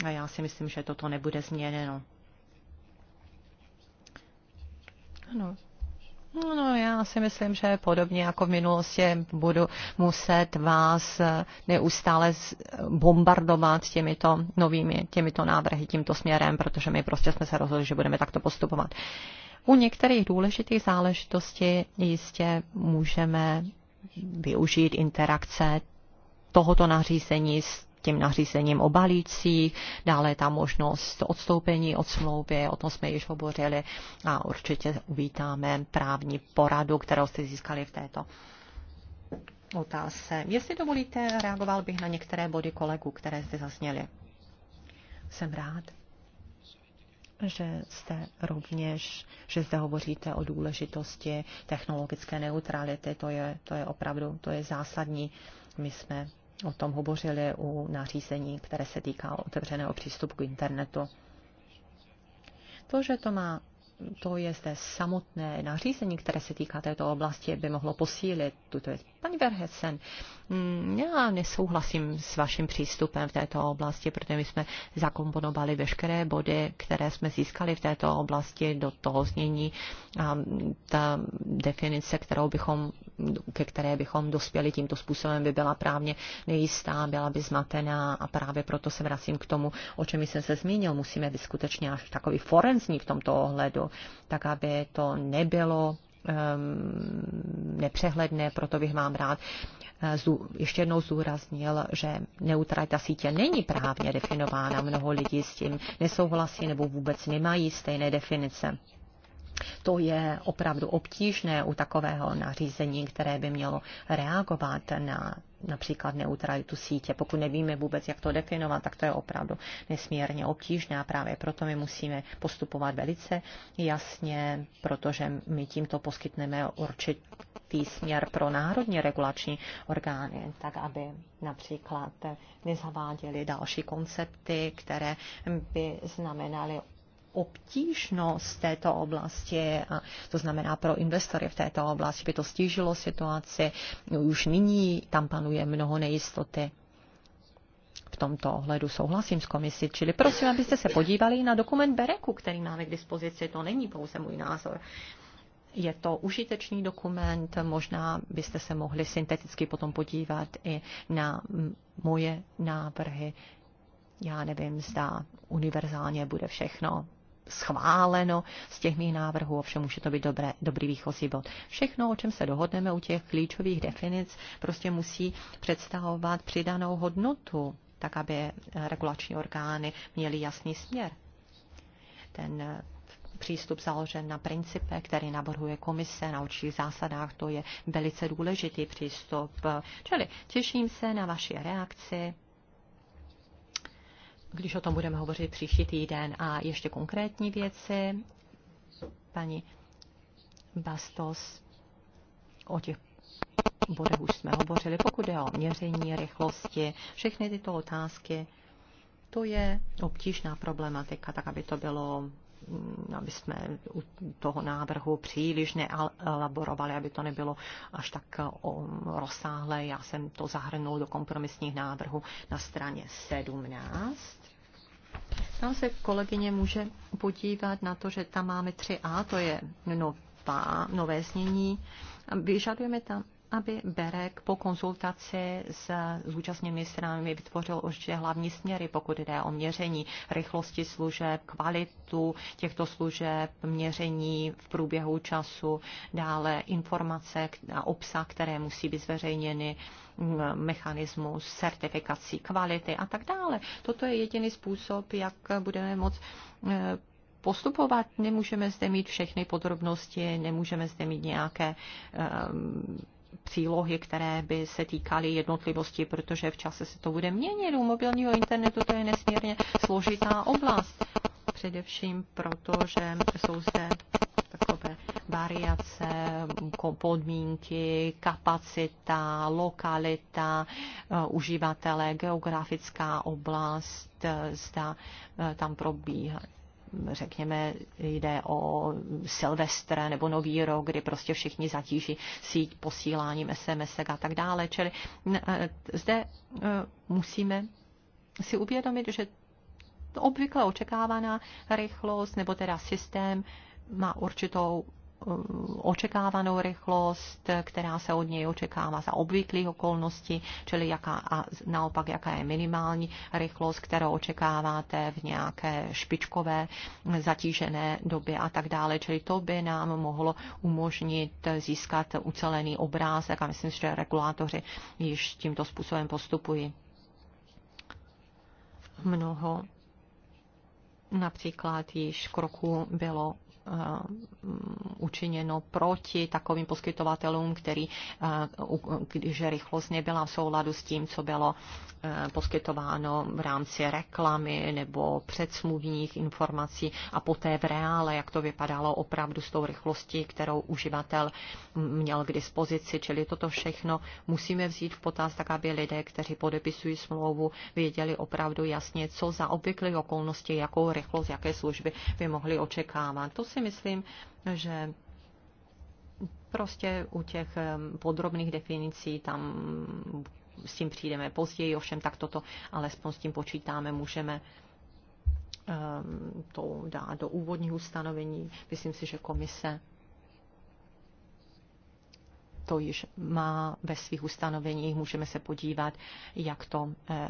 a já si myslím, že toto nebude změněno. Ano, No, já si myslím, že podobně jako v minulosti budu muset vás neustále bombardovat těmito novými, těmito návrhy, tímto směrem, protože my prostě jsme se rozhodli, že budeme takto postupovat. U některých důležitých záležitostí jistě můžeme využít interakce tohoto nařízení s tím nařízením o balících, dále ta možnost odstoupení od smlouvy, o tom jsme již hovořili a určitě uvítáme právní poradu, kterou jste získali v této otázce. Jestli dovolíte, reagoval bych na některé body kolegů, které zde zazněly. Jsem rád, že jste rovněž, že zde hovoříte o důležitosti technologické neutrality. To je, to je opravdu to je zásadní. My jsme o tom hovořili u nařízení, které se týká otevřeného přístupu k internetu. To, že to má to je zde samotné nařízení, které se týká této oblasti, by mohlo posílit tuto věc. Paní Verhesen, mm, já nesouhlasím s vaším přístupem v této oblasti, protože my jsme zakomponovali veškeré body, které jsme získali v této oblasti do toho znění a ta definice, kterou bychom, ke které bychom dospěli tímto způsobem, by byla právně nejistá, byla by zmatená a právě proto se vracím k tomu, o čem jsem se zmínil. Musíme být skutečně až takový forenzní v tomto ohledu tak aby to nebylo ehm, nepřehledné, proto bych vám rád eh, ještě jednou zúraznil, že neutralita sítě není právně definována. Mnoho lidí s tím nesouhlasí nebo vůbec nemají stejné definice. To je opravdu obtížné u takového nařízení, které by mělo reagovat na například neutralitu sítě. Pokud nevíme vůbec, jak to definovat, tak to je opravdu nesmírně obtížné a právě proto my musíme postupovat velice jasně, protože my tímto poskytneme určitý směr pro národní regulační orgány, tak aby například nezaváděli další koncepty, které by znamenaly obtížnost této oblasti, a to znamená pro investory v této oblasti, by to stížilo situaci. Už nyní tam panuje mnoho nejistoty. V tomto ohledu souhlasím s komisí, čili prosím, abyste se podívali na dokument Bereku, který máme k dispozici. To není pouze můj názor. Je to užitečný dokument, možná byste se mohli synteticky potom podívat i na moje návrhy. Já nevím, zda univerzálně bude všechno schváleno z těch mých návrhů, ovšem může to být dobré, dobrý výchozí bod. Všechno, o čem se dohodneme u těch klíčových definic, prostě musí představovat přidanou hodnotu, tak aby regulační orgány měly jasný směr. Ten eh, přístup založen na principe, který navrhuje komise na určitých zásadách, to je velice důležitý přístup. Čili těším se na vaši reakci když o tom budeme hovořit příští týden. A ještě konkrétní věci. Paní Bastos o těch bodech už jsme hovořili. Pokud je o měření rychlosti, všechny tyto otázky, to je obtížná problematika, tak aby to bylo mm, aby jsme u toho návrhu příliš neelaborovali, aby to nebylo až tak rozsáhlé. Já jsem to zahrnul do kompromisních návrhů na straně 17. Tam se kolegyně může podívat na to, že tam máme 3A, to je nová, nové znění. Vyžadujeme tam aby Berek po konzultaci s zúčastněnými stranami vytvořil určitě hlavní směry, pokud jde o měření rychlosti služeb, kvalitu těchto služeb, měření v průběhu času, dále informace a obsah, které musí být zveřejněny, mechanismus certifikací kvality a tak dále. Toto je jediný způsob, jak budeme moct e, postupovat. Nemůžeme zde mít všechny podrobnosti, nemůžeme zde mít nějaké um, přílohy, které by se týkaly jednotlivosti, protože v čase se to bude měnit. U mobilního internetu to je nesmírně složitá oblast. Především proto, že jsou zde takové variace, podmínky, kapacita, lokalita, eh, uživatele, geografická oblast, eh, zda eh, tam probíhá řekněme, jde o Silvestre nebo Nový rok, kdy prostě všichni zatíží síť posíláním SMS a tak dále. Čili e, zde e, musíme si uvědomit, že obvykle očekávaná rychlost nebo teda systém má určitou Eh, očekávanou rychlost, která se od něj očekává za obvyklých okolností, čili jaká, a naopak jaká je minimální rychlost, kterou očekáváte v nějaké špičkové zatížené době a tak dále. Čili to by nám mohlo umožnit získat ucelený obrázek a myslím, že regulátoři již tímto způsobem postupují. Mnoho například již kroků bylo Eh, učiněno proti takovým poskytovatelům, který, eh, když rychlost nebyla v souladu s tím, co bylo eh, poskytováno v rámci reklamy nebo předsmluvních informací a poté v reále, jak to vypadalo opravdu s tou rychlostí, kterou uživatel měl k dispozici. Čili toto všechno musíme vzít v potaz, tak aby lidé, kteří podepisují smlouvu, věděli opravdu jasně, co za obvyklé okolnosti, jakou rychlost, jaké služby by mohli očekávat. To si myslím, že prostě u těch podrobných definicí tam s tím přijdeme později, ovšem tak toto alespoň s tím počítáme, můžeme to dát do úvodních ustanovení. Myslím si, že komise to již má ve svých ustanoveních. Můžeme se podívat, jak to e, e,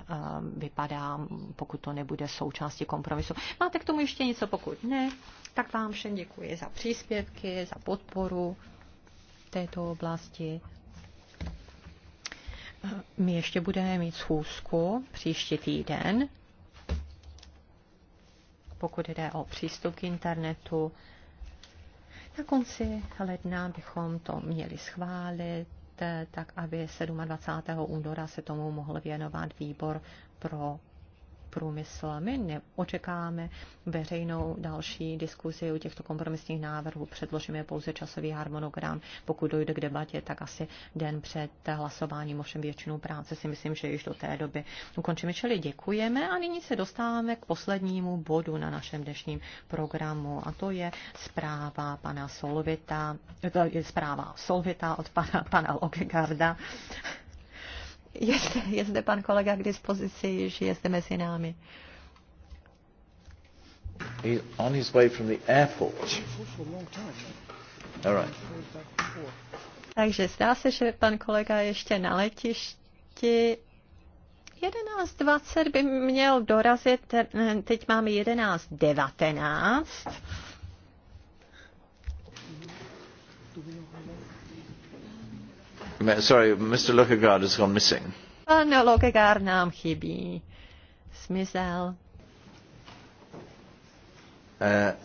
vypadá, pokud to nebude součástí kompromisu. Máte k tomu ještě něco, pokud ne? tak vám všem děkuji za příspěvky, za podporu této oblasti. My ještě budeme mít schůzku příští týden, pokud jde o přístup k internetu. Na konci ledna bychom to měli schválit, tak aby 27. února se tomu mohl věnovat výbor pro průmysl. My neočekáme veřejnou další diskuzi u těchto kompromisních návrhů. Předložíme pouze časový harmonogram. Pokud dojde k debatě, tak asi den před hlasováním, ovšem většinou práce si myslím, že již do té doby ukončíme. Čili děkujeme a nyní se dostáváme k poslednímu bodu na našem dnešním programu a to je zpráva pana Solvita, zpráva Solvita od pana, pana Logegarda. Je zde, je zde pan kolega k dispozici, již je zde mezi námi. He, on his way from the airport. All right. Takže zdá se, že pan kolega ještě na letišti. 11.20 by měl dorazit, teď máme 11.19. Sorry, Mr. Lokegaard has gone missing. Pan Lokegaard nám chybí. Smizel. Uh,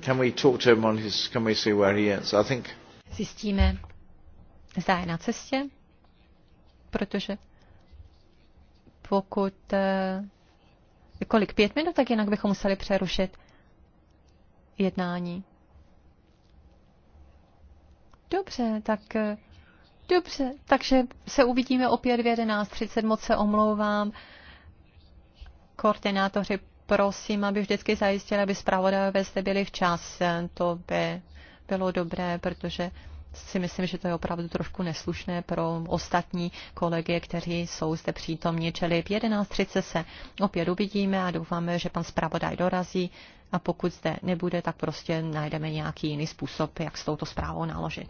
can we talk to him on his, can we see where he is? I think... Zjistíme, zda je na cestě, protože pokud eh, kolik pět minut, tak jinak bychom museli přerušit jednání. Dobře, tak eh, dobře, takže se uvidíme opět v 11.30, moc se omlouvám. Koordinátoři, prosím, aby vždycky zajistili, aby zpravodajové jste byli včas. To by bylo dobré, protože si myslím, že to je opravdu trošku neslušné pro ostatní kolegy, kteří jsou zde přítomni. Čili v 11.30 se opět uvidíme a doufáme, že pan zpravodaj dorazí a pokud zde nebude, tak prostě najdeme nějaký jiný způsob, jak s touto zprávou naložit.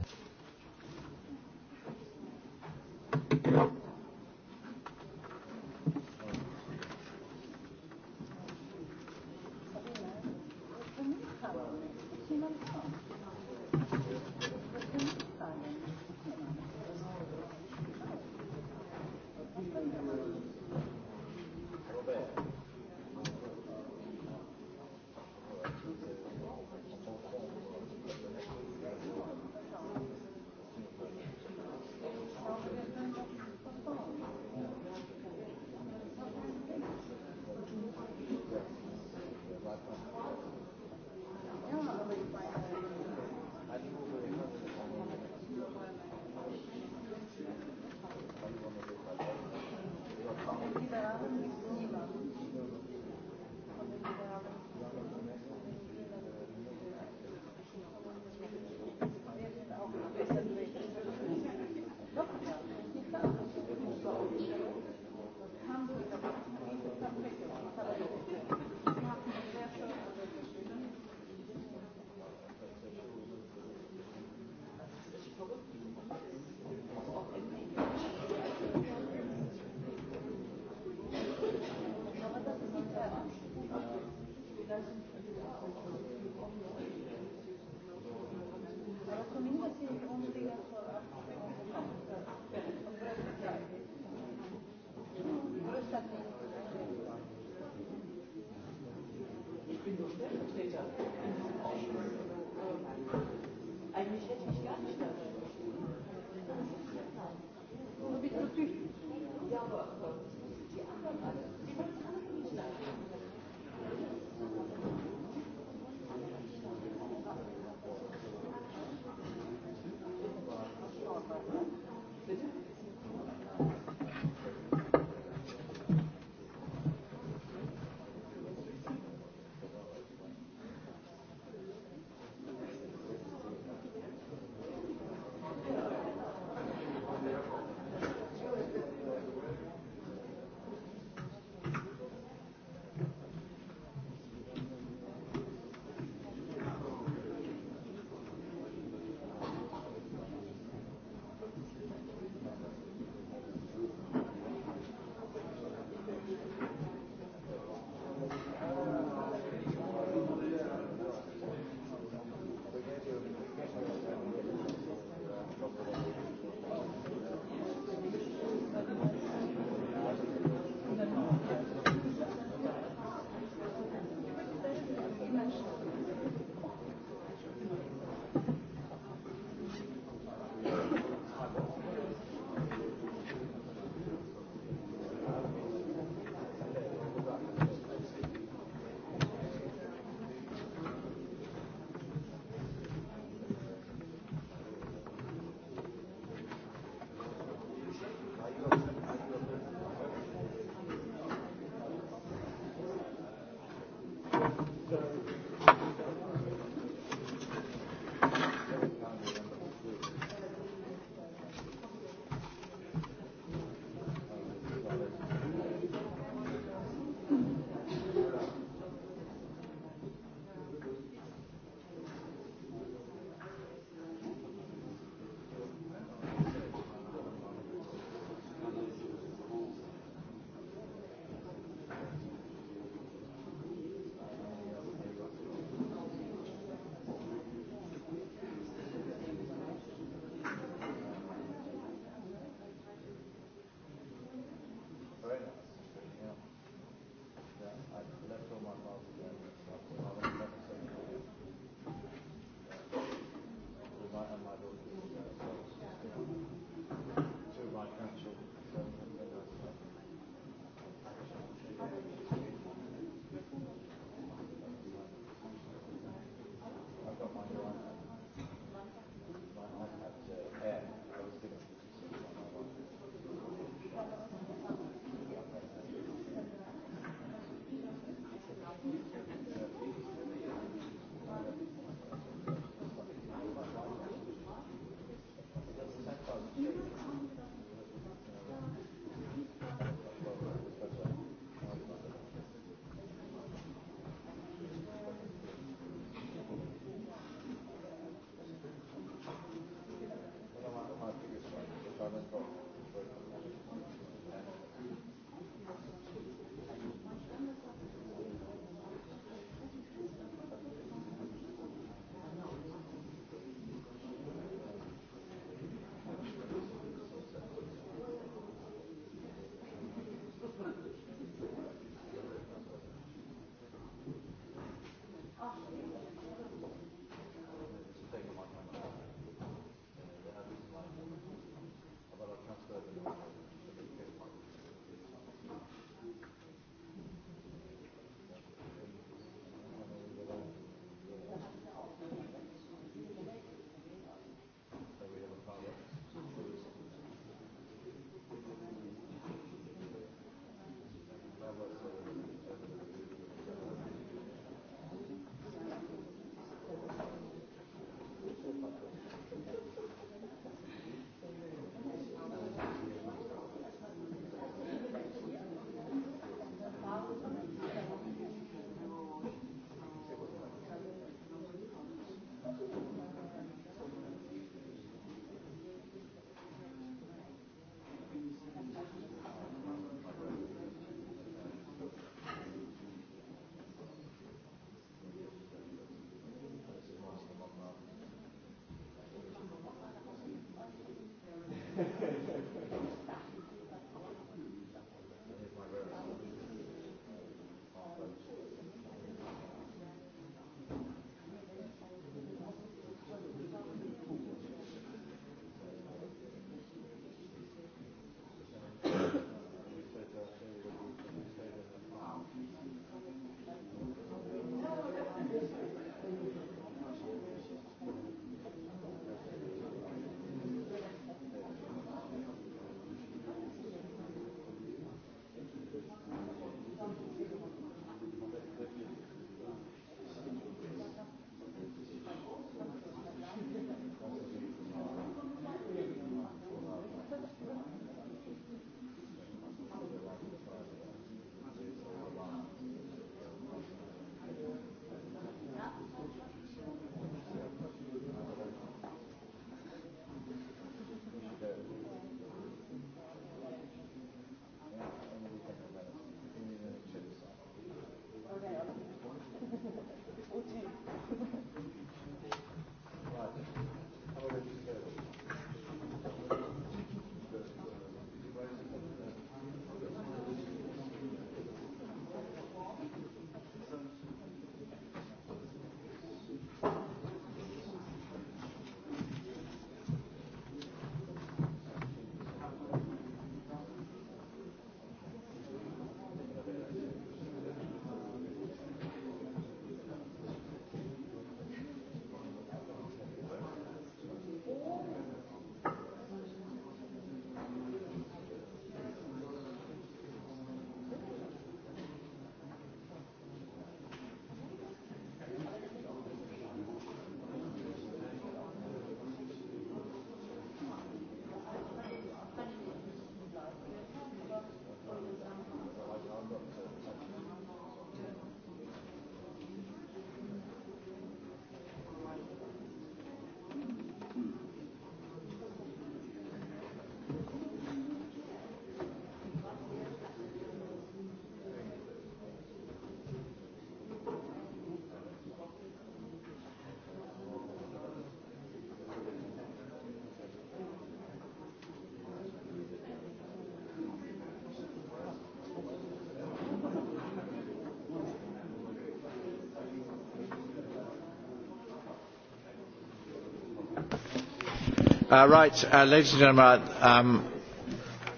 Uh, right, uh, ladies and gentlemen, um,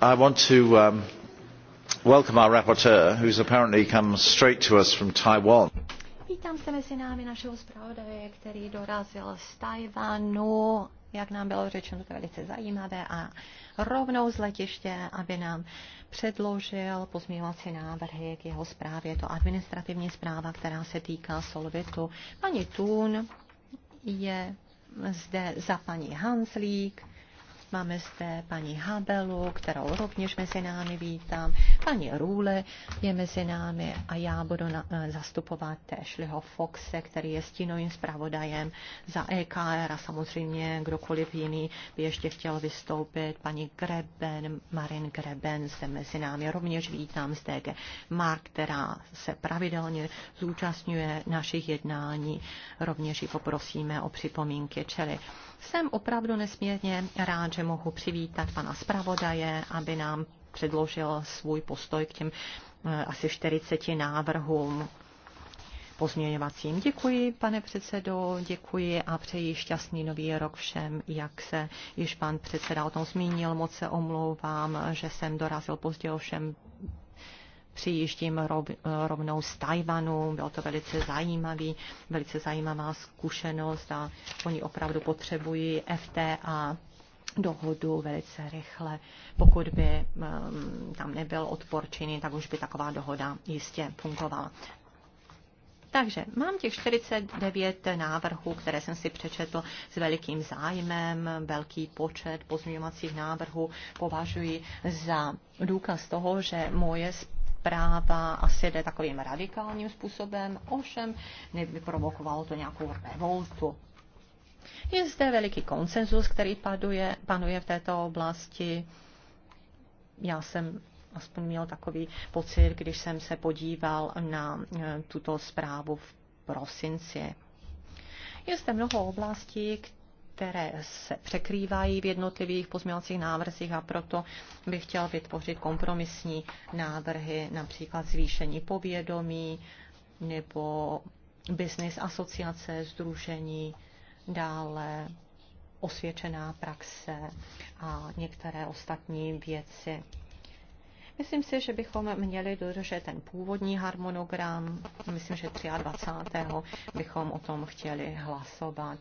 I want to um, welcome our rapporteur, has apparently come straight to us from Taiwan. Vítám se mezi námi našeho zpravodaje, který dorazil z jak nám bylo řečeno, to je velice zajímavé, a rovnou aby nám předložil k jeho zprávě. to administrativní zpráva, která se týká Solvitu zde za paní Hanslík. Máme zde paní Habelu, kterou rovněž mezi námi vítám. Paní Růle je mezi námi a já budu na, eh, zastupovat Ashleyho Foxe, který je stínovým zpravodajem za EKR a samozřejmě kdokoliv jiný by ještě chtěl vystoupit. Paní Greben, Marin Greben se mezi námi rovněž vítám z DG Mark, která se pravidelně zúčastňuje našich jednání. Rovněž ji poprosíme o připomínky, čili jsem opravdu nesmírně rád, že že mohu přivítat pana zpravodaje, aby nám předložil svůj postoj k těm eh, asi 40 návrhům pozměňovacím. Děkuji, pane předsedo, děkuji a přeji šťastný nový rok všem, jak se již pan předseda o tom zmínil. Moc se omlouvám, že jsem dorazil pozdě všem. přijíždím eh, rovnou z Tajvanu. Bylo to velice zajímavý, velice zajímavá zkušenost a oni opravdu potřebují FTA dohodu velice rychle. Pokud by mm, tam nebyl odpor činy, tak už by taková dohoda jistě fungovala. Takže mám těch 49 návrhů, které jsem si přečetl s velikým zájmem, velký počet pozměňovacích návrhů považuji za důkaz toho, že moje zpráva asi jde takovým radikálním způsobem, ovšem nevyprovokovalo to nějakou revoltu. Je zde veliký konsenzus, který paduje, panuje v této oblasti. Já jsem aspoň měl takový pocit, když jsem se podíval na eh, tuto zprávu v prosinci. Je zde mnoho oblastí, které se překrývají v jednotlivých pozměňovacích návrzích a proto bych chtěl vytvořit kompromisní návrhy, například zvýšení povědomí nebo business asociace, združení dále osvědčená praxe a některé ostatní věci. Myslím si, že bychom měli dodržet ten původní harmonogram. Myslím, že 23. bychom o tom chtěli hlasovat.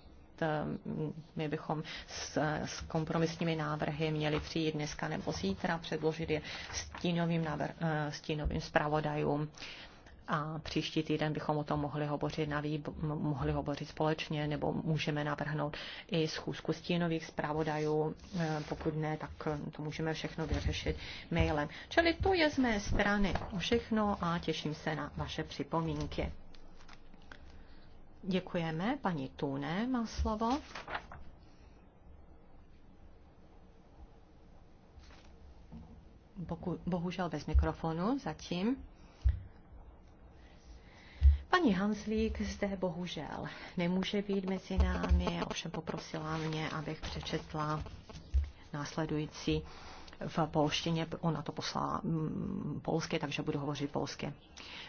My bychom s, s kompromisními návrhy měli přijít dneska nebo zítra, předložit je stínovým, navr, eh, stínovým zpravodajům a příští týden bychom o tom mohli hovořit, na výb- mohli hovořit společně nebo můžeme navrhnout i schůzku stínových zpravodajů. E, pokud ne, tak to můžeme všechno vyřešit mailem. Čili to je z mé strany všechno a těším se na vaše připomínky. Děkujeme. Paní Tune má slovo. bohužel bez mikrofonu zatím. Paní Hanslík zde bohužel nemůže být mezi námi, ovšem poprosila mě, abych přečetla následující v polštině. Ona to poslala mm, polsky, takže budu hovořit polsky.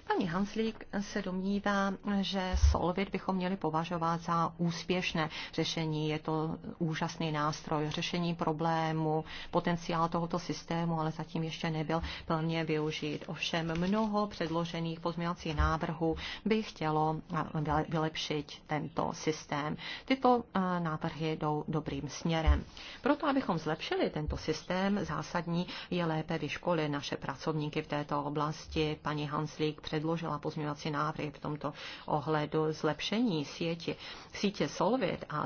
Paní Hanslík se domnívá, že Solvit bychom měli považovat za úspěšné řešení. Je to úžasný nástroj řešení problému, potenciál tohoto systému, ale zatím ještě nebyl plně využit. Ovšem mnoho předložených pozměňovacích návrhů by chtělo vylepšit tento systém. Tyto eh, návrhy jdou dobrým směrem. Proto, abychom zlepšili tento systém, zásadní je lépe vyškolit naše pracovníky v této oblasti. Paní Hanslík předložila pozměňovací návrhy v tomto ohledu zlepšení sítě, sítě Solvit a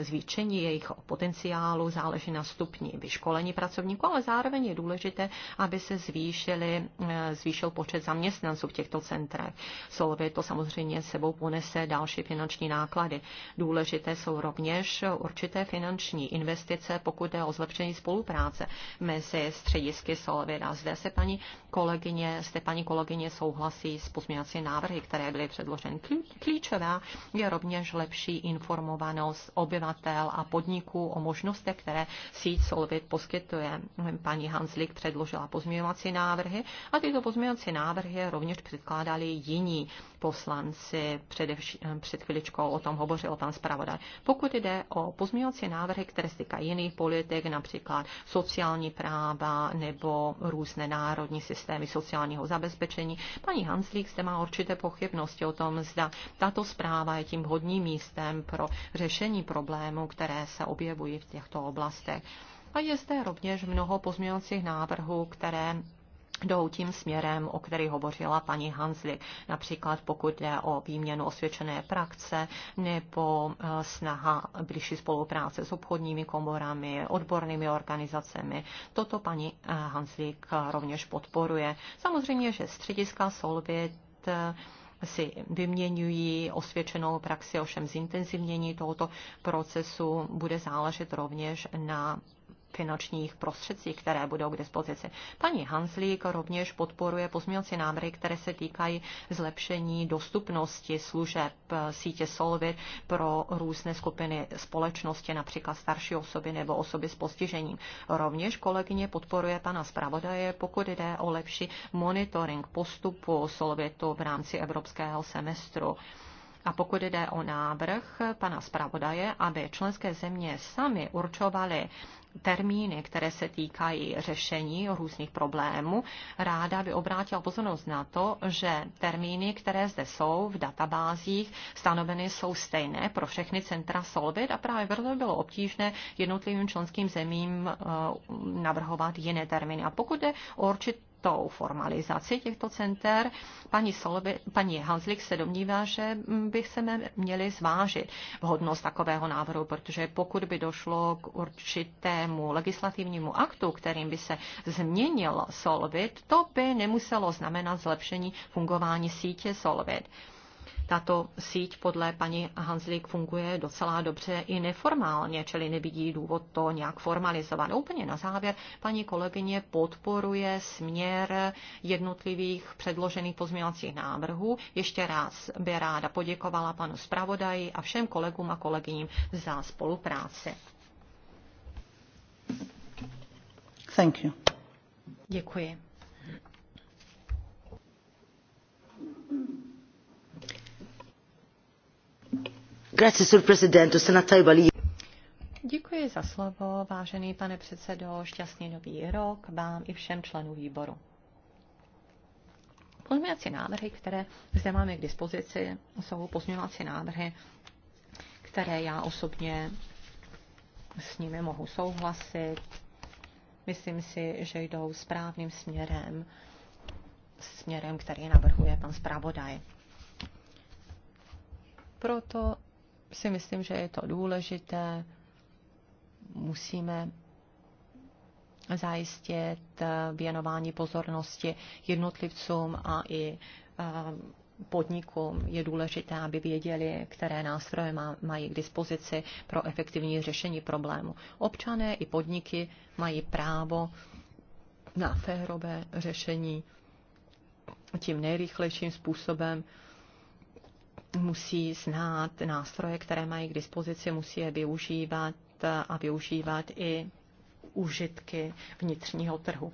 zvýšení jejich potenciálu záleží na stupni vyškolení pracovníků, ale zároveň je důležité, aby se zvýšili, eh, zvýšil počet zaměstnanců v těchto centrech. Solvit to samozřejmě sebou ponese další finanční náklady. Důležité jsou rovněž určité finanční investice, pokud je o zlepšení spolupráce mezi středisky Solvit. No a zde se paní kolegyně, zde paní kolegyně souhlasí s pozměňovací návrhy, které byly předloženy. Klíčová je rovněž lepší informovanost obyvatel a podniků o možnostech, které síť Solvit poskytuje. Paní Hanslik předložila pozměňovací návrhy a tyto pozměňovací návrhy rovněž předkládali jiní poslanci. Především, před chviličkou o tom hovořil pan zpravodaj. Pokud jde o pozměňovací návrhy, které se týkají jiných politik, například sociální práva nebo různé národní systémy, systémy sociálního zabezpečení. Paní Hanslík zde má určité pochybnosti o tom, zda tato zpráva je tím vhodným místem pro řešení problémů, které se objevují v těchto oblastech. A je zde rovněž mnoho pozměňovacích návrhů, které jdou tím směrem, o který hovořila paní Hanslik, například pokud jde o výměnu osvědčené praxe nebo eh, snaha blížší spolupráce s obchodními komorami, odbornými organizacemi. Toto paní eh, Hanslik eh, rovněž podporuje. Samozřejmě, že střediska Solvit si vyměňují osvědčenou praxi, ovšem zintenzivnění tohoto procesu bude záležet rovněž na finančních prostředcích, které budou k dispozici. Paní Hanslík rovněž podporuje pozměňovací návrhy, které se týkají zlepšení dostupnosti služeb eh, sítě Solvit pro různé skupiny společnosti, například starší osoby nebo osoby s postižením. Rovněž kolegyně podporuje pana zpravodaje, pokud jde o lepší monitoring postupu Solvitu v rámci evropského semestru. A pokud jde o návrh pana zpravodaje, aby členské země sami určovaly termíny, které se týkají řešení různých problémů, ráda by obrátila pozornost na to, že termíny, které zde jsou v databázích, stanoveny jsou stejné pro všechny centra Solvit a právě proto bylo obtížné jednotlivým členským zemím eh, navrhovat jiné termíny. A pokud je o určitě tou formalizaci těchto center. Paní, Solve, paní Hanslik se domnívá, že bych se měli zvážit vhodnost takového návrhu, protože pokud by došlo k určitému legislativnímu aktu, kterým by se změnil Solvit, to by nemuselo znamenat zlepšení fungování sítě Solvit tato síť podle paní Hanslík funguje docela dobře i neformálně, čili nevidí důvod to nějak formalizovat. No, úplně na závěr paní kolegyně podporuje směr jednotlivých předložených pozměňovacích návrhů. Ještě raz by ráda poděkovala panu zpravodaji a všem kolegům a kolegyním za spolupráci. Thank you. Děkuji. Děkuji za slovo, vážený pane předsedo, šťastný nový rok vám i všem členům výboru. Pozměňovací návrhy, které zde máme k dispozici, jsou pozměňovací návrhy, které já osobně s nimi mohu souhlasit. Myslím si, že jdou správným směrem, směrem, který navrhuje pan zpravodaj. Proto si myslím, že je to důležité. Musíme zajistit eh, věnování pozornosti jednotlivcům a i eh, podnikům je důležité, aby věděli, které nástroje mají k dispozici pro efektivní řešení problému. Občané i podniky mají právo na férové řešení tím nejrychlejším způsobem, musí znát nástroje, které mají k dispozici, musí je využívat a využívat i užitky vnitřního trhu.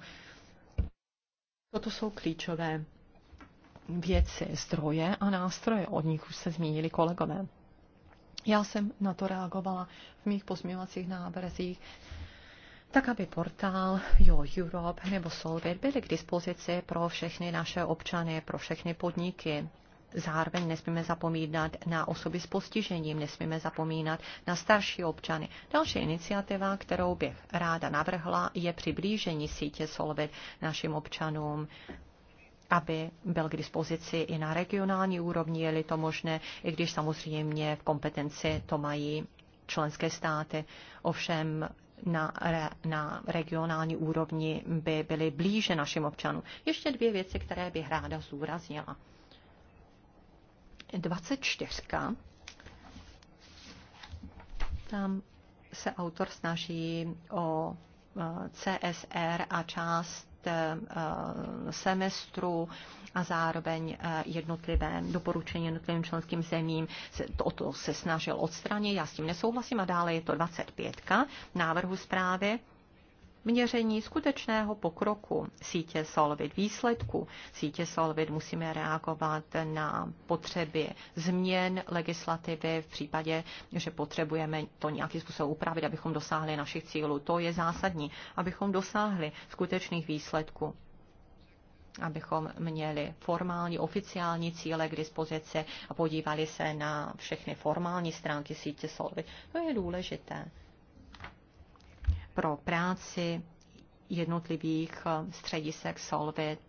Toto jsou klíčové věci, zdroje a nástroje, od nich už se zmínili kolegové. Já jsem na to reagovala v mých pozměňovacích návrzích, tak aby portál Jo Europe nebo Solvit byly k dispozici pro všechny naše občany, pro všechny podniky, zároveň nesmíme zapomínat na osoby s postižením, nesmíme zapomínat na starší občany. Další iniciativa, kterou bych ráda navrhla, je přiblížení sítě Solvit našim občanům aby byl k dispozici i na regionální úrovni, je-li to možné, i když samozřejmě v kompetenci to mají členské státy. Ovšem na, re, na regionální úrovni by byly blíže našim občanům. Ještě dvě věci, které bych ráda zúraznila. 24. Tam se autor snaží o e, CSR a část e, semestru a zároveň e, jednotlivé doporučení jednotlivým členským zemím. Se, to, to se snažil odstranit, já s tím nesouhlasím a dále je to 25. návrhu zprávy měření skutečného pokroku sítě Solvit, výsledku sítě Solvit musíme reagovat na potřeby změn legislativy v případě, že potřebujeme to nějakým způsobem upravit, abychom dosáhli našich cílů. To je zásadní, abychom dosáhli skutečných výsledků abychom měli formální, oficiální cíle k dispozici a podívali se na všechny formální stránky sítě Solvit. To je důležité pro práci jednotlivých eh, středisek Solvit,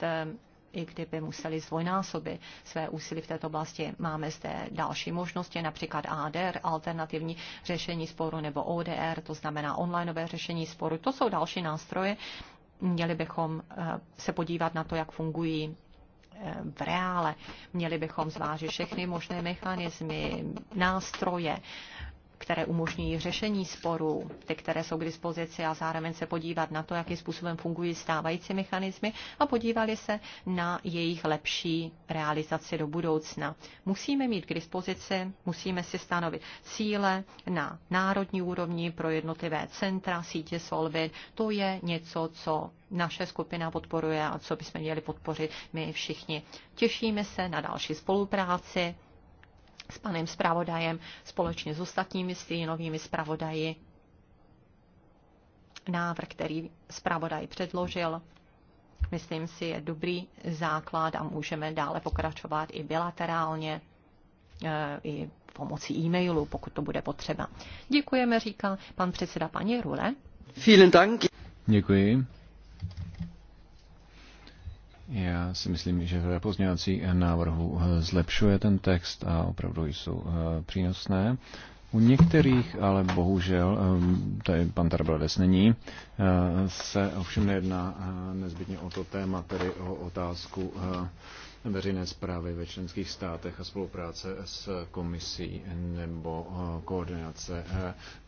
eh, i kdyby museli zvojnásobit své úsilí v této oblasti. Máme zde další možnosti, například ADR, alternativní řešení sporu, nebo ODR, to znamená onlineové řešení sporu. To jsou další nástroje. Měli bychom eh, se podívat na to, jak fungují v reále. Měli bychom zvážit všechny možné mechanismy, nástroje, které umožňují řešení sporů, ty, které jsou k dispozici a zároveň se podívat na to, jakým způsobem fungují stávající mechanismy a podívali se na jejich lepší realizaci do budoucna. Musíme mít k dispozici, musíme si stanovit cíle na národní úrovni pro jednotlivé centra, sítě Solvit. To je něco, co naše skupina podporuje a co bychom měli podpořit my všichni. Těšíme se na další spolupráci s panem zpravodajem společně s ostatními stínovými zpravodaji návrh, který zpravodaj předložil. Myslím si, je dobrý základ a můžeme dále pokračovat i bilaterálně, e, i pomocí e-mailu, pokud to bude potřeba. Děkujeme, říká pan předseda paní Rule. Vielen Dank. Děkuji. Já si myslím, že řada pozměňovacích návrhů eh, zlepšuje ten text a opravdu jsou eh, přínosné. U některých, ale bohužel, ehm, tady pan Tarbladec není, eh, se ovšem nejedná nezbytně o to téma, tedy o otázku veřejné zprávy ve členských státech a spolupráce s komisí nebo koordinace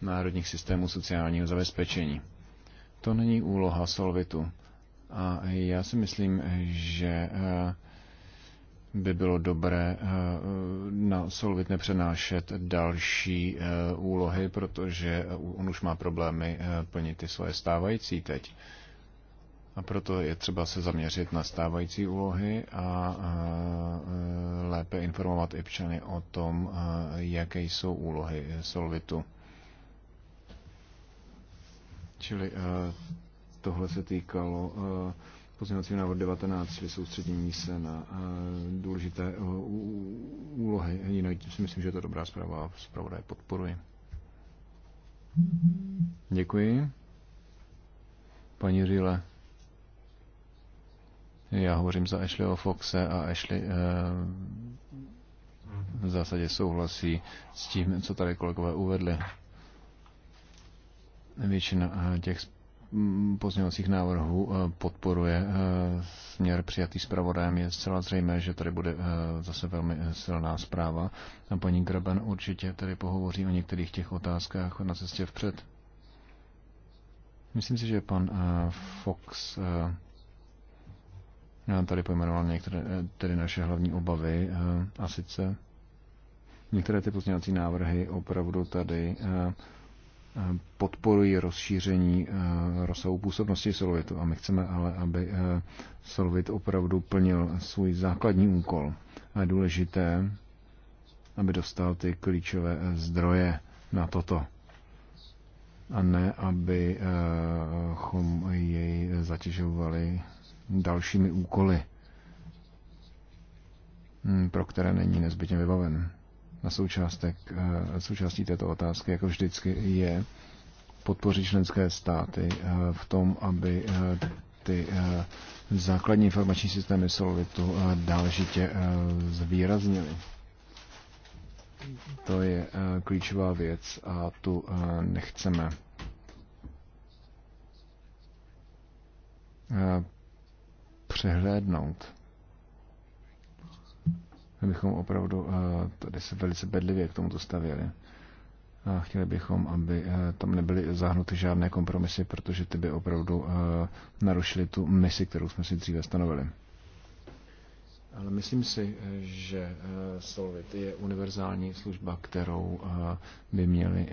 národních systémů sociálního zabezpečení. To není úloha Solvitu. A já si myslím, že eh, by bylo dobré eh, na Solvit nepřenášet další eh, úlohy, protože on už má problémy plnit ty svoje stávající teď. A proto je třeba se zaměřit na stávající úlohy a lépe informovat občany o tom, jaké jsou úlohy Solvitu. Čili Tohle se týkalo eh, pozměňovacího návod 19, čili soustředění se na eh, důležité eh, úlohy. tím si myslím, že je to dobrá zpráva a zpravodaj podporuji. Děkuji. Paní Říle. Já hovořím za o Foxe a Ashley eh, v zásadě souhlasí s tím, co tady kolegové uvedli. Většina těch Mm, pozměňovacích návrhů eh, podporuje eh, směr přijatý zpravodajem, je zcela zřejmé, že tady bude eh, zase velmi silná zpráva. A paní Graben určitě tady pohovoří o některých těch otázkách na cestě vpřed. Myslím si, že pan Fox tady pojmenoval některé tedy naše hlavní obavy a sice některé ty pozměňovací návrhy opravdu tady podporují rozšíření eh, rozsahu působnosti Solvitu a my chceme ale, aby eh, Solvit opravdu plnil svůj základní úkol. A je důležité, aby dostal ty klíčové eh, zdroje na toto a ne, abychom jej zatěžovali dalšími úkoly, hm, pro které není nezbytně vybaven na součástek, eh, součástí této otázky, jako vždycky, je podpořit členské státy eh, v tom, aby eh, ty základní informační systémy Solvitu dálžitě zvýraznily. To je klíčová věc a tu nechceme přehlédnout. My bychom opravdu eh, tady se velice bedlivě k tomuto stavěli. A chtěli bychom, aby eh, tam nebyly zahnuty žádné kompromisy, protože ty by opravdu eh, narušily tu misi, kterou jsme si dříve stanovili. Ale myslím si, že Solvit je univerzální služba, kterou by měli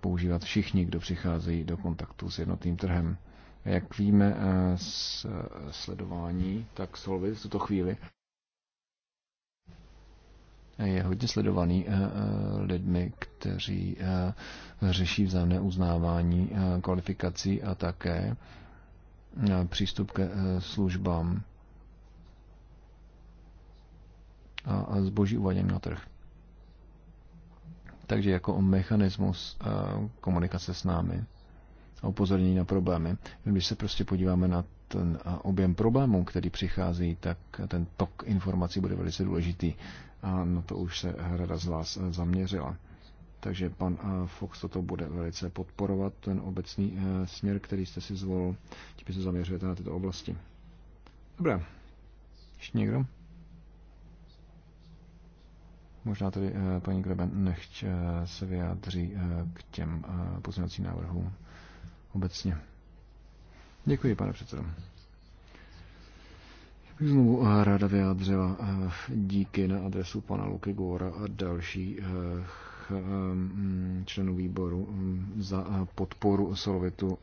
používat všichni, kdo přicházejí do kontaktu s jednotným trhem. Jak víme z sledování, tak Solvit v tuto chvíli je hodně sledovaný eh, eh, lidmi, kteří eh, řeší vzájemné uznávání kvalifikací a také přístup ke službám a zboží uvaděn na trh. Takže jako mechanismus komunikace s námi a upozornění na problémy. Když se prostě podíváme na ten objem problémů, který přichází, tak ten tok informací bude velice důležitý a na to už se rada z vás eh, zaměřila. Takže pan eh, Fox toto bude velice podporovat, ten obecný eh, směr, který jste si zvolil, tím se zaměřujete na tyto oblasti. Dobrá. Ještě někdo? Možná tedy paní Greben nechť se vyjádří k těm pozměňovacím návrhům obecně. Děkuji, pane předsedo znovu eh, ráda vyjádřila eh, díky na adresu pana Luky Góra a dalších eh, mm, členů výboru mm, za podporu Solovitu.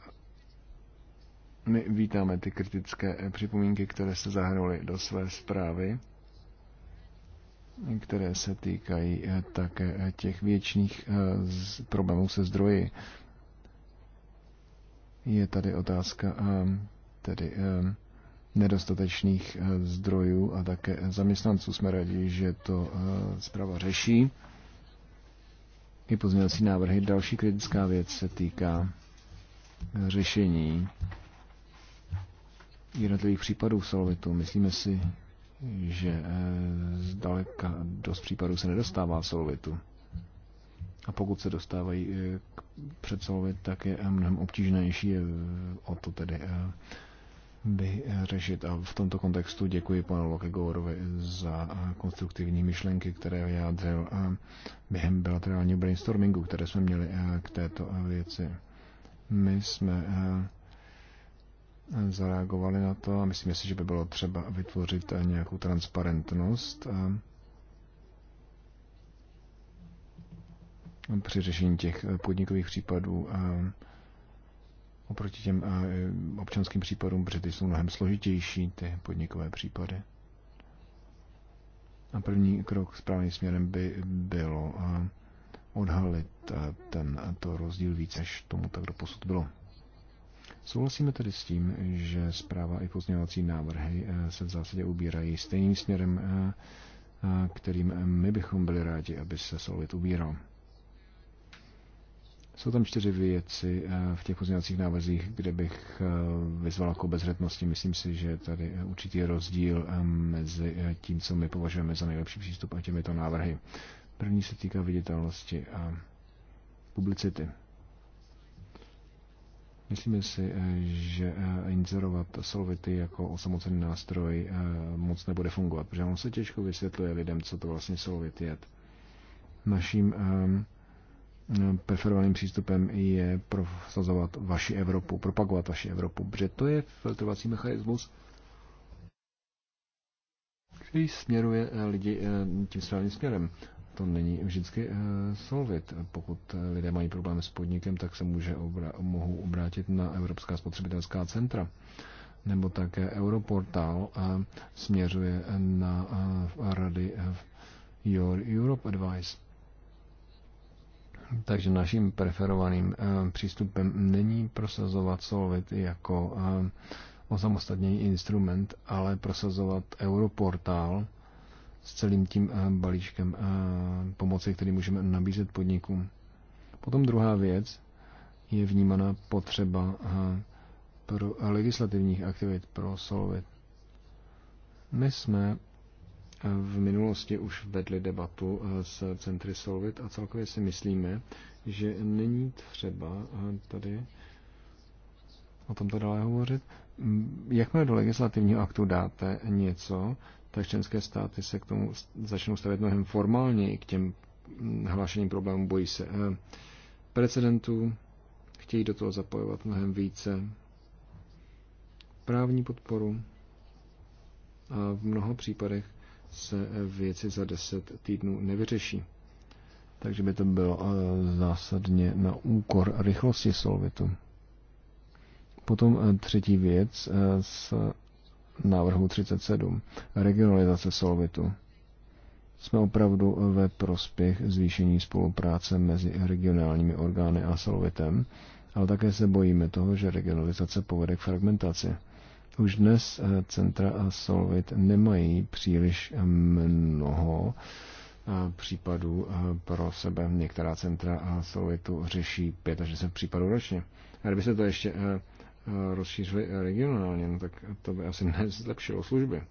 My vítáme ty kritické připomínky, které se zahrnuly do své zprávy, které se týkají také těch věčných problémů se zdroji. Je tady otázka tedy nedostatečných eh, zdrojů a také zaměstnanců. Jsme rádi, že to eh, zpráva řeší. I pozměňovací návrhy. Další kritická věc se týká eh, řešení jednotlivých případů solvitu. Myslíme si, že zdaleka dost případů se nedostává solvitu. A pokud se dostávají k předsolvit, tak je mnohem obtížnější o to tedy vyřešit. A v tomto kontextu děkuji panu Lokegorovi za eh, konstruktivní myšlenky, které vyjádřil eh, během bilaterálního brainstormingu, které jsme měli eh, k této věci. My jsme zareagovali na to a myslím, si, že by bylo třeba vytvořit nějakou transparentnost při řešení těch podnikových případů oproti těm eh, občanským případům, protože ty jsou mnohem složitější, ty podnikové případy. A první krok správným směrem by bylo eh, odhalit eh, ten, to rozdíl víc, než tomu tak doposud bylo. Souhlasíme tedy s tím, že zpráva i pozměňovací návrhy se v zásadě ubírají stejným směrem, kterým my bychom byli rádi, aby se solid ubíral. Jsou tam čtyři věci eh, v těch pozměňovacích návrzích, kde bych eh, vyzval k obezřetnosti. Myslím si, že tady je určitý rozdíl eh, mezi tím, co my považujeme za nejlepší přístup a těmito návrhy. První se týká viditelnosti a publicity. Myslíme si, že inzerovat solvity jako osamocený nástroj moc nebude fungovat, protože on se těžko vysvětluje lidem, co to vlastně solvit je. Naším preferovaným přístupem je prosazovat vaši Evropu, propagovat vaši Evropu, protože to je filtrovací mechanismus, který směruje eh, lidi eh, tím správným směrem. To není vždycky eh, solvit. Pokud lidé mají problém s podnikem, tak se může obra- mohou obrátit na Evropská spotřebitelská centra nebo také Europortál směřuje na rady Your Europe Advice. Takže naším preferovaným eh, přístupem není prosazovat Solvit jako eh, osamostatněný instrument, ale prosazovat Europortál s celým tím eh, balíčkem pomoci, který můžeme nabízet podnikům. Potom druhá věc je vnímaná potřeba pro legislativních aktivit pro Solvit. My jsme v minulosti už vedli debatu eh, s centry Solvit a celkově si myslíme, že není třeba eh, tady o tomto dále hovořit. Jakmile do legislativního aktu dáte něco, tak členské státy se k tomu začnou stavět mnohem formálně i k těm hm, hlášením problémů, bojí se eh, precedentů, chtějí do toho zapojovat mnohem více právní podporu a v mnoha případech se věci za deset týdnů nevyřeší. Takže by to bylo eh, zásadně na úkor rychlosti solvitu. Potom eh, třetí věc eh, z návrhu 37. Regionalizace solvitu. Jsme opravdu ve prospěch zvýšení spolupráce mezi regionálními orgány a solvitem, ale také se bojíme toho, že regionalizace povede k fragmentaci. Už dnes eh, centra a Solvit nemají příliš eh, mnoho eh, případů pro sebe. Některá centra a Solvitu řeší 5 až 10 případů ročně. A kdyby se to ještě rozšířili regionálně, no tak to by asi nezlepšilo služby.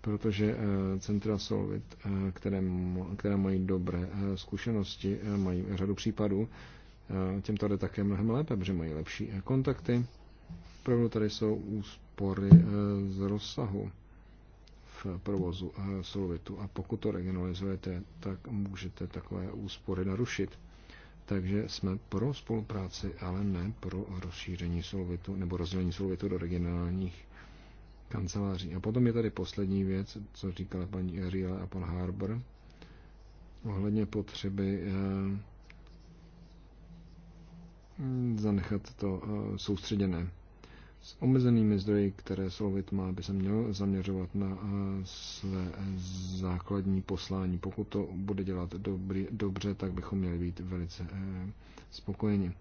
Protože centra Solvit, které, které mají dobré zkušenosti, mají řadu případů, těm to jde také mnohem lépe, protože mají lepší kontakty, Opravdu tady jsou úspory eh, z rozsahu v provozu eh, Solvitu a pokud to regionalizujete, tak můžete takové úspory narušit. Takže jsme pro spolupráci, ale ne pro rozšíření Solvitu nebo rozdělení Solvitu do regionálních kanceláří. A potom je tady poslední věc, co říkala paní Ariel a pan Harbour, ohledně potřeby eh, zanechat to soustředěné s omezenými zdroji, které Solvit má, by se měl zaměřovat na eh, své eh, základní poslání. Pokud to bude dělat dobrý, dobře, tak bychom měli být velice eh, spokojeni.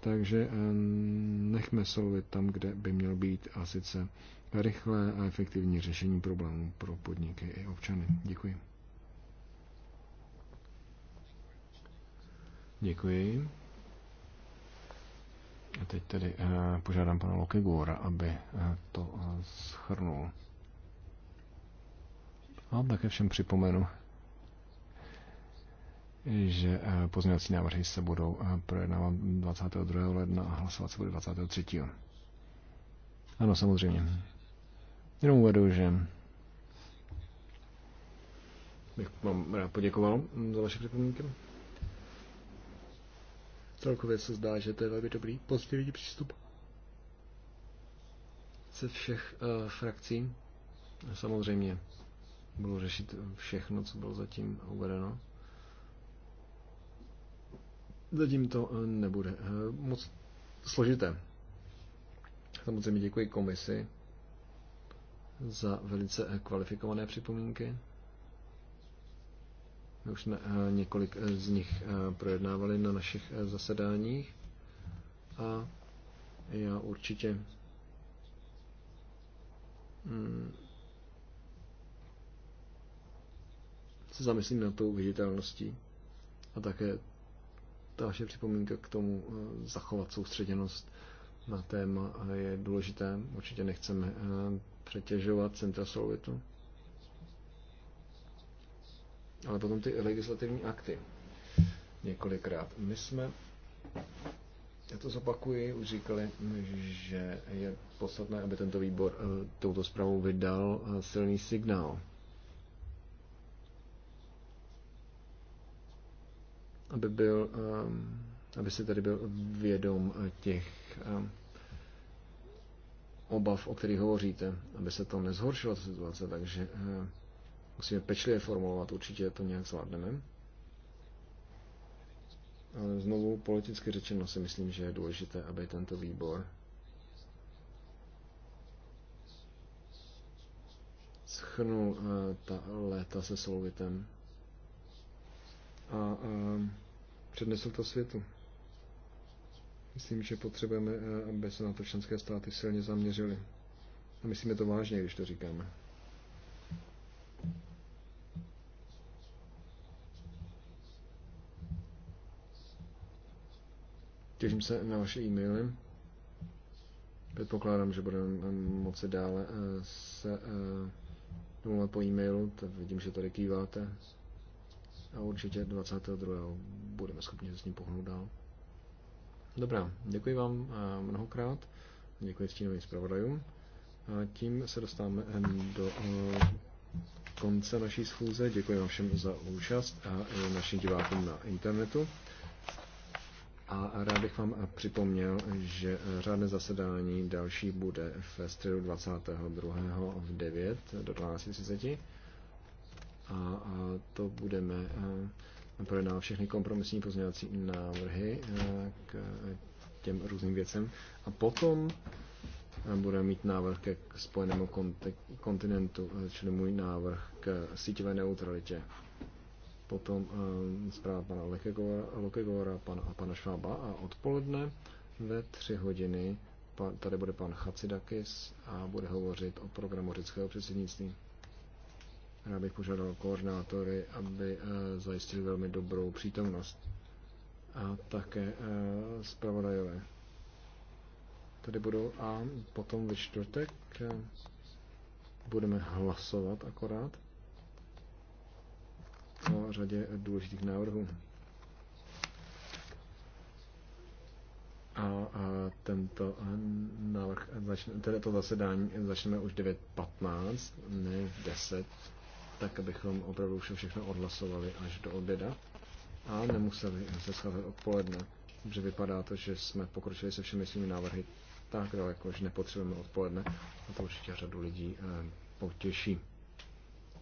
Takže nechme Solvit tam, kde by měl být, a sice rychlé a efektivní řešení problémů pro podniky i občany. Děkuji. Děkuji. Teď tedy eh, požádám pana Lokegora, aby eh, to eh, schrnul. A také všem připomenu, že pozměňovací návrhy se budou projednávat 22. ledna a hlasovat se bude 23. Ano, samozřejmě. Jenom uvedu, že bych vám rád poděkoval mm, za vaše připomínky. Celkově se zdá, že to je velmi dobrý pozitivní přístup ze všech uh, frakcí. Samozřejmě budu řešit všechno, co bylo zatím uvedeno. Zatím to eh, nebude eh, moc složité. Samozřejmě děkuji komisi za velice kvalifikované připomínky. My už jsme eh, několik eh, z nich eh, projednávali na našich zasedáních a já určitě mm, se zamyslím na tou viditelností a také ta vaše připomínka k tomu zachovat soustředěnost na téma je důležité. Určitě nechceme přetěžovat centra Solvitu ale potom ty legislativní akty několikrát. My jsme, já to zopakuji, už říkali, že je podstatné, aby tento výbor eh, touto zprávou vydal eh, silný signál. Aby byl, eh, aby se tady byl vědom těch obav, o kterých hovoříte, aby se to nezhoršila situace, takže musíme pečlivě formulovat, určitě to nějak zvládneme. Ale znovu politicky řečeno si myslím, že je důležité, aby tento výbor schrnul eh, ta léta se Solvitem a, uh, přednesl to světu. Myslím, že potřebujeme, eh, aby se na to členské státy silně zaměřili. A myslíme to vážně, když to říkáme. Těším se na vaše e-maily. Předpokládám, že budeme moci dále eh, se eh, domluvat po e-mailu, tak vidím, že tady kýváte. A určitě 22. budeme schopni se s ním pohnout dál. Dobrá, děkuji vám eh, mnohokrát. Děkuji stínovým zpravodajům. A tím se dostáváme do konce naší schůze. Děkuji vám všem za účast a našim divákům na internetu. A rád bych vám připomněl, že řádné zasedání další bude v středu 22. v 9 do 12.30. A to budeme eh, projednávat všechny kompromisní pozměňovací návrhy eh, k eh, těm různým věcem. A potom budeme mít návrh ke spojenému kontinentu, čili můj návrh k síťové neutralitě potom eh, zpráva pana Lokegora pana, a pana Švába a odpoledne ve tři hodiny tady bude pan Chacidakis a bude hovořit o programu řeckého předsednictví. Já bych požádal koordinátory, aby eh, zajistili velmi dobrou přítomnost a také eh, zpravodajové. Tady budou a potom ve čtvrtek budeme hlasovat akorát o řadě důležitých návrhů. A, a tento návrh, tedy to zasedání začneme už 9.15, ne 10, tak abychom opravdu vše všechno odhlasovali až do oběda a nemuseli se scházet odpoledne, protože vypadá to, že jsme pokročili se všemi svými návrhy tak daleko, že nepotřebujeme odpoledne a to určitě řadu lidí eh, potěší.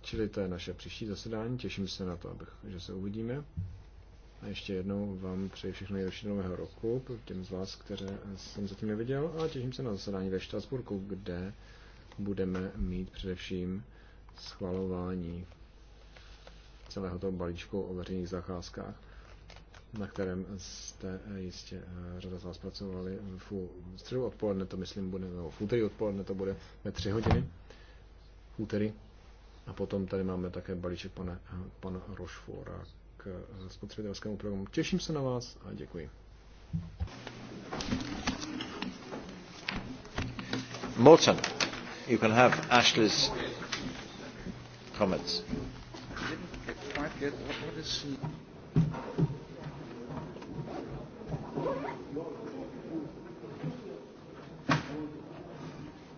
Čili to je naše příští zasedání, těším se na to, abych, že se uvidíme. A ještě jednou vám přeji všechno nejlepší nového roku, těm z vás, které jsem zatím neviděl, a těším se na zasedání ve Štrasburku, kde budeme mít především schvalování celého toho balíčku o veřejných zakázkách, na kterém jste eh, jistě eh, řada z vás pracovali v středu odpoledne, to myslím bude, nebo v úterý odpoledne to bude ve tři hodiny, v úterý a potom tady máme také balíček pana, pana Rošfora k eh, spotřebitelskému programu. Těším se na vás a děkuji. Morton, you can have Ashley's comments.